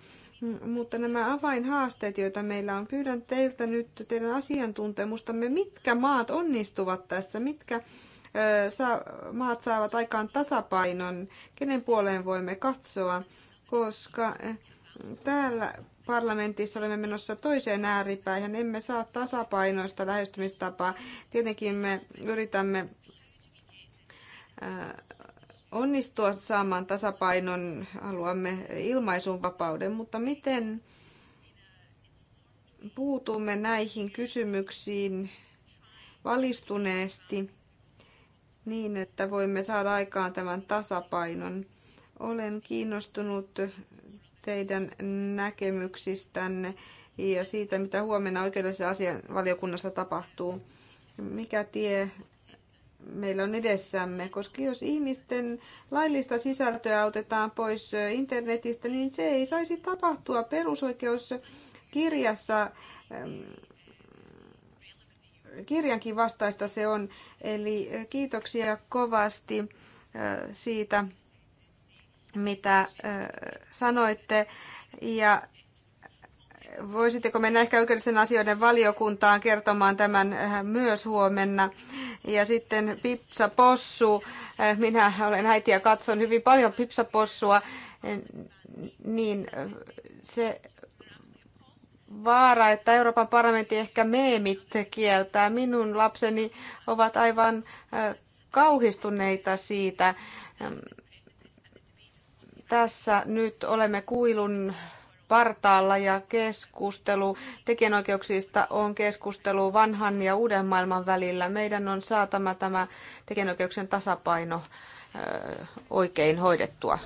mutta nämä avainhaasteet, joita meillä on, pyydän teiltä nyt teidän asiantuntemustamme, mitkä maat onnistuvat tässä, mitkä maat saavat aikaan tasapainon, kenen puoleen voimme katsoa, koska täällä parlamentissa olemme menossa toiseen ääripäähän, emme saa tasapainoista lähestymistapaa. Tietenkin me yritämme onnistua saamaan tasapainon, haluamme ilmaisun vapauden, mutta miten puutumme näihin kysymyksiin valistuneesti niin, että voimme saada aikaan tämän tasapainon. Olen kiinnostunut teidän näkemyksistänne ja siitä, mitä huomenna oikeudellisessa valiokunnassa tapahtuu. Mikä tie meillä on edessämme, koska jos ihmisten laillista sisältöä otetaan pois internetistä, niin se ei saisi tapahtua perusoikeuskirjassa. Kirjankin vastaista se on. Eli kiitoksia kovasti siitä, mitä sanoitte. Ja voisitteko mennä ehkä oikeudellisten asioiden valiokuntaan kertomaan tämän äh, myös huomenna. Ja sitten Pipsa Possu, äh, minä olen äiti ja katson hyvin paljon Pipsa Possua, äh, niin se vaara, että Euroopan parlamentti ehkä meemit kieltää. Minun lapseni ovat aivan kauhistuneita siitä. Ähm, tässä nyt olemme kuilun partaalla ja keskustelu tekijänoikeuksista on keskustelu vanhan ja uuden maailman välillä. Meidän on saatama tämä tekijänoikeuksien tasapaino oikein hoidettua.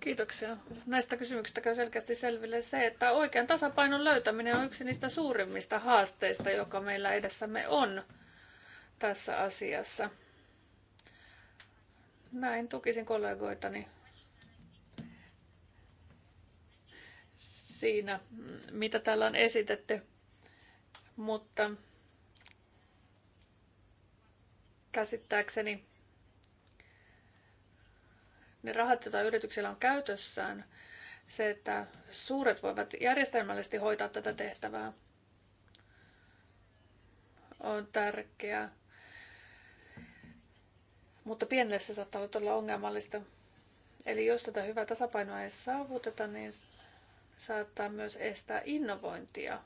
Kiitoksia. Näistä kysymyksistä käy selkeästi selville se, että oikean tasapainon löytäminen on yksi niistä suurimmista haasteista, joka meillä edessämme on tässä asiassa. Näin tukisin kollegoitani siinä, mitä täällä on esitetty, mutta käsittääkseni ne rahat, joita yrityksillä on käytössään, se, että suuret voivat järjestelmällisesti hoitaa tätä tehtävää, on tärkeää. Mutta pienelle se saattaa olla todella ongelmallista. Eli jos tätä hyvää tasapainoa ei saavuteta, niin saattaa myös estää innovointia.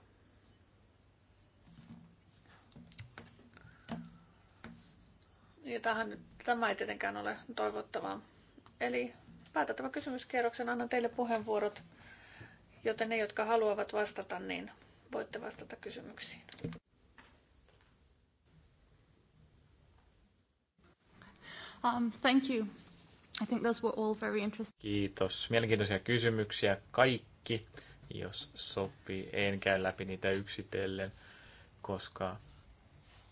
Ja tähän, tämä ei tietenkään ole toivottavaa. Eli päätettävä kysymyskierroksen annan teille puheenvuorot, joten ne, jotka haluavat vastata, niin voitte vastata kysymyksiin. Um, thank you. I think those were all very interesting. Kiitos. Mielenkiintoisia kysymyksiä. Kaikki kaikki, jos sopii. En käy läpi niitä yksitellen, koska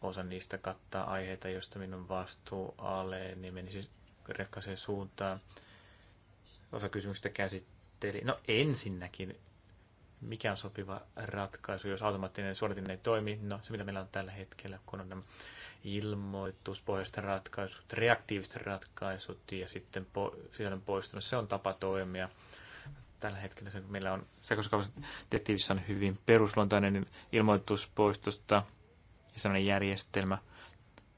osa niistä kattaa aiheita, joista minun vastuu alle, niin menisi rekkaseen suuntaan. Osa kysymyksistä käsitteli. No ensinnäkin, mikä on sopiva ratkaisu, jos automaattinen suoritin ei toimi? No se, mitä meillä on tällä hetkellä, kun on nämä ilmoituspohjaiset ratkaisut, reaktiiviset ratkaisut ja sitten po- sisällön poistunut, se on tapa toimia – tällä hetkellä se, meillä on sekoskaupassa on hyvin perusluontainen ilmoitus poistosta ja sellainen järjestelmä.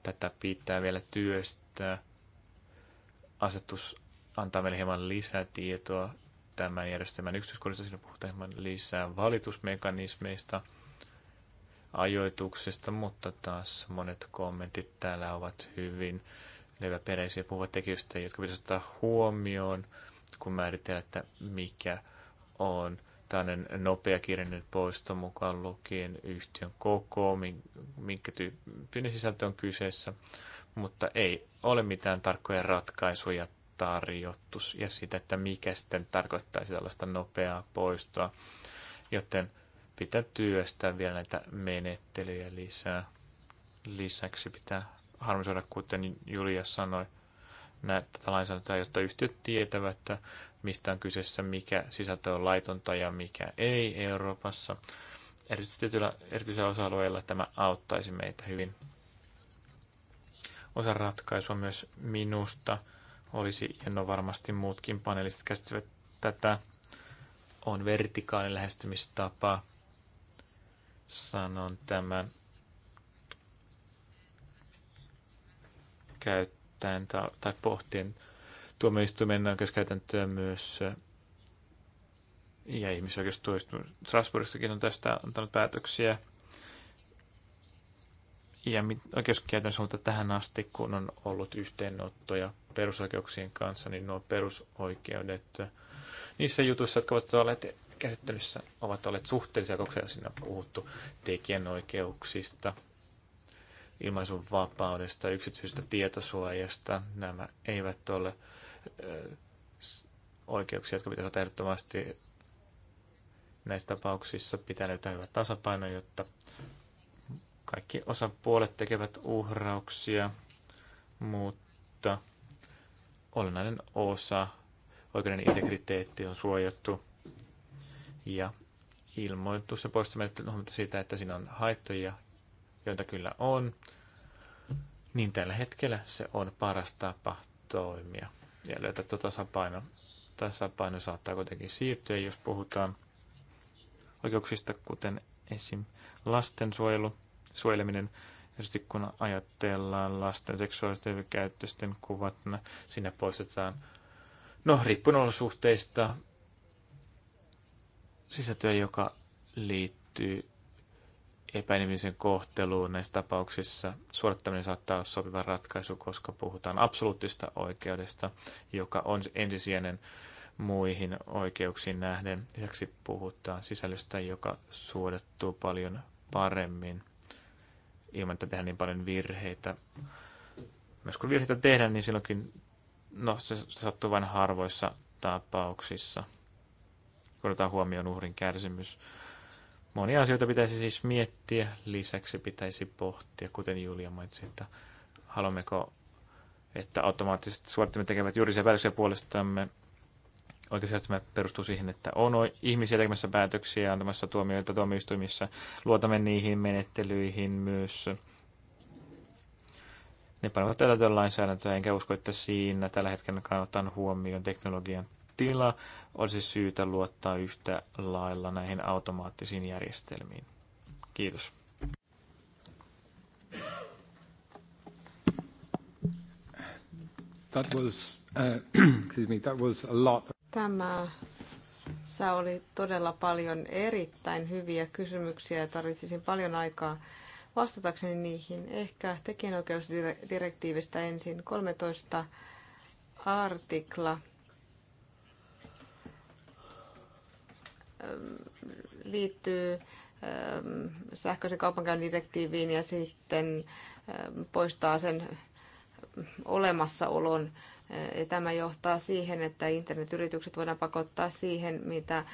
Tätä pitää vielä työstää. Asetus antaa meille hieman lisätietoa tämän järjestelmän yksityiskohdista. Siinä puhutaan hieman lisää valitusmekanismeista, ajoituksesta, mutta taas monet kommentit täällä ovat hyvin leväperäisiä puhuvat tekijöistä, jotka pitäisi ottaa huomioon kun määritellä, että mikä on tällainen nopea kirjallinen poisto mukaan lukien yhtiön koko, minkä tyyppinen sisältö on kyseessä, mutta ei ole mitään tarkkoja ratkaisuja tarjottu ja sitä, että mikä sitten tarkoittaisi tällaista nopeaa poistoa, joten pitää työstää vielä näitä menettelyjä lisää. Lisäksi pitää harmisoida, kuten Julia sanoi, näitä tätä lainsäädäntöä, jotta yhtiöt tietävät, että mistä on kyseessä, mikä sisältö on laitonta ja mikä ei Euroopassa. Erityisesti erityisellä osa alueella tämä auttaisi meitä hyvin. Osa ratkaisua myös minusta olisi, ja no varmasti muutkin panelistit käsittävät tätä, on vertikaalinen lähestymistapa. Sanon tämän käyttöön käyttäen tai tai pohtien tuomioistuimen oikeuskäytäntöä myös ja ihmisoikeustuomioistuin Strasbourgissakin on tästä antanut päätöksiä. Ja oikeuskäytön suunta tähän asti, kun on ollut yhteenottoja perusoikeuksien kanssa, niin nuo perusoikeudet niissä jutuissa, jotka ovat olleet käsittelyssä, ovat olleet suhteellisia, koska siinä on puhuttu tekijänoikeuksista – ilmaisun vapaudesta, yksityisestä tietosuojasta. Nämä eivät ole oikeuksia, jotka pitäisi ehdottomasti näissä tapauksissa pitää löytää hyvä tasapaino, jotta kaikki osapuolet tekevät uhrauksia, mutta olennainen osa, oikeuden integriteetti on suojattu ja ilmoitus ja poistaminen huomiota siitä, että siinä on haittoja joita kyllä on, niin tällä hetkellä se on paras tapa toimia ja löytää tuo tasapaino. Tasapaino saattaa kuitenkin siirtyä, jos puhutaan oikeuksista, kuten esim. lastensuojelu, suojeleminen, sitten kun ajatellaan lasten seksuaalisten käyttöisten kuvat, no, sinne poistetaan, no riippuen olosuhteista, sisältöä, joka liittyy epäinhimillisen kohteluun näissä tapauksissa. Suorittaminen saattaa olla sopiva ratkaisu, koska puhutaan absoluuttista oikeudesta, joka on ensisijainen muihin oikeuksiin nähden. Lisäksi puhutaan sisällöstä, joka suodattuu paljon paremmin ilman, että tehdään niin paljon virheitä. Myös kun virheitä tehdään, niin silloinkin no, se sattuu vain harvoissa tapauksissa. Kun otetaan huomioon uhrin kärsimys, Monia asioita pitäisi siis miettiä, lisäksi pitäisi pohtia, kuten Julia mainitsi, että haluammeko, että automaattiset suorittimet tekevät juuri sen päätöksiä puolestamme. Oikeusjärjestelmä perustuu siihen, että on ihmisiä tekemässä päätöksiä, antamassa tuomioita tuomioistuimissa. Luotamme niihin menettelyihin myös. Ne panevat täytäntöön lainsäädäntöä, enkä usko, että siinä tällä hetkellä kannattaa huomioon teknologian tila, olisi syytä luottaa yhtä lailla näihin automaattisiin järjestelmiin. Kiitos. That was, uh, excuse me, that was a lot. Tämä sä oli todella paljon erittäin hyviä kysymyksiä ja tarvitsisin paljon aikaa vastatakseni niihin. Ehkä tekijänoikeusdirektiivistä ensin 13 artikla liittyy sähköisen kaupankäynnin direktiiviin ja sitten poistaa sen olemassaolon. Ja tämä johtaa siihen, että internetyritykset voidaan pakottaa siihen, mitä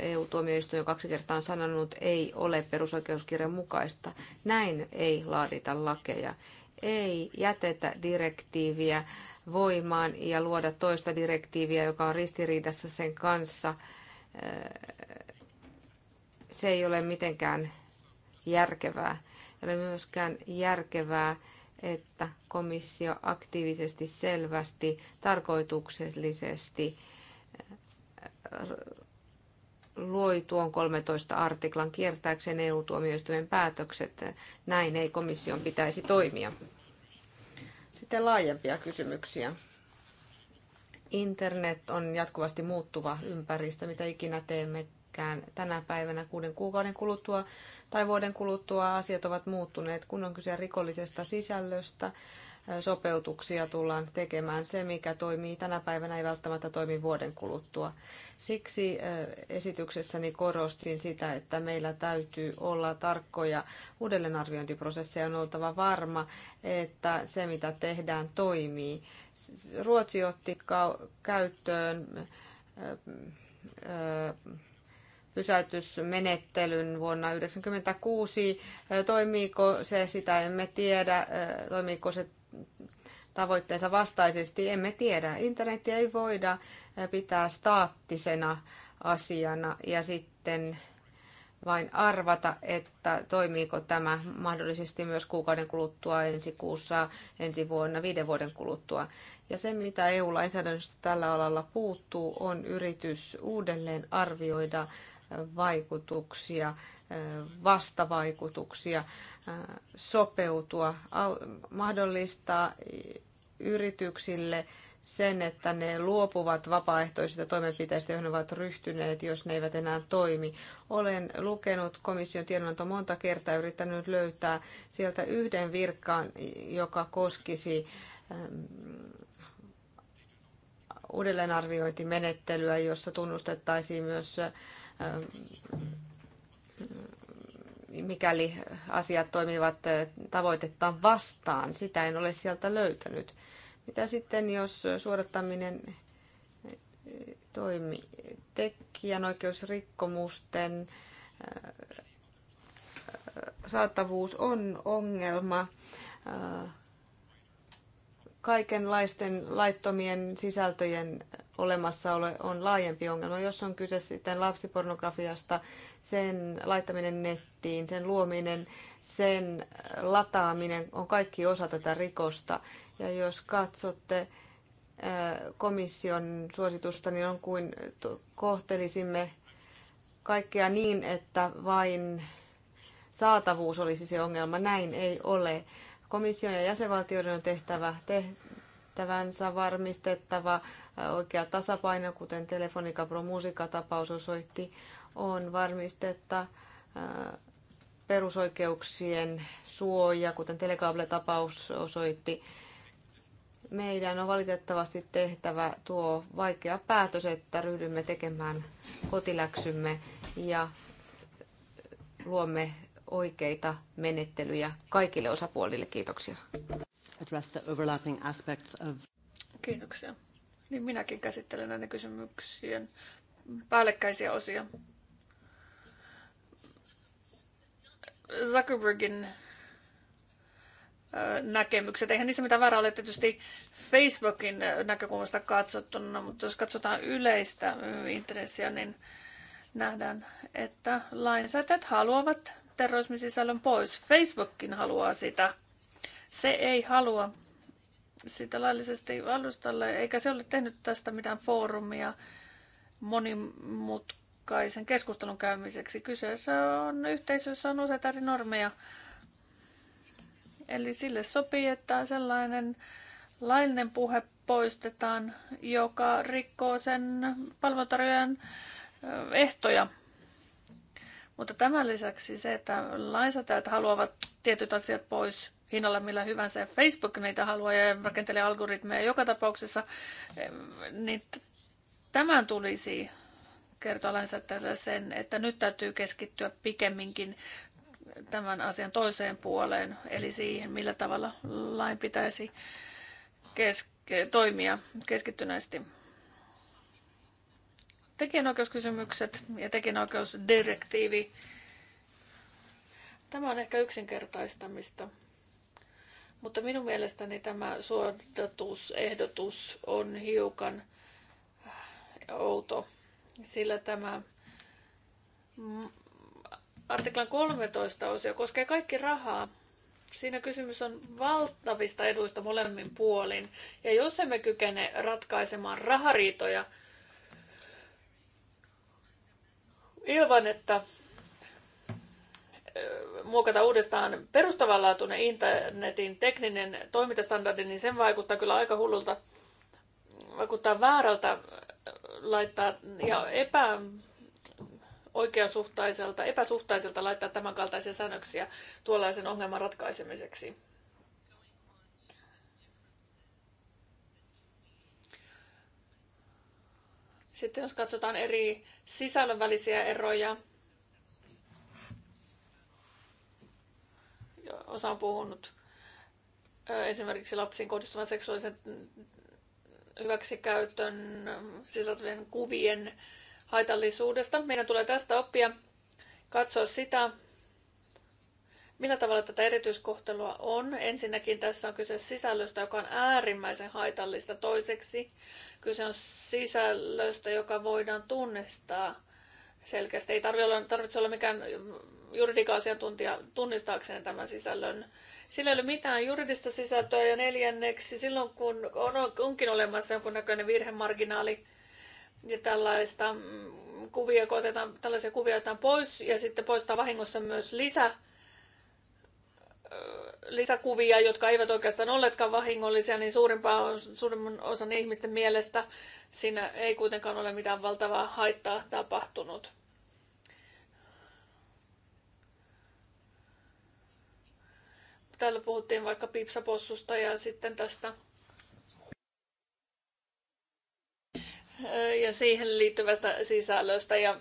EU-tuomioistuin kaksi kertaa on sanonut, ei ole perusoikeuskirjan mukaista. Näin ei laadita lakeja. Ei jätetä direktiiviä voimaan ja luoda toista direktiiviä, joka on ristiriidassa sen kanssa – se ei ole mitenkään järkevää. Ei ole myöskään järkevää, että komissio aktiivisesti, selvästi, tarkoituksellisesti äh, loi tuon 13 artiklan kiertääkseen EU-tuomioistuimen päätökset. Näin ei komission pitäisi toimia. Sitten laajempia kysymyksiä. Internet on jatkuvasti muuttuva ympäristö, mitä ikinä teemmekään tänä päivänä kuuden kuukauden kuluttua tai vuoden kuluttua asiat ovat muuttuneet, kun on kyse rikollisesta sisällöstä. Sopeutuksia tullaan tekemään. Se, mikä toimii tänä päivänä, ei välttämättä toimi vuoden kuluttua. Siksi esityksessäni korostin sitä, että meillä täytyy olla tarkkoja uudelleenarviointiprosesseja. On oltava varma, että se, mitä tehdään, toimii Ruotsi otti käyttöön pysäytysmenettelyn vuonna 1996. Toimiiko se, sitä emme tiedä. Toimiiko se tavoitteensa vastaisesti, emme tiedä. Internetiä ei voida pitää staattisena asiana ja sitten vain arvata, että toimiiko tämä mahdollisesti myös kuukauden kuluttua ensi kuussa, ensi vuonna, viiden vuoden kuluttua. Ja se, mitä EU-lainsäädännöstä tällä alalla puuttuu, on yritys uudelleen arvioida äh, vaikutuksia, äh, vastavaikutuksia, äh, sopeutua, mahdollistaa yrityksille sen, että ne luopuvat vapaaehtoisista toimenpiteistä, joihin ovat ryhtyneet, jos ne eivät enää toimi. Olen lukenut komission tiedonanto monta kertaa ja yrittänyt löytää sieltä yhden virkan, joka koskisi ähm, uudelleenarviointimenettelyä, jossa tunnustettaisiin myös ähm, mikäli asiat toimivat äh, tavoitettaan vastaan. Sitä en ole sieltä löytänyt. Mitä sitten, jos suodattaminen eh, toimi tekijänoikeusrikkomusten eh, eh, saatavuus on ongelma. Kaikenlaisten laittomien sisältöjen olemassaolo on laajempi ongelma. Jos on kyse sitten lapsipornografiasta, sen laittaminen nettiin, sen luominen, sen lataaminen on kaikki osa tätä rikosta. Ja jos katsotte äh, komission suositusta, niin on kuin kohtelisimme kaikkea niin, että vain saatavuus olisi se ongelma. Näin ei ole. Komission ja jäsenvaltioiden on tehtävä tehtävänsä varmistettava äh, oikea tasapaino, kuten Telefonica Pro Musica-tapaus osoitti, on varmistetta äh, perusoikeuksien suoja, kuten Telekable-tapaus osoitti, meidän on valitettavasti tehtävä tuo vaikea päätös, että ryhdymme tekemään kotiläksymme ja luomme oikeita menettelyjä kaikille osapuolille. Kiitoksia. Kiitoksia. Niin minäkin käsittelen näiden kysymyksien päällekkäisiä osia. Zuckerbergin näkemykset. Eihän niissä mitään väärää ole tietysti Facebookin näkökulmasta katsottuna, mutta jos katsotaan yleistä intressiä, niin nähdään, että lainsäätäjät haluavat sisällön pois. Facebookin haluaa sitä. Se ei halua sitä laillisesti alustalle, eikä se ole tehnyt tästä mitään foorumia monimutkaisen keskustelun käymiseksi. Kyseessä on yhteisössä on useita eri normeja Eli sille sopii, että sellainen laillinen puhe poistetaan, joka rikkoo sen palveluntarjoajan ehtoja. Mutta tämän lisäksi se, että lainsäätäjät haluavat tietyt asiat pois hinnalla millä hyvänsä, ja Facebook niitä haluaa ja rakentelee algoritmeja joka tapauksessa, niin tämän tulisi kertoa lainsäätäjälle sen, että nyt täytyy keskittyä pikemminkin tämän asian toiseen puoleen, eli siihen, millä tavalla lain pitäisi keske- toimia keskittyneesti. Tekijänoikeuskysymykset ja tekijänoikeusdirektiivi. Tämä on ehkä yksinkertaistamista, mutta minun mielestäni tämä suodatusehdotus on hiukan äh, outo, sillä tämä Artiklan 13 osio koskee kaikki rahaa. Siinä kysymys on valtavista eduista molemmin puolin. Ja jos emme kykene ratkaisemaan rahariitoja ilman, että muokata uudestaan perustavanlaatuinen internetin tekninen toimintastandardi, niin sen vaikuttaa kyllä aika hullulta, vaikuttaa väärältä laittaa ja epä oikeasuhtaiselta, epäsuhtaiselta laittaa tämänkaltaisia säännöksiä tuollaisen ongelman ratkaisemiseksi. Sitten jos katsotaan eri sisällön välisiä eroja, osa on puhunut esimerkiksi lapsiin kohdistuvan seksuaalisen hyväksikäytön sisältävien kuvien haitallisuudesta. Meidän tulee tästä oppia, katsoa sitä, millä tavalla tätä erityiskohtelua on. Ensinnäkin tässä on kyse sisällöstä, joka on äärimmäisen haitallista. Toiseksi kyse on sisällöstä, joka voidaan tunnistaa selkeästi. Ei tarvitse olla, tarvitse olla mikään juridika asiantuntija tunnistaakseen tämän sisällön. Sillä ei ole mitään juridista sisältöä ja neljänneksi silloin kun on, onkin olemassa jonkunnäköinen virhemarginaali, ja tällaista mm, kuvia, kun otetaan, tällaisia kuvia otetaan pois ja sitten poistaa vahingossa myös lisä, lisäkuvia, jotka eivät oikeastaan olleetkaan vahingollisia, niin suurimpaa, suurimman osan ihmisten mielestä siinä ei kuitenkaan ole mitään valtavaa haittaa tapahtunut. Täällä puhuttiin vaikka pipsapossusta ja sitten tästä ja siihen liittyvästä sisällöstä. Ja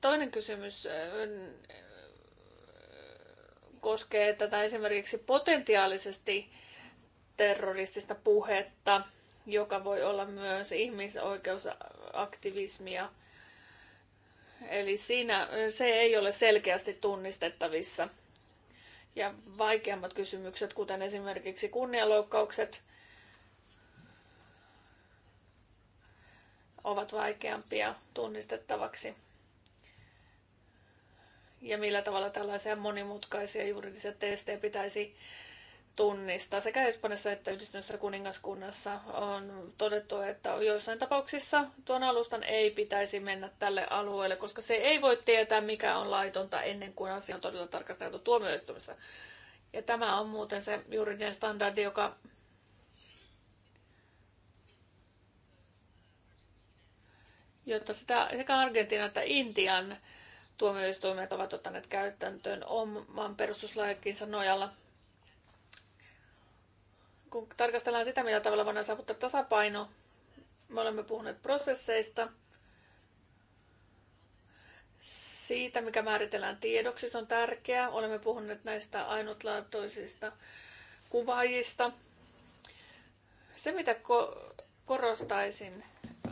toinen kysymys koskee tätä esimerkiksi potentiaalisesti terroristista puhetta, joka voi olla myös ihmisoikeusaktivismia. Eli siinä se ei ole selkeästi tunnistettavissa. Ja vaikeammat kysymykset, kuten esimerkiksi kunnianloukkaukset, ovat vaikeampia tunnistettavaksi. Ja millä tavalla tällaisia monimutkaisia juridisia testejä pitäisi tunnistaa. Sekä Espanjassa että yhdistyneessä kuningaskunnassa on todettu, että joissain tapauksissa tuon alustan ei pitäisi mennä tälle alueelle, koska se ei voi tietää, mikä on laitonta ennen kuin asia on todella tarkasteltu tuomioistuimessa. Ja tämä on muuten se juridinen standardi, joka jotta sitä, sekä Argentiina että Intian tuomioistuimet ovat ottaneet käytäntöön oman perustuslaikinsa nojalla. Kun tarkastellaan sitä, millä tavalla voidaan saavuttaa tasapaino, me olemme puhuneet prosesseista, siitä, mikä määritellään tiedoksi, se on tärkeää. Olemme puhuneet näistä ainutlaatuisista kuvaajista. Se, mitä ko- korostaisin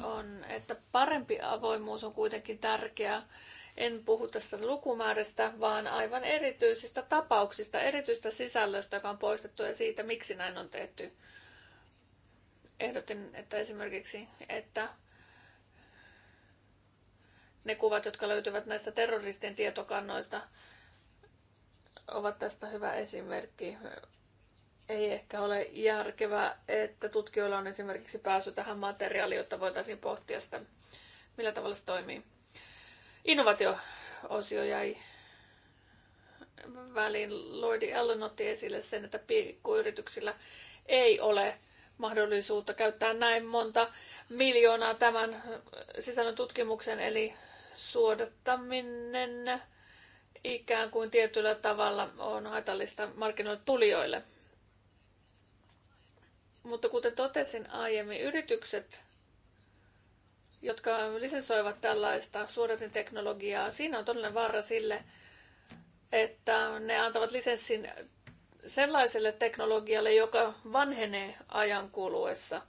on, että parempi avoimuus on kuitenkin tärkeää. En puhu tästä lukumäärästä, vaan aivan erityisistä tapauksista, erityistä sisällöstä, joka on poistettu ja siitä, miksi näin on tehty. Ehdotin, että esimerkiksi, että ne kuvat, jotka löytyvät näistä terroristien tietokannoista, ovat tästä hyvä esimerkki ei ehkä ole järkevää, että tutkijoilla on esimerkiksi pääsy tähän materiaaliin, jotta voitaisiin pohtia sitä, millä tavalla se toimii. Innovaatio-osio jäi väliin. Lordi Allen otti esille sen, että pikkuyrityksillä ei ole mahdollisuutta käyttää näin monta miljoonaa tämän sisällön tutkimuksen, eli suodattaminen ikään kuin tietyllä tavalla on haitallista markkinoille tulijoille. Mutta kuten totesin aiemmin, yritykset, jotka lisensoivat tällaista suodatin teknologiaa, siinä on todellinen vaara sille, että ne antavat lisenssin sellaiselle teknologialle, joka vanhenee ajan kuluessa.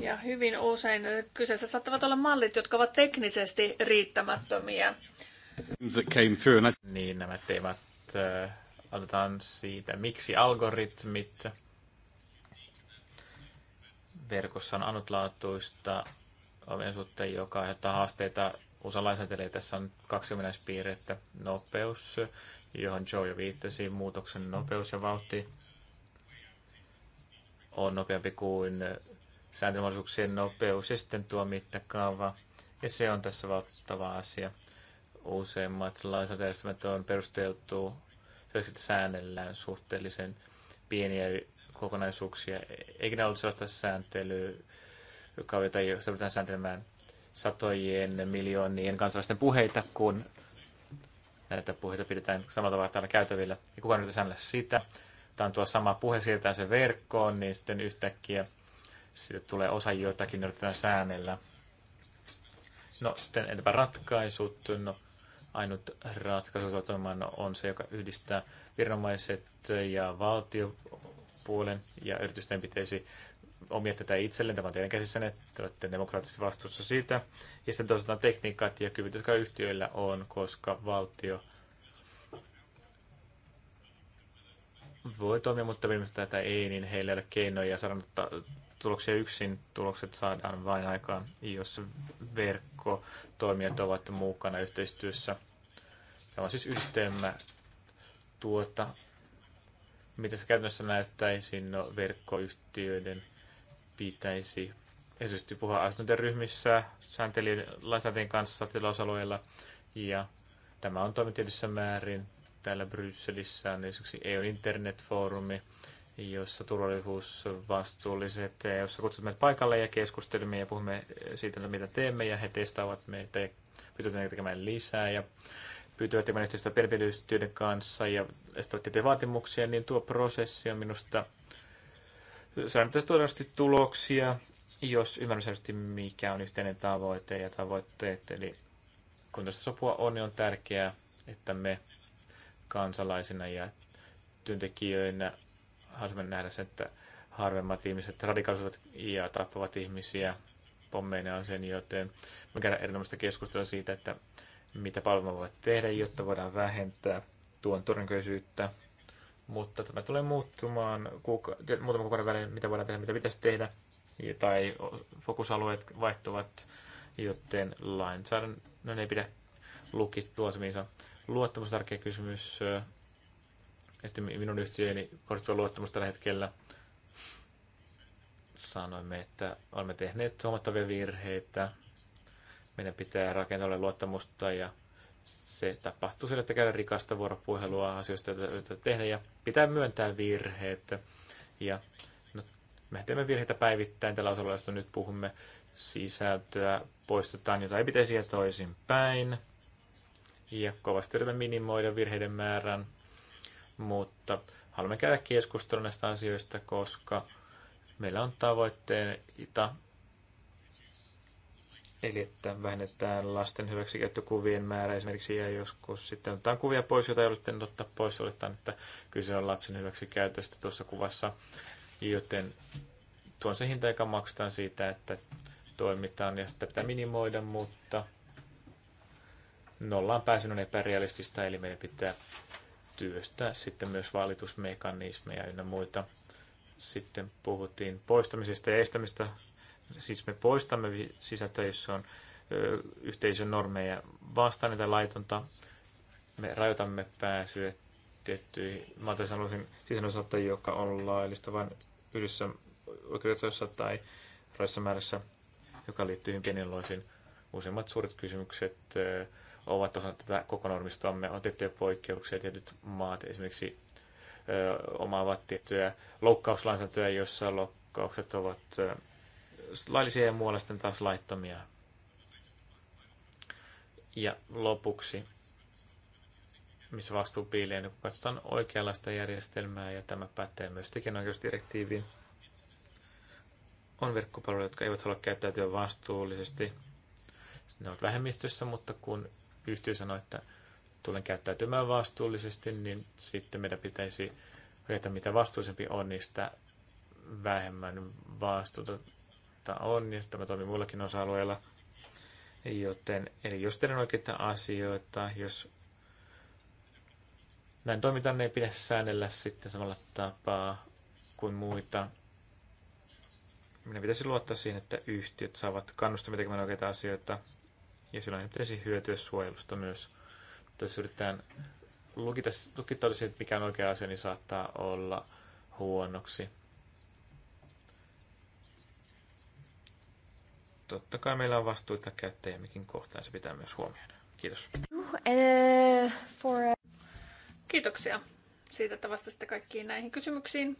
Ja hyvin usein kyseessä saattavat olla mallit, jotka ovat teknisesti riittämättömiä. Niin nämä teemat Äh, otetaan siitä, miksi algoritmit verkossa on ainutlaatuista ominaisuutta, joka aiheuttaa haasteita usan Tässä on kaksi ominaispiirrettä. Nopeus, johon Joe jo viittasi, muutoksen nopeus ja vauhti on nopeampi kuin sääntömahdollisuuksien nopeus ja sitten tuo mittakaava. Ja se on tässä valtava asia useimmat lainsäädäntöjärjestelmät on perusteltu säännellään suhteellisen pieniä kokonaisuuksia, eikä ne ole sellaista sääntelyä, joka on joudutaan sääntelemään satojen miljoonien kansalaisten puheita, kun näitä puheita pidetään samalla tavalla täällä käytävillä. Ja kukaan yrittää säännellä sitä. Tämä on tuo sama puhe, siirretään se verkkoon, niin sitten yhtäkkiä siitä tulee osa jotakin, yritetään säännellä. No sitten entäpä ratkaisut? No ainut ratkaisu on se, joka yhdistää viranomaiset ja valtiopuolen ja yritysten pitäisi omia tätä itselleen. Tämä on teidän käsissänne, te olette demokraattisesti vastuussa siitä. Ja sitten toisaalta tekniikat ja kyvyt, jotka yhtiöillä on, koska valtio voi toimia, mutta viimeistä tätä ei, niin heillä ei ole keinoja saada tuloksia yksin. Tulokset saadaan vain aikaan, jos verkkotoimijat ovat mukana yhteistyössä. Tämä on siis yhdistelmä tuota, mitä se käytännössä näyttäisi, no verkkoyhtiöiden pitäisi esimerkiksi puhua asiantuntijaryhmissä sääntelijöiden, lainsäätäjien kanssa tilausalueilla. Ja tämä on toimitiedyssä määrin täällä Brysselissä on esimerkiksi eu internetfoorumi, jossa turvallisuusvastuulliset, jossa kutsut meidät paikalle ja keskustelemme ja puhumme siitä, mitä teemme ja he testaavat meitä ja pyytävät meitä tekemään lisää ja pyytävät tekemään yhteistyötä pienempitystyöiden kanssa ja estävät tieteen vaatimuksia, niin tuo prosessi on minusta saanut todennäköisesti tuloksia, jos ymmärrys mikä on yhteinen tavoite ja tavoitteet. Eli kun tässä sopua on, niin on tärkeää, että me kansalaisina ja työntekijöinä haluamme nähdä sen, että harvemmat ihmiset radikalisoivat ja tappavat ihmisiä pommeina on sen, joten me käydään erinomaista keskustelua siitä, että mitä palveluja voi tehdä, jotta voidaan vähentää tuon todennäköisyyttä. Mutta tämä tulee muuttumaan kuuka- muutaman kuukauden välein, mitä voidaan tehdä, mitä pitäisi tehdä, tai fokusalueet vaihtuvat, joten lainsäädännön ei pidä lukittua tuotamiinsa. Luottamus tärkeä kysymys että minun yhtiöni korostuu luottamusta tällä hetkellä. Sanoimme, että olemme tehneet huomattavia virheitä. Meidän pitää rakentaa luottamusta ja se tapahtuu sillä, että käydään rikasta vuoropuhelua asioista, joita yritetään tehdä ja pitää myöntää virheet. Ja no, me teemme virheitä päivittäin tällä osalla, josta nyt puhumme sisältöä, poistetaan jotain ei pitäisi toisinpäin. Ja kovasti yritetään minimoida virheiden määrän mutta haluamme käydä keskustelua näistä asioista, koska meillä on tavoitteita, eli että vähennetään lasten hyväksikäyttökuvien määrä esimerkiksi, ja joskus sitten otetaan kuvia pois, joita ei ole sitten ottaa pois, oletetaan, että kyse on lapsen hyväksikäytöstä tuossa kuvassa, joten tuon se hinta, joka maksetaan siitä, että toimitaan, ja sitä pitää minimoida, mutta nollaan pääsyn on epärealistista, eli meidän pitää työstää sitten myös valitusmekanismeja ynnä muita. Sitten puhuttiin poistamisesta ja estämistä. Siis me poistamme sisältöä, jos on yhteisön normeja vastaan tai laitonta. Me rajoitamme pääsyä tiettyihin maatalousalueisiin sisällön osalta, joka on laillista vain yhdessä oikeudessa tai rajallisessa määrässä, joka liittyy pieniloisiin. Useimmat suuret kysymykset ovat osa tätä kokonormistoamme. On tiettyjä poikkeuksia, tietyt maat esimerkiksi ö, omaavat tiettyjä loukkauslainsäädäntöjä, joissa loukkaukset ovat ö, laillisia ja muualla sitten taas laittomia. Ja lopuksi, missä vastuu piilee, niin kun katsotaan oikeanlaista järjestelmää, ja tämä pätee myös tekijänoikeusdirektiiviin, on verkkopalveluja, jotka eivät halua käyttäytyä vastuullisesti. Ne ovat vähemmistössä, mutta kun yhtiö sanoo, että tulen käyttäytymään vastuullisesti, niin sitten meidän pitäisi että mitä vastuullisempi on, niin sitä vähemmän vastuuta on, ja tämä toimii muillakin osa-alueilla. Joten, eli jos on oikeita asioita, jos näin toimitaan, niin ei pidä säännellä sitten samalla tapaa kuin muita. Minä pitäisi luottaa siihen, että yhtiöt saavat kannustamia tekemään oikeita asioita, ja silloin pitäisi hyötyä suojelusta myös. Mutta jos yritetään lukita, lukita olisi, mikä on oikea asia, niin saattaa olla huonoksi. Totta kai meillä on vastuita käyttäjämmekin kohtaan, se pitää myös huomioida. Kiitos. Kiitoksia siitä, että vastasitte kaikkiin näihin kysymyksiin.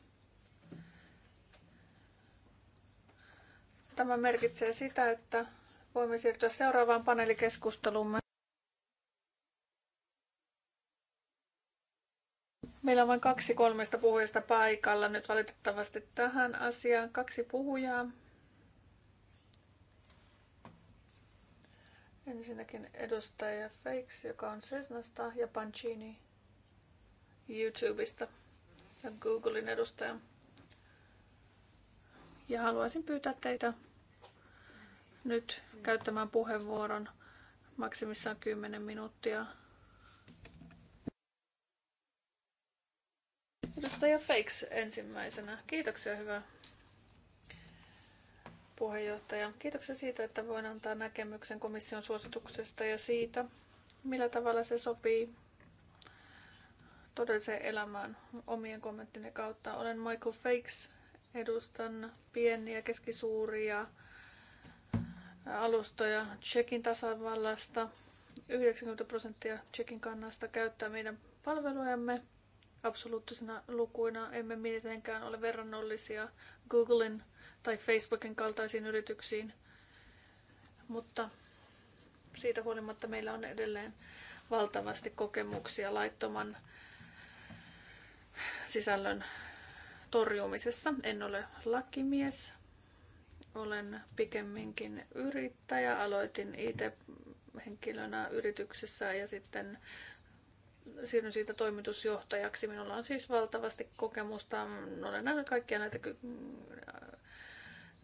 Tämä merkitsee sitä, että Voimme siirtyä seuraavaan paneelikeskustelumme. Meillä on vain kaksi kolmesta puhujasta paikalla nyt valitettavasti tähän asiaan. Kaksi puhujaa. Ensinnäkin edustaja Fakes, joka on Cessnasta, ja Pancini YouTubesta ja Googlein edustaja. Ja haluaisin pyytää teitä nyt käyttämään puheenvuoron maksimissaan 10 minuuttia. Edustaja Fakes ensimmäisenä. Kiitoksia, hyvä puheenjohtaja. Kiitoksia siitä, että voin antaa näkemyksen komission suosituksesta ja siitä, millä tavalla se sopii todelliseen elämään omien kommenttini kautta. Olen Michael Fakes, edustan pieniä, ja keskisuuria alustoja Tsekin tasavallasta. 90 prosenttia Tsekin kannasta käyttää meidän palvelujamme. Absoluuttisina lukuina emme mitenkään ole verrannollisia Googlen tai Facebookin kaltaisiin yrityksiin, mutta siitä huolimatta meillä on edelleen valtavasti kokemuksia laittoman sisällön torjumisessa. En ole lakimies, olen pikemminkin yrittäjä. Aloitin itse henkilönä yrityksessä ja sitten siirryn siitä toimitusjohtajaksi. Minulla on siis valtavasti kokemusta. Olen nähnyt kaikkia näitä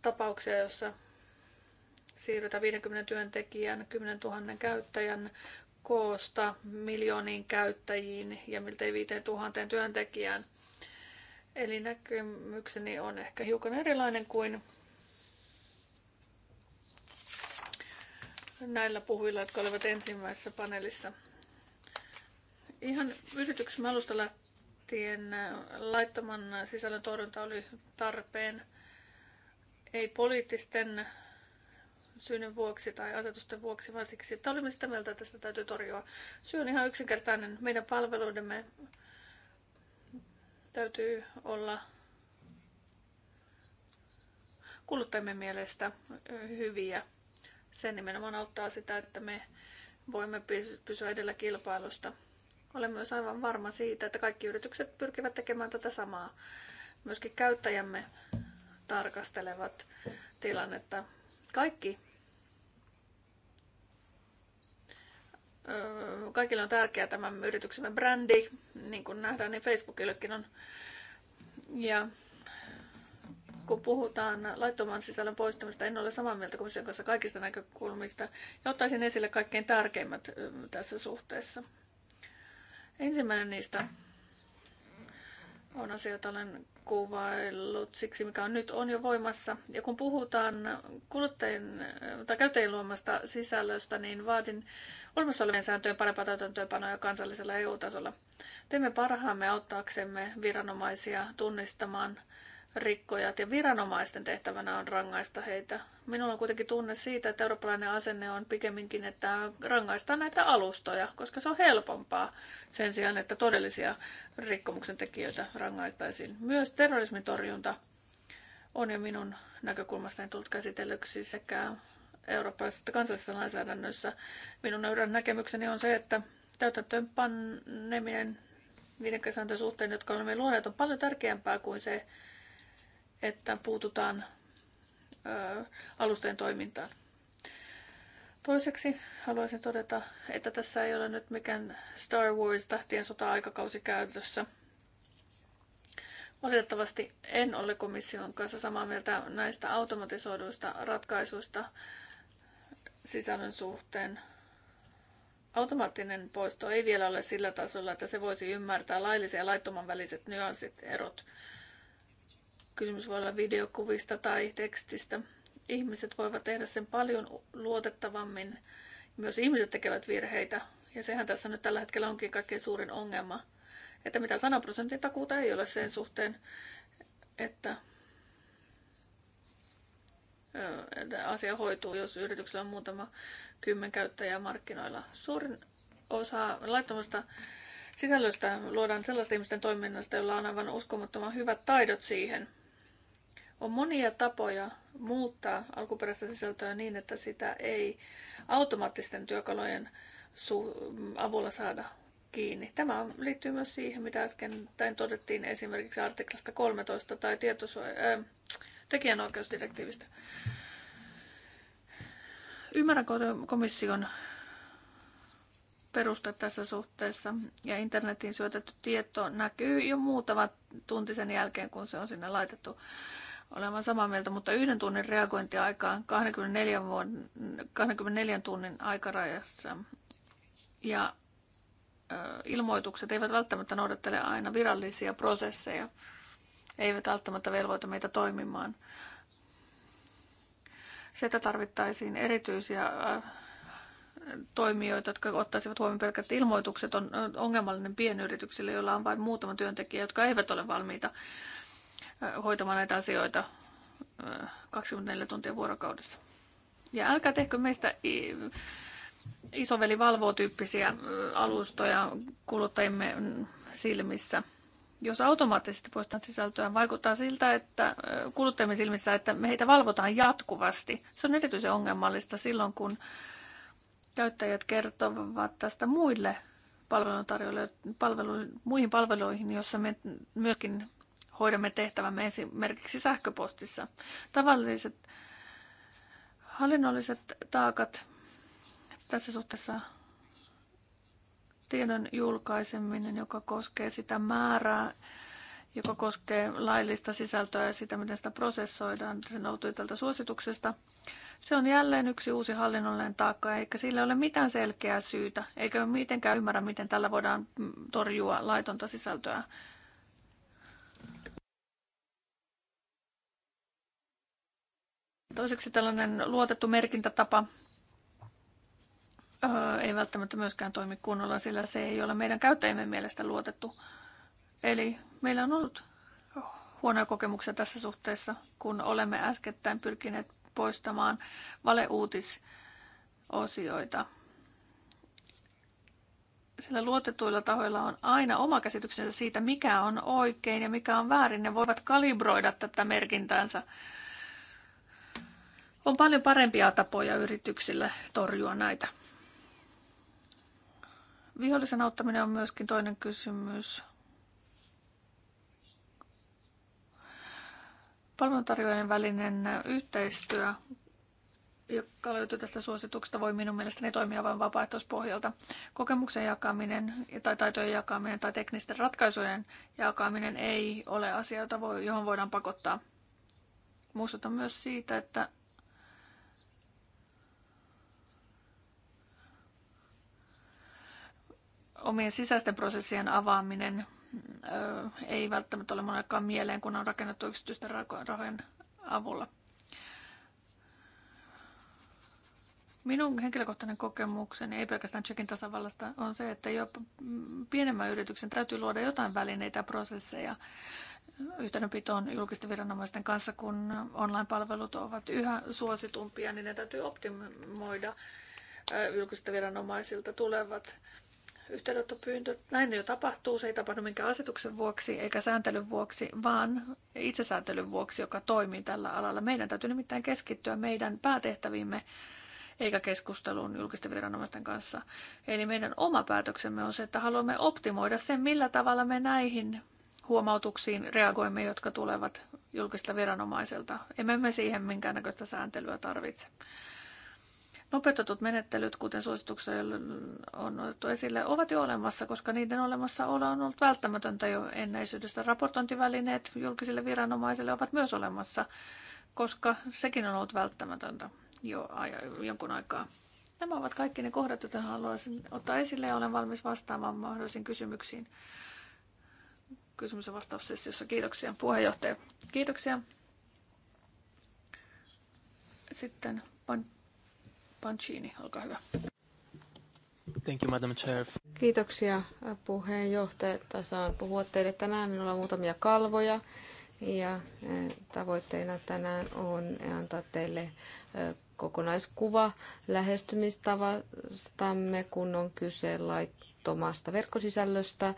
tapauksia, joissa siirrytään 50 työntekijän, 10 000 käyttäjän koosta miljooniin käyttäjiin ja miltei 000 työntekijään. Eli näkymykseni on ehkä hiukan erilainen kuin näillä puhujilla, jotka olivat ensimmäisessä paneelissa. Ihan yrityksen alusta lähtien äh, laittoman sisällön torjunta oli tarpeen, ei poliittisten syyn vuoksi tai asetusten vuoksi, vaan siksi, että olimme sitä mieltä, että sitä täytyy torjua. Syy on ihan yksinkertainen. Meidän palveluidemme täytyy olla kuluttajamme mielestä hyviä se nimenomaan auttaa sitä, että me voimme pysyä edellä kilpailusta. Olen myös aivan varma siitä, että kaikki yritykset pyrkivät tekemään tätä samaa. Myöskin käyttäjämme tarkastelevat tilannetta. Kaikki kaikille on tärkeää tämän yrityksemme brändi, niin kuin nähdään, niin Facebookillekin on. Ja kun puhutaan laittoman sisällön poistamista, en ole samaa mieltä komission kanssa kaikista näkökulmista ja ottaisin esille kaikkein tärkeimmät tässä suhteessa. Ensimmäinen niistä on asia, jota olen kuvaillut siksi, mikä on nyt on jo voimassa. Ja kun puhutaan kuluttajien tai käyttäjien luomasta sisällöstä, niin vaadin olemassa olevien sääntöjen parempaa täytäntöönpanoa kansallisella EU-tasolla. Teemme parhaamme auttaaksemme viranomaisia tunnistamaan rikkojat ja viranomaisten tehtävänä on rangaista heitä. Minulla on kuitenkin tunne siitä, että eurooppalainen asenne on pikemminkin, että rangaistaan näitä alustoja, koska se on helpompaa sen sijaan, että todellisia rikkomuksen tekijöitä rangaistaisiin. Myös terrorismin torjunta on jo minun näkökulmastani tullut käsitellyksi sekä eurooppalaisessa että kansallisessa lainsäädännössä. Minun yhden näkemykseni on se, että täytäntöön paneminen niiden kesäntösuhteen, jotka olemme luoneet, on paljon tärkeämpää kuin se, että puututaan alusten toimintaan. Toiseksi haluaisin todeta, että tässä ei ole nyt mikään Star Wars tähtien sota-aikakausi käytössä. Valitettavasti en ole komission kanssa samaa mieltä näistä automatisoiduista ratkaisuista sisällön suhteen. Automaattinen poisto ei vielä ole sillä tasolla, että se voisi ymmärtää laillisen ja laittoman väliset nyanssit, erot. Kysymys voi olla videokuvista tai tekstistä. Ihmiset voivat tehdä sen paljon luotettavammin. Myös ihmiset tekevät virheitä. Ja sehän tässä nyt tällä hetkellä onkin kaikkein suurin ongelma. Että mitä 100 prosentin takuuta ei ole sen suhteen, että asia hoituu, jos yrityksellä on muutama kymmen käyttäjää markkinoilla. Suurin osa laittomasta sisällöstä luodaan sellaisten ihmisten toiminnasta, joilla on aivan uskomattoman hyvät taidot siihen. On monia tapoja muuttaa alkuperäistä sisältöä niin, että sitä ei automaattisten työkalujen avulla saada kiinni. Tämä liittyy myös siihen, mitä äsken todettiin esimerkiksi artiklasta 13 tai tietosuoja, äh, tekijänoikeusdirektiivistä. Ymmärrän komission peruste tässä suhteessa ja internetin syötetty tieto näkyy jo muutama tunti sen jälkeen, kun se on sinne laitettu olevan samaa mieltä, mutta yhden tunnin reagointiaikaan 24, vuoden, 24 tunnin aikarajassa ja ilmoitukset eivät välttämättä noudattele aina virallisia prosesseja, eivät välttämättä velvoita meitä toimimaan. Sitä tarvittaisiin erityisiä toimijoita, jotka ottaisivat huomioon pelkät ilmoitukset, on ongelmallinen pienyrityksille, joilla on vain muutama työntekijä, jotka eivät ole valmiita hoitamaan näitä asioita 24 tuntia vuorokaudessa. Ja älkää tehkö meistä isoveli valvoo tyyppisiä alustoja kuluttajimme silmissä. Jos automaattisesti poistetaan sisältöä, vaikuttaa siltä, että kuluttajimme silmissä, että me heitä valvotaan jatkuvasti. Se on erityisen ongelmallista silloin, kun käyttäjät kertovat tästä muille palveluntarjoille, palvelu, muihin palveluihin, jossa me myöskin hoidamme tehtävämme esimerkiksi sähköpostissa. Tavalliset hallinnolliset taakat tässä suhteessa tiedon julkaiseminen, joka koskee sitä määrää, joka koskee laillista sisältöä ja sitä, miten sitä prosessoidaan. Se noutui tältä suosituksesta. Se on jälleen yksi uusi hallinnollinen taakka, eikä sillä ole mitään selkeää syytä, eikä mitenkään ymmärrä, miten tällä voidaan torjua laitonta sisältöä Toiseksi tällainen luotettu merkintätapa öö, ei välttämättä myöskään toimi kunnolla, sillä se ei ole meidän käyttäjämme mielestä luotettu. Eli meillä on ollut huonoja kokemuksia tässä suhteessa, kun olemme äskettäin pyrkineet poistamaan valeuutisosioita. Sillä luotetuilla tahoilla on aina oma käsityksensä siitä, mikä on oikein ja mikä on väärin. Ne voivat kalibroida tätä merkintäänsä on paljon parempia tapoja yrityksille torjua näitä. Vihollisen auttaminen on myöskin toinen kysymys. Palveluntarjoajien välinen yhteistyö, joka löytyy tästä suosituksesta, voi minun mielestäni toimia vain vapaaehtoispohjalta. Kokemuksen jakaminen tai taitojen jakaminen tai teknisten ratkaisujen jakaminen ei ole asia, johon voidaan pakottaa. Muistutan myös siitä, että omien sisäisten prosessien avaaminen ei välttämättä ole monellakaan mieleen, kun on rakennettu yksityisten rahojen avulla. Minun henkilökohtainen kokemukseni, ei pelkästään Tsekin tasavallasta, on se, että jo pienemmän yrityksen täytyy luoda jotain välineitä ja prosesseja yhteydenpitoon julkisten viranomaisten kanssa, kun online-palvelut ovat yhä suositumpia, niin ne täytyy optimoida julkisten viranomaisilta tulevat yhteydenottopyyntö. Näin jo tapahtuu, se ei tapahdu minkään asetuksen vuoksi eikä sääntelyn vuoksi, vaan itsesääntelyn vuoksi, joka toimii tällä alalla. Meidän täytyy nimittäin keskittyä meidän päätehtäviimme eikä keskusteluun julkisten viranomaisten kanssa. Eli meidän oma päätöksemme on se, että haluamme optimoida sen, millä tavalla me näihin huomautuksiin reagoimme, jotka tulevat julkista viranomaiselta. Emme me siihen minkäännäköistä sääntelyä tarvitse. Nopeutetut menettelyt, kuten suosituksessa on otettu esille, ovat jo olemassa, koska niiden olemassaolo on ollut välttämätöntä jo ennäisyydestä. Raportointivälineet julkisille viranomaisille ovat myös olemassa, koska sekin on ollut välttämätöntä jo jonkun aikaa. Nämä ovat kaikki ne kohdat, joita haluaisin ottaa esille ja olen valmis vastaamaan mahdollisiin kysymyksiin kysymys- ja vastaussessiossa. Kiitoksia puheenjohtaja. Kiitoksia. Sitten pan Pancini, olkaa hyvä. Thank you, Madam Chair. Kiitoksia puheenjohtaja, että saan puhua teille tänään. Minulla on muutamia kalvoja ja eh, tavoitteena tänään on antaa teille eh, kokonaiskuva lähestymistavastamme, kun on kyse laittomasta verkkosisällöstä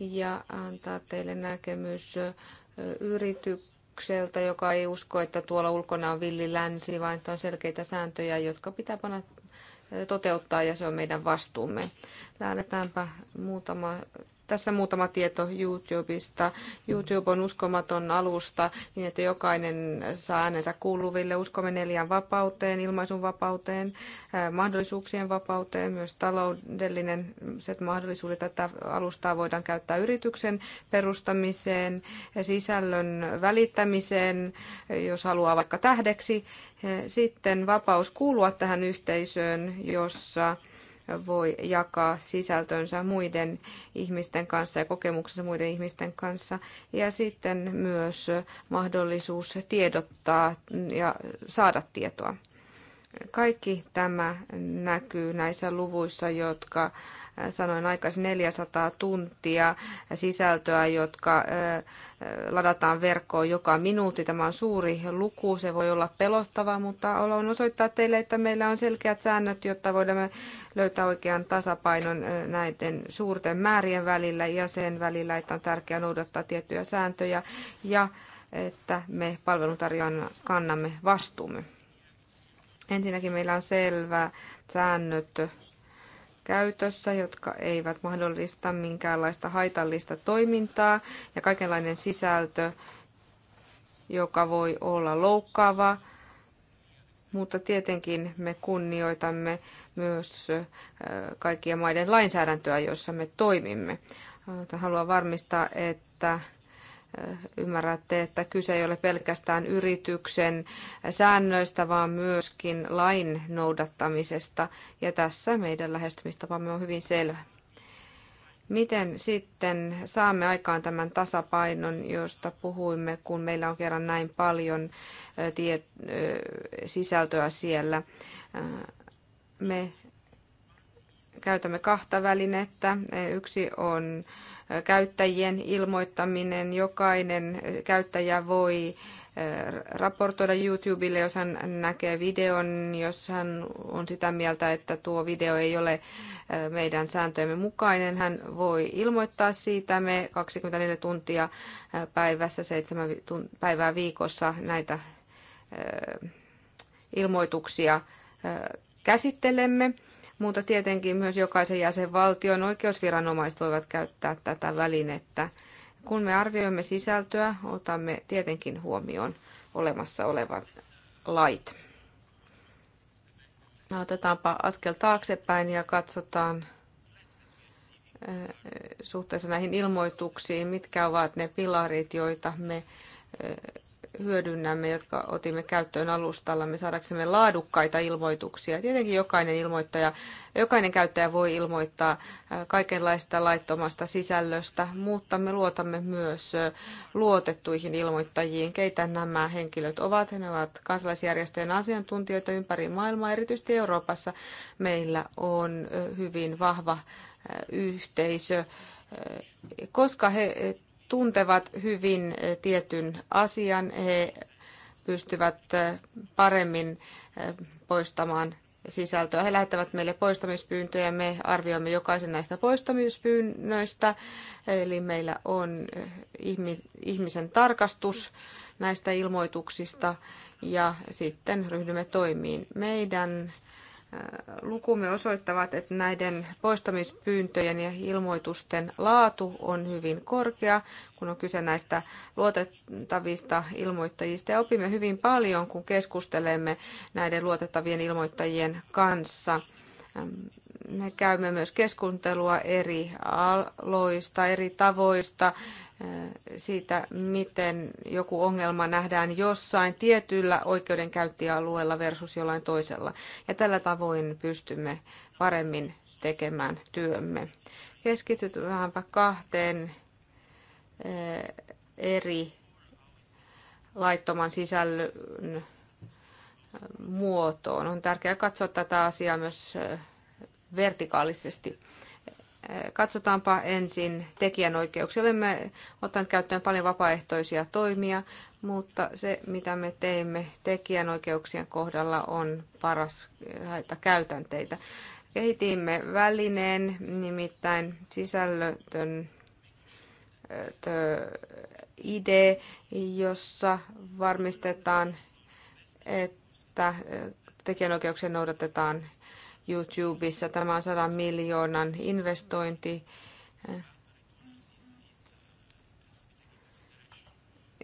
ja antaa teille näkemys eh, yrityksistä yritykseltä, joka ei usko, että tuolla ulkona on villi länsi, vaan että on selkeitä sääntöjä, jotka pitää panna toteuttaa ja se on meidän vastuumme. Lähdetäänpä muutama tässä muutama tieto YouTubesta. YouTube on uskomaton alusta, niin että jokainen saa äänensä kuuluville. Uskomme neljän vapauteen, ilmaisun vapauteen, mahdollisuuksien vapauteen, myös taloudellinen set mahdollisuudet tätä alustaa voidaan käyttää yrityksen perustamiseen, sisällön välittämiseen, jos haluaa vaikka tähdeksi. Sitten vapaus kuulua tähän yhteisöön, jossa voi jakaa sisältönsä muiden ihmisten kanssa ja kokemuksensa muiden ihmisten kanssa. Ja sitten myös mahdollisuus tiedottaa ja saada tietoa. Kaikki tämä näkyy näissä luvuissa, jotka äh, sanoin aikaisin 400 tuntia sisältöä, jotka äh, äh, ladataan verkkoon joka minuutti. Tämä on suuri luku, se voi olla pelottava, mutta haluan osoittaa teille, että meillä on selkeät säännöt, jotta voimme löytää oikean tasapainon näiden suurten määrien välillä ja sen välillä, että on tärkeää noudattaa tiettyjä sääntöjä ja että me palveluntarjoajana kannamme vastuumme. Ensinnäkin meillä on selvä säännöt käytössä, jotka eivät mahdollista minkäänlaista haitallista toimintaa ja kaikenlainen sisältö, joka voi olla loukkaava, mutta tietenkin me kunnioitamme myös kaikkien maiden lainsäädäntöä, jossa me toimimme. Haluan varmistaa, että ymmärrätte, että kyse ei ole pelkästään yrityksen säännöistä, vaan myöskin lain noudattamisesta. Ja tässä meidän lähestymistapamme on hyvin selvä. Miten sitten saamme aikaan tämän tasapainon, josta puhuimme, kun meillä on kerran näin paljon tie- sisältöä siellä? Me käytämme kahta välinettä. Yksi on käyttäjien ilmoittaminen. Jokainen käyttäjä voi eh, raportoida YouTubelle, jos hän näkee videon, jos hän on sitä mieltä, että tuo video ei ole eh, meidän sääntöjemme mukainen. Hän voi ilmoittaa siitä. Me 24 tuntia eh, päivässä, 7 päivää viikossa näitä ilmoituksia käsittelemme mutta tietenkin myös jokaisen jäsenvaltion oikeusviranomaiset voivat käyttää tätä välinettä. Kun me arvioimme sisältöä, otamme tietenkin huomioon olemassa olevat lait. Otetaanpa askel taaksepäin ja katsotaan eh, suhteessa näihin ilmoituksiin, mitkä ovat ne pilarit, joita me eh, hyödynnämme, jotka otimme käyttöön alustallamme saadaksemme laadukkaita ilmoituksia. Tietenkin jokainen, ilmoittaja, jokainen käyttäjä voi ilmoittaa kaikenlaista laittomasta sisällöstä, mutta me luotamme myös luotettuihin ilmoittajiin, keitä nämä henkilöt ovat. Ne ovat kansalaisjärjestöjen asiantuntijoita ympäri maailmaa, erityisesti Euroopassa. Meillä on hyvin vahva yhteisö, koska he tuntevat hyvin eh, tietyn asian, he pystyvät eh, paremmin eh, poistamaan sisältöä. He lähettävät meille poistamispyyntöjä, me arvioimme jokaisen näistä poistamispyynnöistä, eli meillä on ihmisen tarkastus näistä ilmoituksista ja sitten ryhdymme toimiin. Meidän lukumme osoittavat, että näiden poistamispyyntöjen ja ilmoitusten laatu on hyvin korkea, kun on kyse näistä luotettavista ilmoittajista. Ja opimme hyvin paljon, kun keskustelemme näiden luotettavien ilmoittajien kanssa me käymme myös keskustelua eri aloista, eri tavoista, eh, siitä, miten joku ongelma nähdään jossain tietyllä oikeudenkäyntialueella versus jollain toisella. Ja tällä tavoin pystymme paremmin tekemään työmme. vähänpä kahteen eh, eri laittoman sisällön eh, muotoon. On tärkeää katsoa tätä asiaa myös vertikaalisesti. Katsotaanpa ensin tekijänoikeuksia. Olemme ottaneet käyttöön paljon vapaaehtoisia toimia, mutta se, mitä me teemme tekijänoikeuksien kohdalla, on paras käytänteitä. Kehitimme välineen, nimittäin sisällötön ide, jossa varmistetaan, että tekijänoikeuksia noudatetaan YouTubessa. Tämä on 100 miljoonan investointi.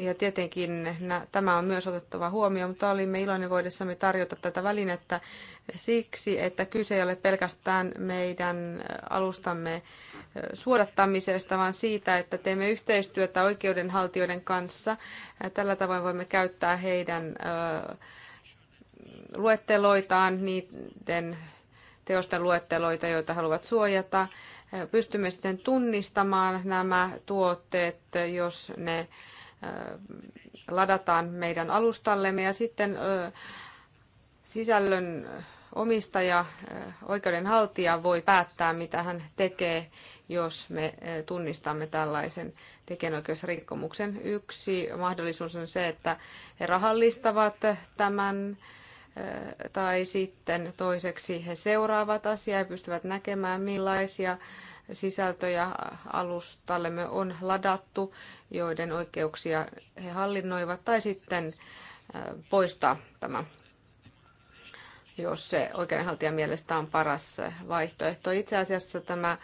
Ja tietenkin tämä on myös otettava huomioon, mutta olimme iloinen voidessamme tarjota tätä välinettä siksi, että kyse ei ole pelkästään meidän alustamme suodattamisesta, vaan siitä, että teemme yhteistyötä oikeudenhaltijoiden kanssa. Tällä tavoin voimme käyttää heidän luetteloitaan, niiden teosten luetteloita, joita haluavat suojata. Pystymme sitten tunnistamaan nämä tuotteet, jos ne ladataan meidän alustallemme ja sitten sisällön omistaja, oikeudenhaltija voi päättää, mitä hän tekee, jos me tunnistamme tällaisen tekijänoikeusrikkomuksen. Yksi mahdollisuus on se, että he rahallistavat tämän tai sitten toiseksi he seuraavat asiaa ja pystyvät näkemään millaisia sisältöjä alustallemme on ladattu, joiden oikeuksia he hallinnoivat, tai sitten poistaa tämä, jos se oikeudenhaltijan mielestä on paras vaihtoehto. Itse asiassa tämä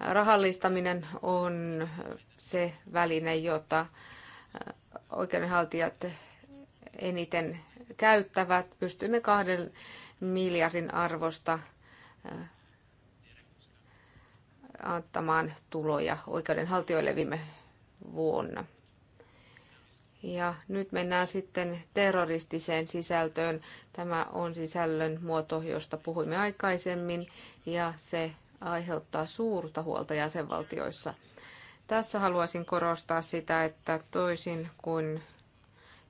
rahallistaminen on se väline, jota oikeudenhaltijat eniten käyttävät, pystymme kahden miljardin arvosta antamaan tuloja oikeudenhaltijoille viime vuonna. Ja nyt mennään sitten terroristiseen sisältöön. Tämä on sisällön muoto, josta puhuimme aikaisemmin, ja se aiheuttaa suurta huolta jäsenvaltioissa. Tässä haluaisin korostaa sitä, että toisin kuin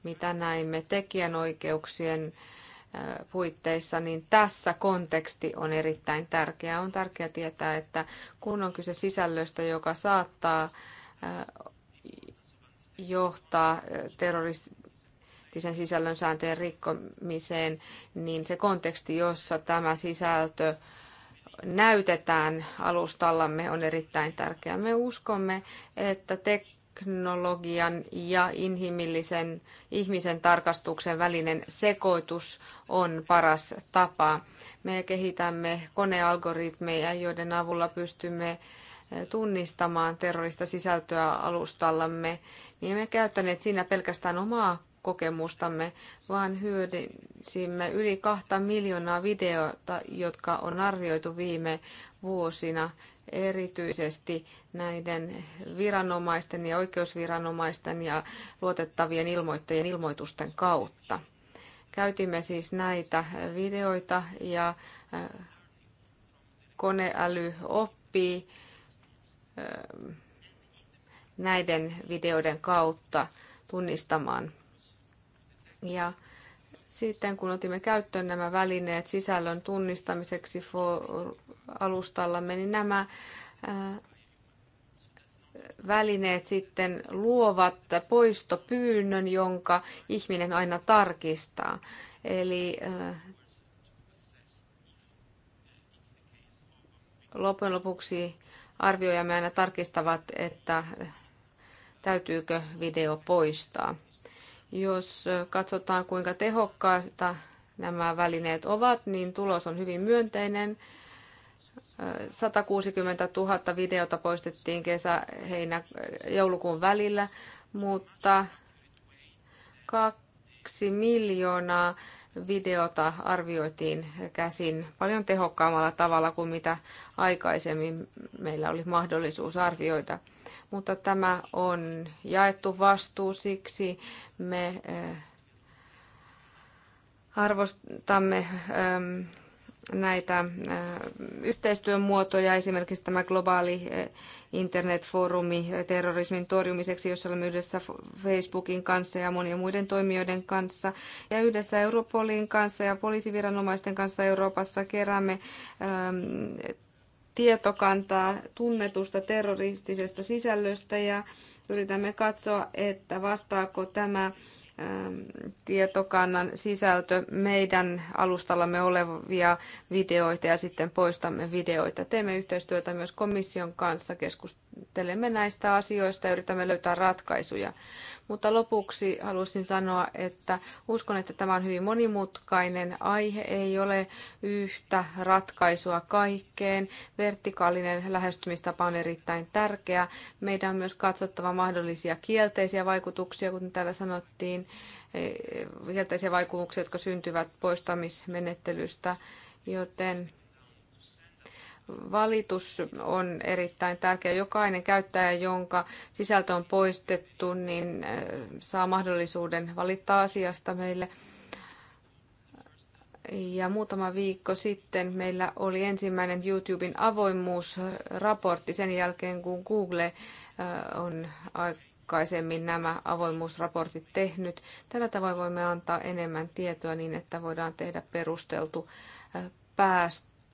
mitä näimme tekijänoikeuksien puitteissa, niin tässä konteksti on erittäin tärkeä. On tärkeää tietää, että kun on kyse sisällöstä, joka saattaa johtaa terroristisen sisällön sääntöjen rikkomiseen, niin se konteksti, jossa tämä sisältö näytetään alustallamme, on erittäin tärkeä. Me uskomme, että te teknologian ja inhimillisen ihmisen tarkastuksen välinen sekoitus on paras tapa. Me kehitämme konealgoritmeja, joiden avulla pystymme eh, tunnistamaan terrorista sisältöä alustallamme. Niin me käyttäneet siinä pelkästään omaa kokemustamme, vaan hyödynsimme yli kahta miljoonaa videota, jotka on arvioitu viime vuosina erityisesti näiden viranomaisten ja oikeusviranomaisten ja luotettavien ilmoittajien ilmoitusten kautta. Käytimme siis näitä videoita ja koneäly oppii näiden videoiden kautta tunnistamaan. Ja sitten kun otimme käyttöön nämä välineet sisällön tunnistamiseksi alustallamme, niin nämä välineet sitten luovat poistopyynnön, jonka ihminen aina tarkistaa. Eli lopun lopuksi arvioijamme aina tarkistavat, että täytyykö video poistaa. Jos katsotaan, kuinka tehokkaita nämä välineet ovat, niin tulos on hyvin myönteinen. 160 000 videota poistettiin kesä, heinä, joulukuun välillä, mutta kaksi miljoonaa videota arvioitiin käsin paljon tehokkaammalla tavalla kuin mitä aikaisemmin meillä oli mahdollisuus arvioida. Mutta tämä on jaettu vastuu, siksi me eh, arvostamme ehm, näitä äh, yhteistyön muotoja, esimerkiksi tämä globaali äh, internetfoorumi äh, terrorismin torjumiseksi, jossa olemme yhdessä Facebookin kanssa ja monien muiden toimijoiden kanssa. Ja yhdessä Europolin kanssa ja poliisiviranomaisten kanssa Euroopassa keräämme ähm, tietokantaa tunnetusta terroristisesta sisällöstä ja yritämme katsoa, että vastaako tämä Ähm, tietokannan sisältö meidän alustallamme olevia videoita ja sitten poistamme videoita. Teemme yhteistyötä myös komission kanssa, keskustelemme näistä asioista ja yritämme löytää ratkaisuja. Mutta lopuksi haluaisin sanoa, että uskon, että tämä on hyvin monimutkainen aihe. Ei ole yhtä ratkaisua kaikkeen. Vertikaalinen lähestymistapa on erittäin tärkeä. Meidän on myös katsottava mahdollisia kielteisiä vaikutuksia, kuten täällä sanottiin, kielteisiä vaikutuksia, jotka syntyvät poistamismenettelystä. Joten Valitus on erittäin tärkeä. Jokainen käyttäjä, jonka sisältö on poistettu, niin äh, saa mahdollisuuden valittaa asiasta meille. Ja muutama viikko sitten meillä oli ensimmäinen YouTuben avoimuusraportti sen jälkeen, kun Google äh, on aikaisemmin nämä avoimuusraportit tehnyt. Tällä tavoin voimme antaa enemmän tietoa niin, että voidaan tehdä perusteltu äh,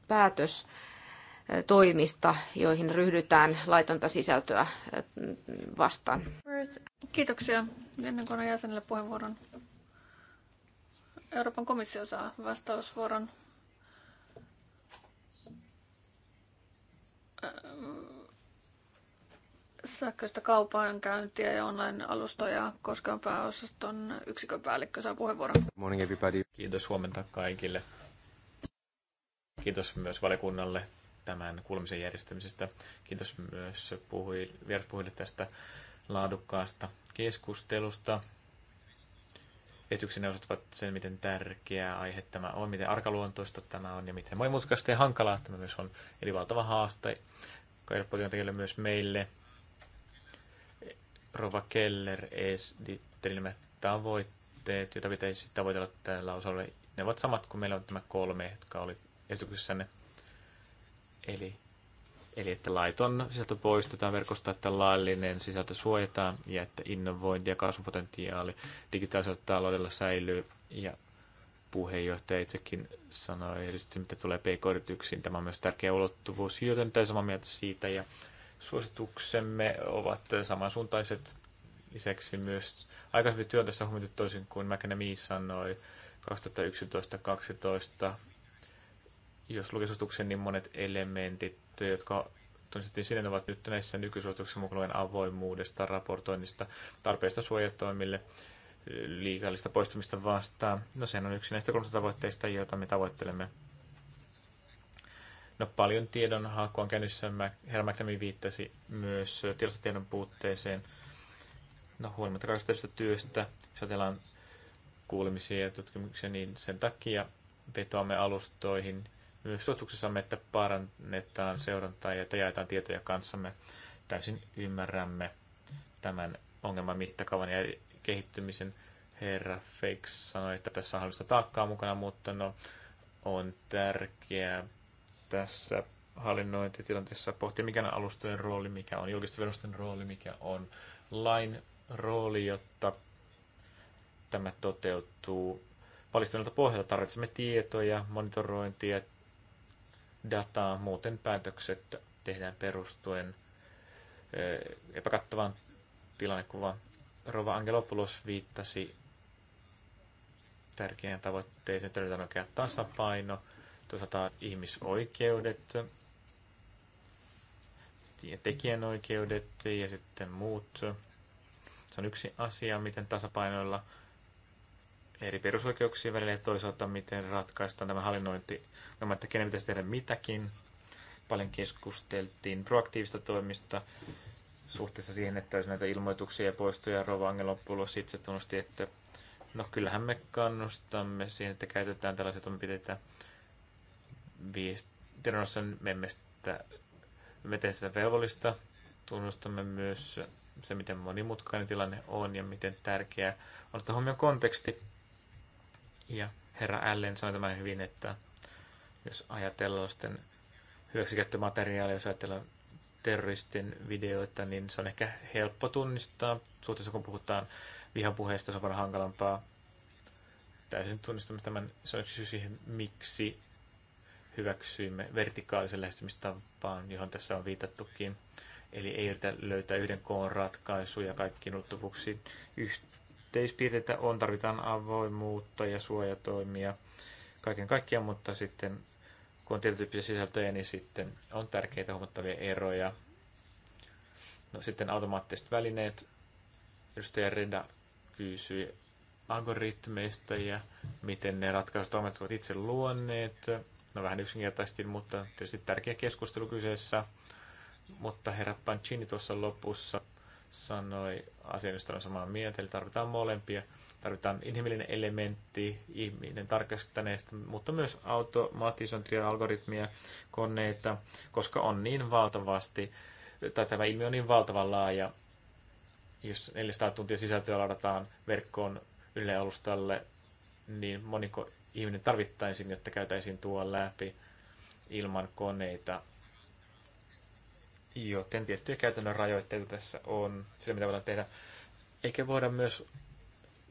päätös toimista, joihin ryhdytään laitonta sisältöä vastaan. Kiitoksia. Ennen kuin jäsenille puheenvuoron, Euroopan komissio saa vastausvuoron. sähköistä kaupankäyntiä ja online-alustoja koskevan pääosaston yksikön päällikkö saa puheenvuoron. Morning everybody. Kiitos huomenta kaikille. Kiitos myös valiokunnalle tämän kuulemisen järjestämisestä. Kiitos myös puhui, vieraspuhujille tästä laadukkaasta keskustelusta. Esityksenne osoittavat sen, miten tärkeä aihe tämä on, miten arkaluontoista tämä on ja miten monimutkaista ja hankalaa tämä myös on. Eli valtava haaste kairapotilanteille myös meille. Rova Keller esitteli tavoitteet, joita pitäisi tavoitella tällä osalla. Ne ovat samat kuin meillä on tämä kolme, jotka oli esityksessänne. Eli, eli että laiton sisältö poistetaan verkosta, että laillinen sisältö suojataan ja että innovointi ja kasvupotentiaali digitaalisella taloudella säilyy. Ja puheenjohtaja itsekin sanoi, eli sitten mitä tulee pk-yrityksiin, tämä on myös tärkeä ulottuvuus, joten tämä samaa mieltä siitä. Ja suosituksemme ovat samansuuntaiset lisäksi myös aikaisemmin työn tässä huomioitu toisin kuin McNamee sanoi jos lukisuosituksen, niin monet elementit, jotka tunnistettiin sinne, ovat nyt näissä nykysuosituksissa mukaan avoimuudesta, raportoinnista, tarpeesta suojatoimille, liikallista poistumista vastaan. No sehän on yksi näistä kolmesta tavoitteista, joita me tavoittelemme. No paljon tiedon hakua on käynnissä. Herra viittasi myös tilastotiedon puutteeseen. No huolimatta kaikesta työstä, jos ajatellaan kuulemisia ja tutkimuksia, niin sen takia vetoamme alustoihin, myös suosituksessamme, että parannetaan seurantaa ja että jaetaan tietoja kanssamme. Täysin ymmärrämme tämän ongelman mittakaavan ja kehittymisen. Herra Feix sanoi, että tässä on hallinnollista taakkaa mukana, mutta no, on tärkeää tässä hallinnointitilanteessa pohtia, mikä on alustojen rooli, mikä on julkisten verosten rooli, mikä on lain rooli, jotta tämä toteutuu. Valistuneelta pohjalta tarvitsemme tietoja, monitorointia, dataa, muuten päätökset tehdään perustuen epäkattavaan tilannekuvaan. Rova Angelopoulos viittasi tärkeään tavoitteeseen, että löydetään oikea tasapaino, toisaalta ihmisoikeudet, ja tekijänoikeudet ja sitten muut. Se on yksi asia, miten tasapainoilla eri perusoikeuksien välillä ja toisaalta miten ratkaistaan tämä hallinnointi, että kenen pitäisi tehdä mitäkin. Paljon keskusteltiin proaktiivista toimista suhteessa siihen, että olisi näitä ilmoituksia ja poistoja. Rova Angelopoulos itse tunnusti, että no kyllähän me kannustamme siihen, että käytetään tällaisia toimenpiteitä tiedonnossa memmestä metensä velvollista. Tunnustamme myös se, miten monimutkainen tilanne on ja miten tärkeää on ottaa huomioon konteksti. Ja herra Allen sanoi tämän hyvin, että jos ajatellaan sitten hyväksikäyttömateriaalia, jos ajatellaan terroristin videoita, niin se on ehkä helppo tunnistaa. Suhteessa kun puhutaan vihapuheesta, se on paljon hankalampaa. Täysin tunnistamista. tämän, se on yksi syy siihen, miksi hyväksyimme vertikaalisen lähestymistapaan, johon tässä on viitattukin. Eli ei yritä löytää yhden koon ratkaisuja kaikkiin ulottuvuuksiin yhteispiirteitä on, tarvitaan avoimuutta ja suojatoimia kaiken kaikkiaan, mutta sitten kun on tietyntyyppisiä sisältöjä, niin sitten on tärkeitä huomattavia eroja. No, sitten automaattiset välineet. Edustaja Reda kysyi algoritmeista ja miten ne ratkaisut ovat itse luonneet. No vähän yksinkertaisesti, mutta tietysti tärkeä keskustelu kyseessä. Mutta herra Pancini tuossa lopussa sanoi asian, josta on samaa mieltä, eli tarvitaan molempia. Tarvitaan inhimillinen elementti, ihminen tarkastaneesta, mutta myös automatisointia, algoritmia, koneita, koska on niin valtavasti, tai tämä ilmiö on niin valtavan laaja, jos 400 tuntia sisältöä ladataan verkkoon Yle alustalle, niin moniko ihminen tarvittaisiin, jotta käytäisiin tuo läpi ilman koneita joten tiettyjä käytännön rajoitteita tässä on sillä, mitä voidaan tehdä. Eikä voida myös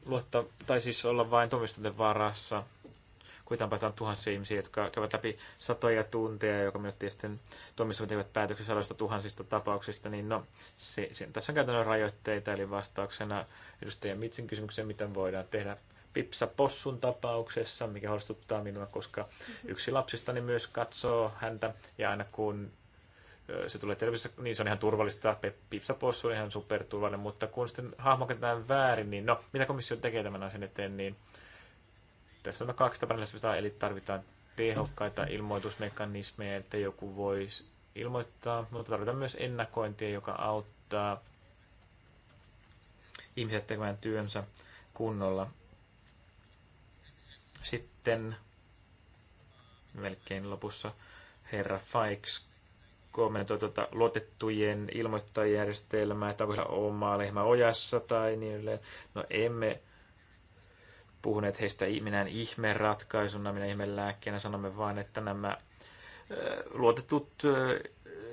luottaa, tai siis olla vain tuomioistuinten varassa. Kuitenkin päätään tuhansia ihmisiä, jotka käyvät läpi satoja tunteja, joka myötti sitten tuomioistuimet tekevät päätöksiä sadoista tuhansista tapauksista, niin no, se, se, tässä on käytännön rajoitteita, eli vastauksena edustaja Mitsin kysymykseen, mitä voidaan tehdä Pipsa Possun tapauksessa, mikä huolestuttaa minua, koska mm-hmm. yksi lapsistani myös katsoo häntä, ja aina kun se tulee televisiossa, niin se on ihan turvallista, Pipsa Possu on ihan superturvallinen, mutta kun sitten hahmotetaan väärin, niin no, mitä komissio tekee tämän asian eteen, niin tässä on kaksi tapaa eli tarvitaan tehokkaita ilmoitusmekanismeja, että joku voisi ilmoittaa, mutta tarvitaan myös ennakointia, joka auttaa ihmiset tekemään työnsä kunnolla. Sitten melkein lopussa herra Fikes kommentoi tuota luotettujen ilmoittajajärjestelmää, että voisi olla omaa lehmä ojassa tai niin edelleen. No emme puhuneet heistä minä ihme ratkaisuna, minä lääkkeenä, sanomme vain, että nämä luotetut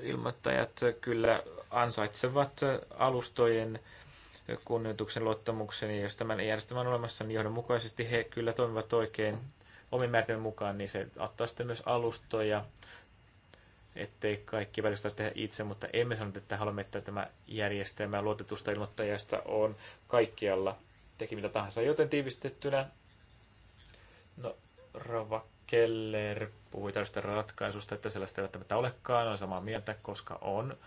ilmoittajat kyllä ansaitsevat alustojen kunnioituksen luottamuksen, ja jos tämän järjestelmän on olemassa, niin johdonmukaisesti he kyllä toimivat oikein omin määritelmän mukaan, niin se ottaa sitten myös alustoja ettei kaikki välistä tehdä itse, mutta emme sano, että haluamme, että tämä järjestelmä luotetusta ilmoittajasta on kaikkialla teki mitä tahansa. Joten tiivistettynä, no Rova Keller puhui tällaista ratkaisusta, että sellaista ei välttämättä olekaan, on samaa mieltä, koska on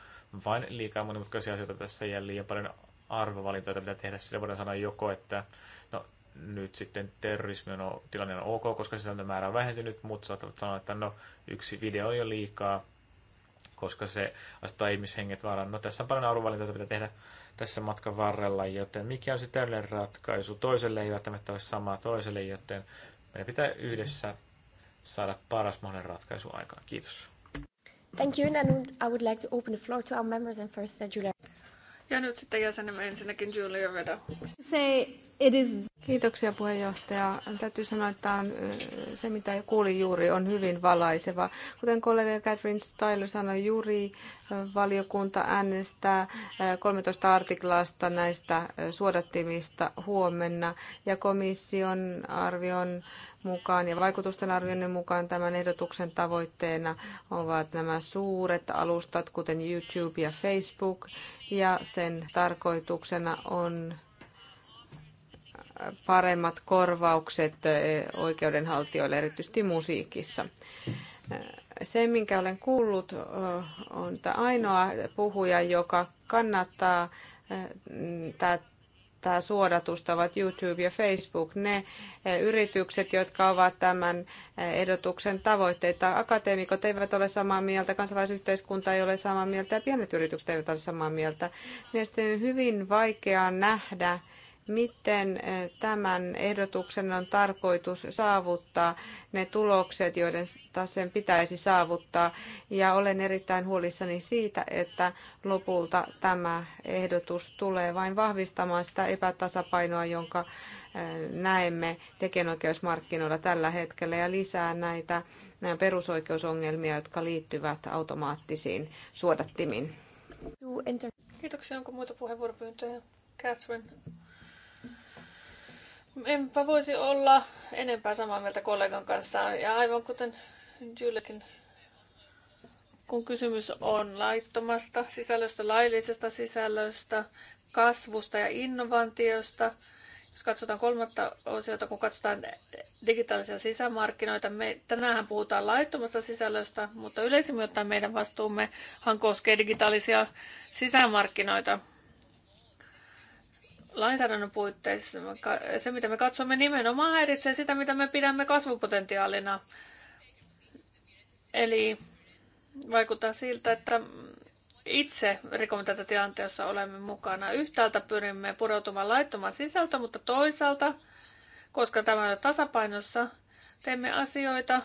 vain liikaa monimutkaisia asioita tässä ja liian paljon arvovalintoja, mitä tehdä. Sillä voidaan sanoa joko, että no, nyt sitten terrorismi on, tilanne on ok, koska sisältömäärä on vähentynyt, mutta saattavat sanoa, että no, yksi video on jo liikaa, koska se asettaa ihmishenget vaaraan. No tässä on paljon arvovalintoja, joita pitää tehdä tässä matkan varrella, joten mikä on se täydellinen ratkaisu? Toiselle ei välttämättä ole sama toiselle, joten meidän pitää yhdessä saada paras mahdollinen ratkaisu aikaan. Kiitos. Thank you, and I would like to open the floor to our members and first uh, Julia. Ja nyt sitten jäsenemme ensinnäkin Julia Veda. Say It is... Kiitoksia puheenjohtaja. Täytyy sanoa, että on, äh, se mitä kuulin juuri on hyvin valaiseva. Kuten kollega Catherine Styler sanoi, juuri äh, valiokunta äänestää 13 äh, artiklasta näistä suodattimista huomenna ja komission arvion mukaan ja vaikutusten arvioinnin mukaan tämän ehdotuksen tavoitteena ovat nämä suuret alustat, kuten YouTube ja Facebook, ja sen tarkoituksena on paremmat korvaukset oikeudenhaltijoille, erityisesti musiikissa. Se, minkä olen kuullut, on että ainoa puhuja, joka kannattaa tätä suodatusta, ovat YouTube ja Facebook, ne yritykset, jotka ovat tämän ehdotuksen tavoitteita. Akateemikot eivät ole samaa mieltä, kansalaisyhteiskunta ei ole samaa mieltä ja pienet yritykset eivät ole samaa mieltä. Mielestäni on hyvin vaikea nähdä, miten eh, tämän ehdotuksen on tarkoitus saavuttaa ne tulokset, joiden sen pitäisi saavuttaa. Ja olen erittäin huolissani siitä, että lopulta tämä ehdotus tulee vain vahvistamaan sitä epätasapainoa, jonka eh, näemme tekijänoikeusmarkkinoilla tällä hetkellä ja lisää näitä eh, perusoikeusongelmia, jotka liittyvät automaattisiin suodattimiin. Kiitoksia. Onko muita puheenvuoropyyntöjä? Catherine, Enpä voisi olla enempää samaa mieltä kollegan kanssa. Ja aivan kuten Jyllekin, kun kysymys on laittomasta sisällöstä, laillisesta sisällöstä, kasvusta ja innovaatiosta, jos katsotaan kolmatta osiota, kun katsotaan digitaalisia sisämarkkinoita, me tänään puhutaan laittomasta sisällöstä, mutta yleisimmin ottaen meidän vastuumme koskee digitaalisia sisämarkkinoita lainsäädännön puitteissa. Se, mitä me katsomme, nimenomaan häiritsee sitä, mitä me pidämme kasvupotentiaalina. Eli vaikuttaa siltä, että itse rikomme tätä tilanteessa, jossa olemme mukana. Yhtäältä pyrimme pureutumaan laittoman sisältö, mutta toisaalta, koska tämä on tasapainossa, teemme asioita,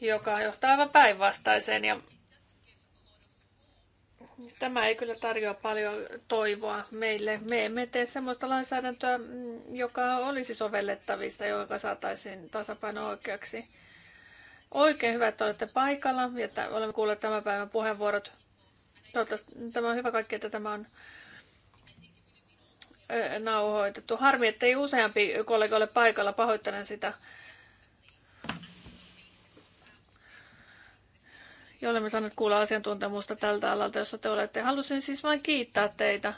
joka johtaa aivan päinvastaiseen. Ja Tämä ei kyllä tarjoa paljon toivoa meille. Me emme tee sellaista lainsäädäntöä, mm, joka olisi sovellettavista, joka saataisiin tasapaino oikeaksi. Oikein hyvä, että olette paikalla ja olemme kuulleet tämän päivän puheenvuorot. Toivottavasti tämä on hyvä kaikki, että tämä on nauhoitettu. Harmi, ettei useampi kollega ole paikalla, pahoittelen sitä. ja olemme saaneet kuulla asiantuntemusta tältä alalta, jossa te olette. Halusin siis vain kiittää teitä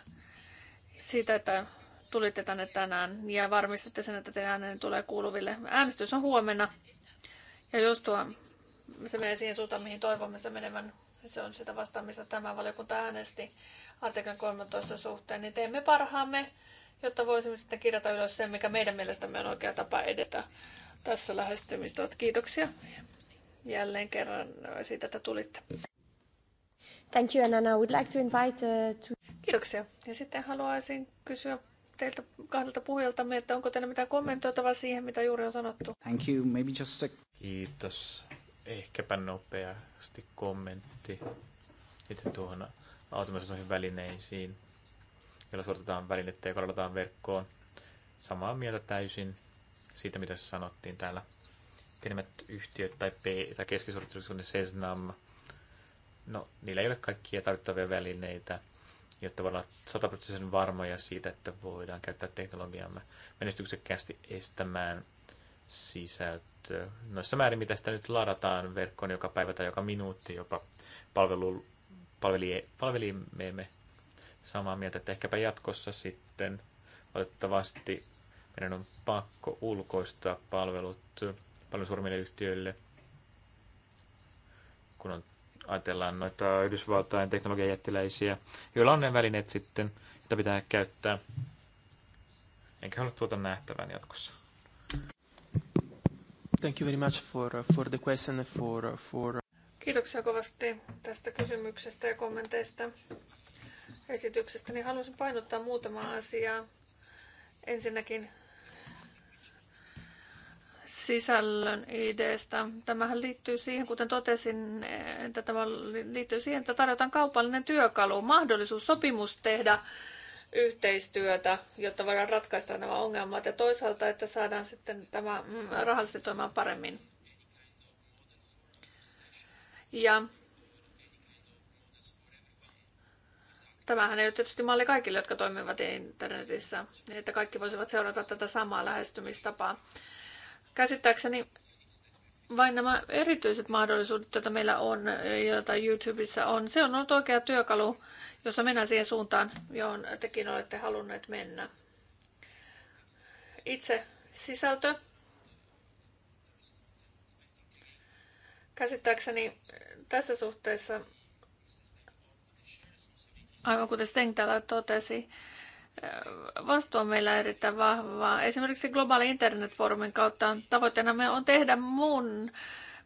siitä, että tulitte tänne tänään ja varmistatte sen, että teidän äänenne tulee kuuluville. Äänestys on huomenna ja jos tuo, se menee siihen suuntaan, mihin toivomme se menevän, se on sitä vastaan, mistä tämä valiokunta äänesti artiklan 13 suhteen, niin teemme parhaamme, jotta voisimme sitten kirjata ylös sen, mikä meidän mielestämme on oikea tapa edetä tässä lähestymistä. Kiitoksia jälleen kerran siitä, että tulitte. Thank you, and I would like to invite uh, to... Kiitoksia. Ja sitten haluaisin kysyä teiltä kahdelta puhujalta, että onko teillä mitään kommentoitavaa siihen, mitä juuri on sanottu? Thank you. Maybe just a... Kiitos. Ehkäpä nopeasti kommentti sitten tuohon automaattisiin välineisiin, joilla suoritetaan välinettä ja korotetaan verkkoon. Samaa mieltä täysin siitä, mitä sanottiin täällä pienemmät yhtiöt tai, P, tai keskisuuret yritykset, Sesnam, no niillä ei ole kaikkia tarvittavia välineitä, jotta voidaan sataprosenttisen varmoja siitä, että voidaan käyttää teknologiamme menestyksekkäästi estämään sisältö Noissa määrin, mitä sitä nyt ladataan verkkoon joka päivä tai joka minuutti jopa palvelu, palveli, palvelimeemme samaa mieltä, että ehkäpä jatkossa sitten valitettavasti meidän on pakko ulkoistaa palvelut paljon suurimmille yhtiöille, kun on, ajatellaan noita Yhdysvaltain teknologiajättiläisiä, joilla on ne välineet sitten, joita pitää käyttää. Enkä halua tuota nähtävän jatkossa. Thank you very much for, uh, for the question, for, uh, for... Uh, Kiitoksia kovasti tästä kysymyksestä ja kommenteista esityksestä, niin haluaisin painottaa muutamaa asiaa. Ensinnäkin sisällön ideestä. Tämähän liittyy siihen, kuten totesin, että tämä liittyy siihen, että tarjotaan kaupallinen työkalu, mahdollisuus, sopimus tehdä yhteistyötä, jotta voidaan ratkaista nämä ongelmat ja toisaalta, että saadaan sitten tämä mm, rahallisesti toimimaan paremmin. Ja tämähän ei ole tietysti malli kaikille, jotka toimivat internetissä, niin että kaikki voisivat seurata tätä samaa lähestymistapaa. Käsittääkseni vain nämä erityiset mahdollisuudet, joita meillä on, joita YouTubessa on, se on ollut oikea työkalu, jossa mennään siihen suuntaan, johon tekin olette halunneet mennä. Itse sisältö. Käsittääkseni tässä suhteessa, aivan kuten Steng täällä totesi, vastuu on meillä erittäin vahvaa. Esimerkiksi globaali internetfoorumin kautta on tavoitteena me on tehdä muun,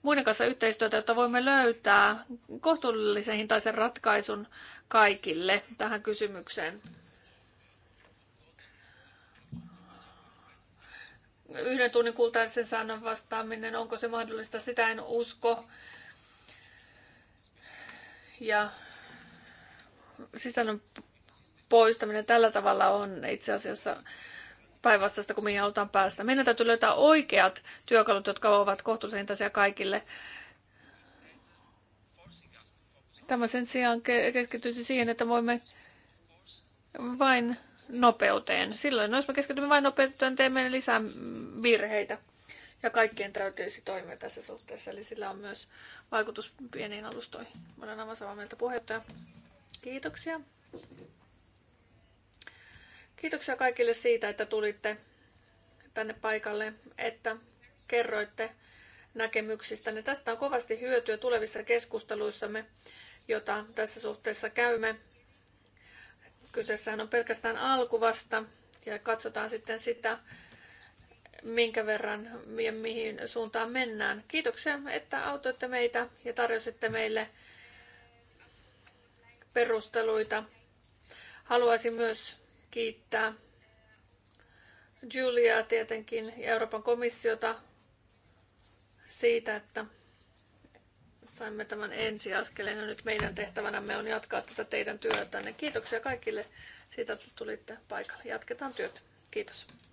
muiden kanssa yhteistyötä, jotta voimme löytää kohtuullisen hintaisen ratkaisun kaikille tähän kysymykseen. Yhden tunnin kultaisen sanan vastaaminen, onko se mahdollista, sitä en usko. Ja sisällön poistaminen tällä tavalla on itse asiassa päinvastaista kuin meidän halutaan päästä. Meidän täytyy löytää oikeat työkalut, jotka ovat kohtuullisen kaikille. Tämä sen sijaan keskittyisi siihen, että voimme vain nopeuteen. Silloin, no, jos me keskitymme vain nopeuteen, teemme lisää virheitä. Ja kaikkien täytyisi toimia tässä suhteessa, eli sillä on myös vaikutus pieniin alustoihin. Olen aivan samaa mieltä puheenjohtaja. Kiitoksia. Kiitoksia kaikille siitä, että tulitte tänne paikalle, että kerroitte näkemyksistänne. Tästä on kovasti hyötyä tulevissa keskusteluissamme, jota tässä suhteessa käymme. Kyseessähän on pelkästään alkuvasta ja katsotaan sitten sitä, minkä verran ja mihin suuntaan mennään. Kiitoksia, että autoitte meitä ja tarjositte meille perusteluita. Haluaisin myös kiittää Juliaa tietenkin ja Euroopan komissiota siitä, että saimme tämän ensiaskeleen ja nyt meidän tehtävänämme on jatkaa tätä teidän työtänne. Kiitoksia kaikille siitä, että tulitte paikalle. Jatketaan työtä. Kiitos.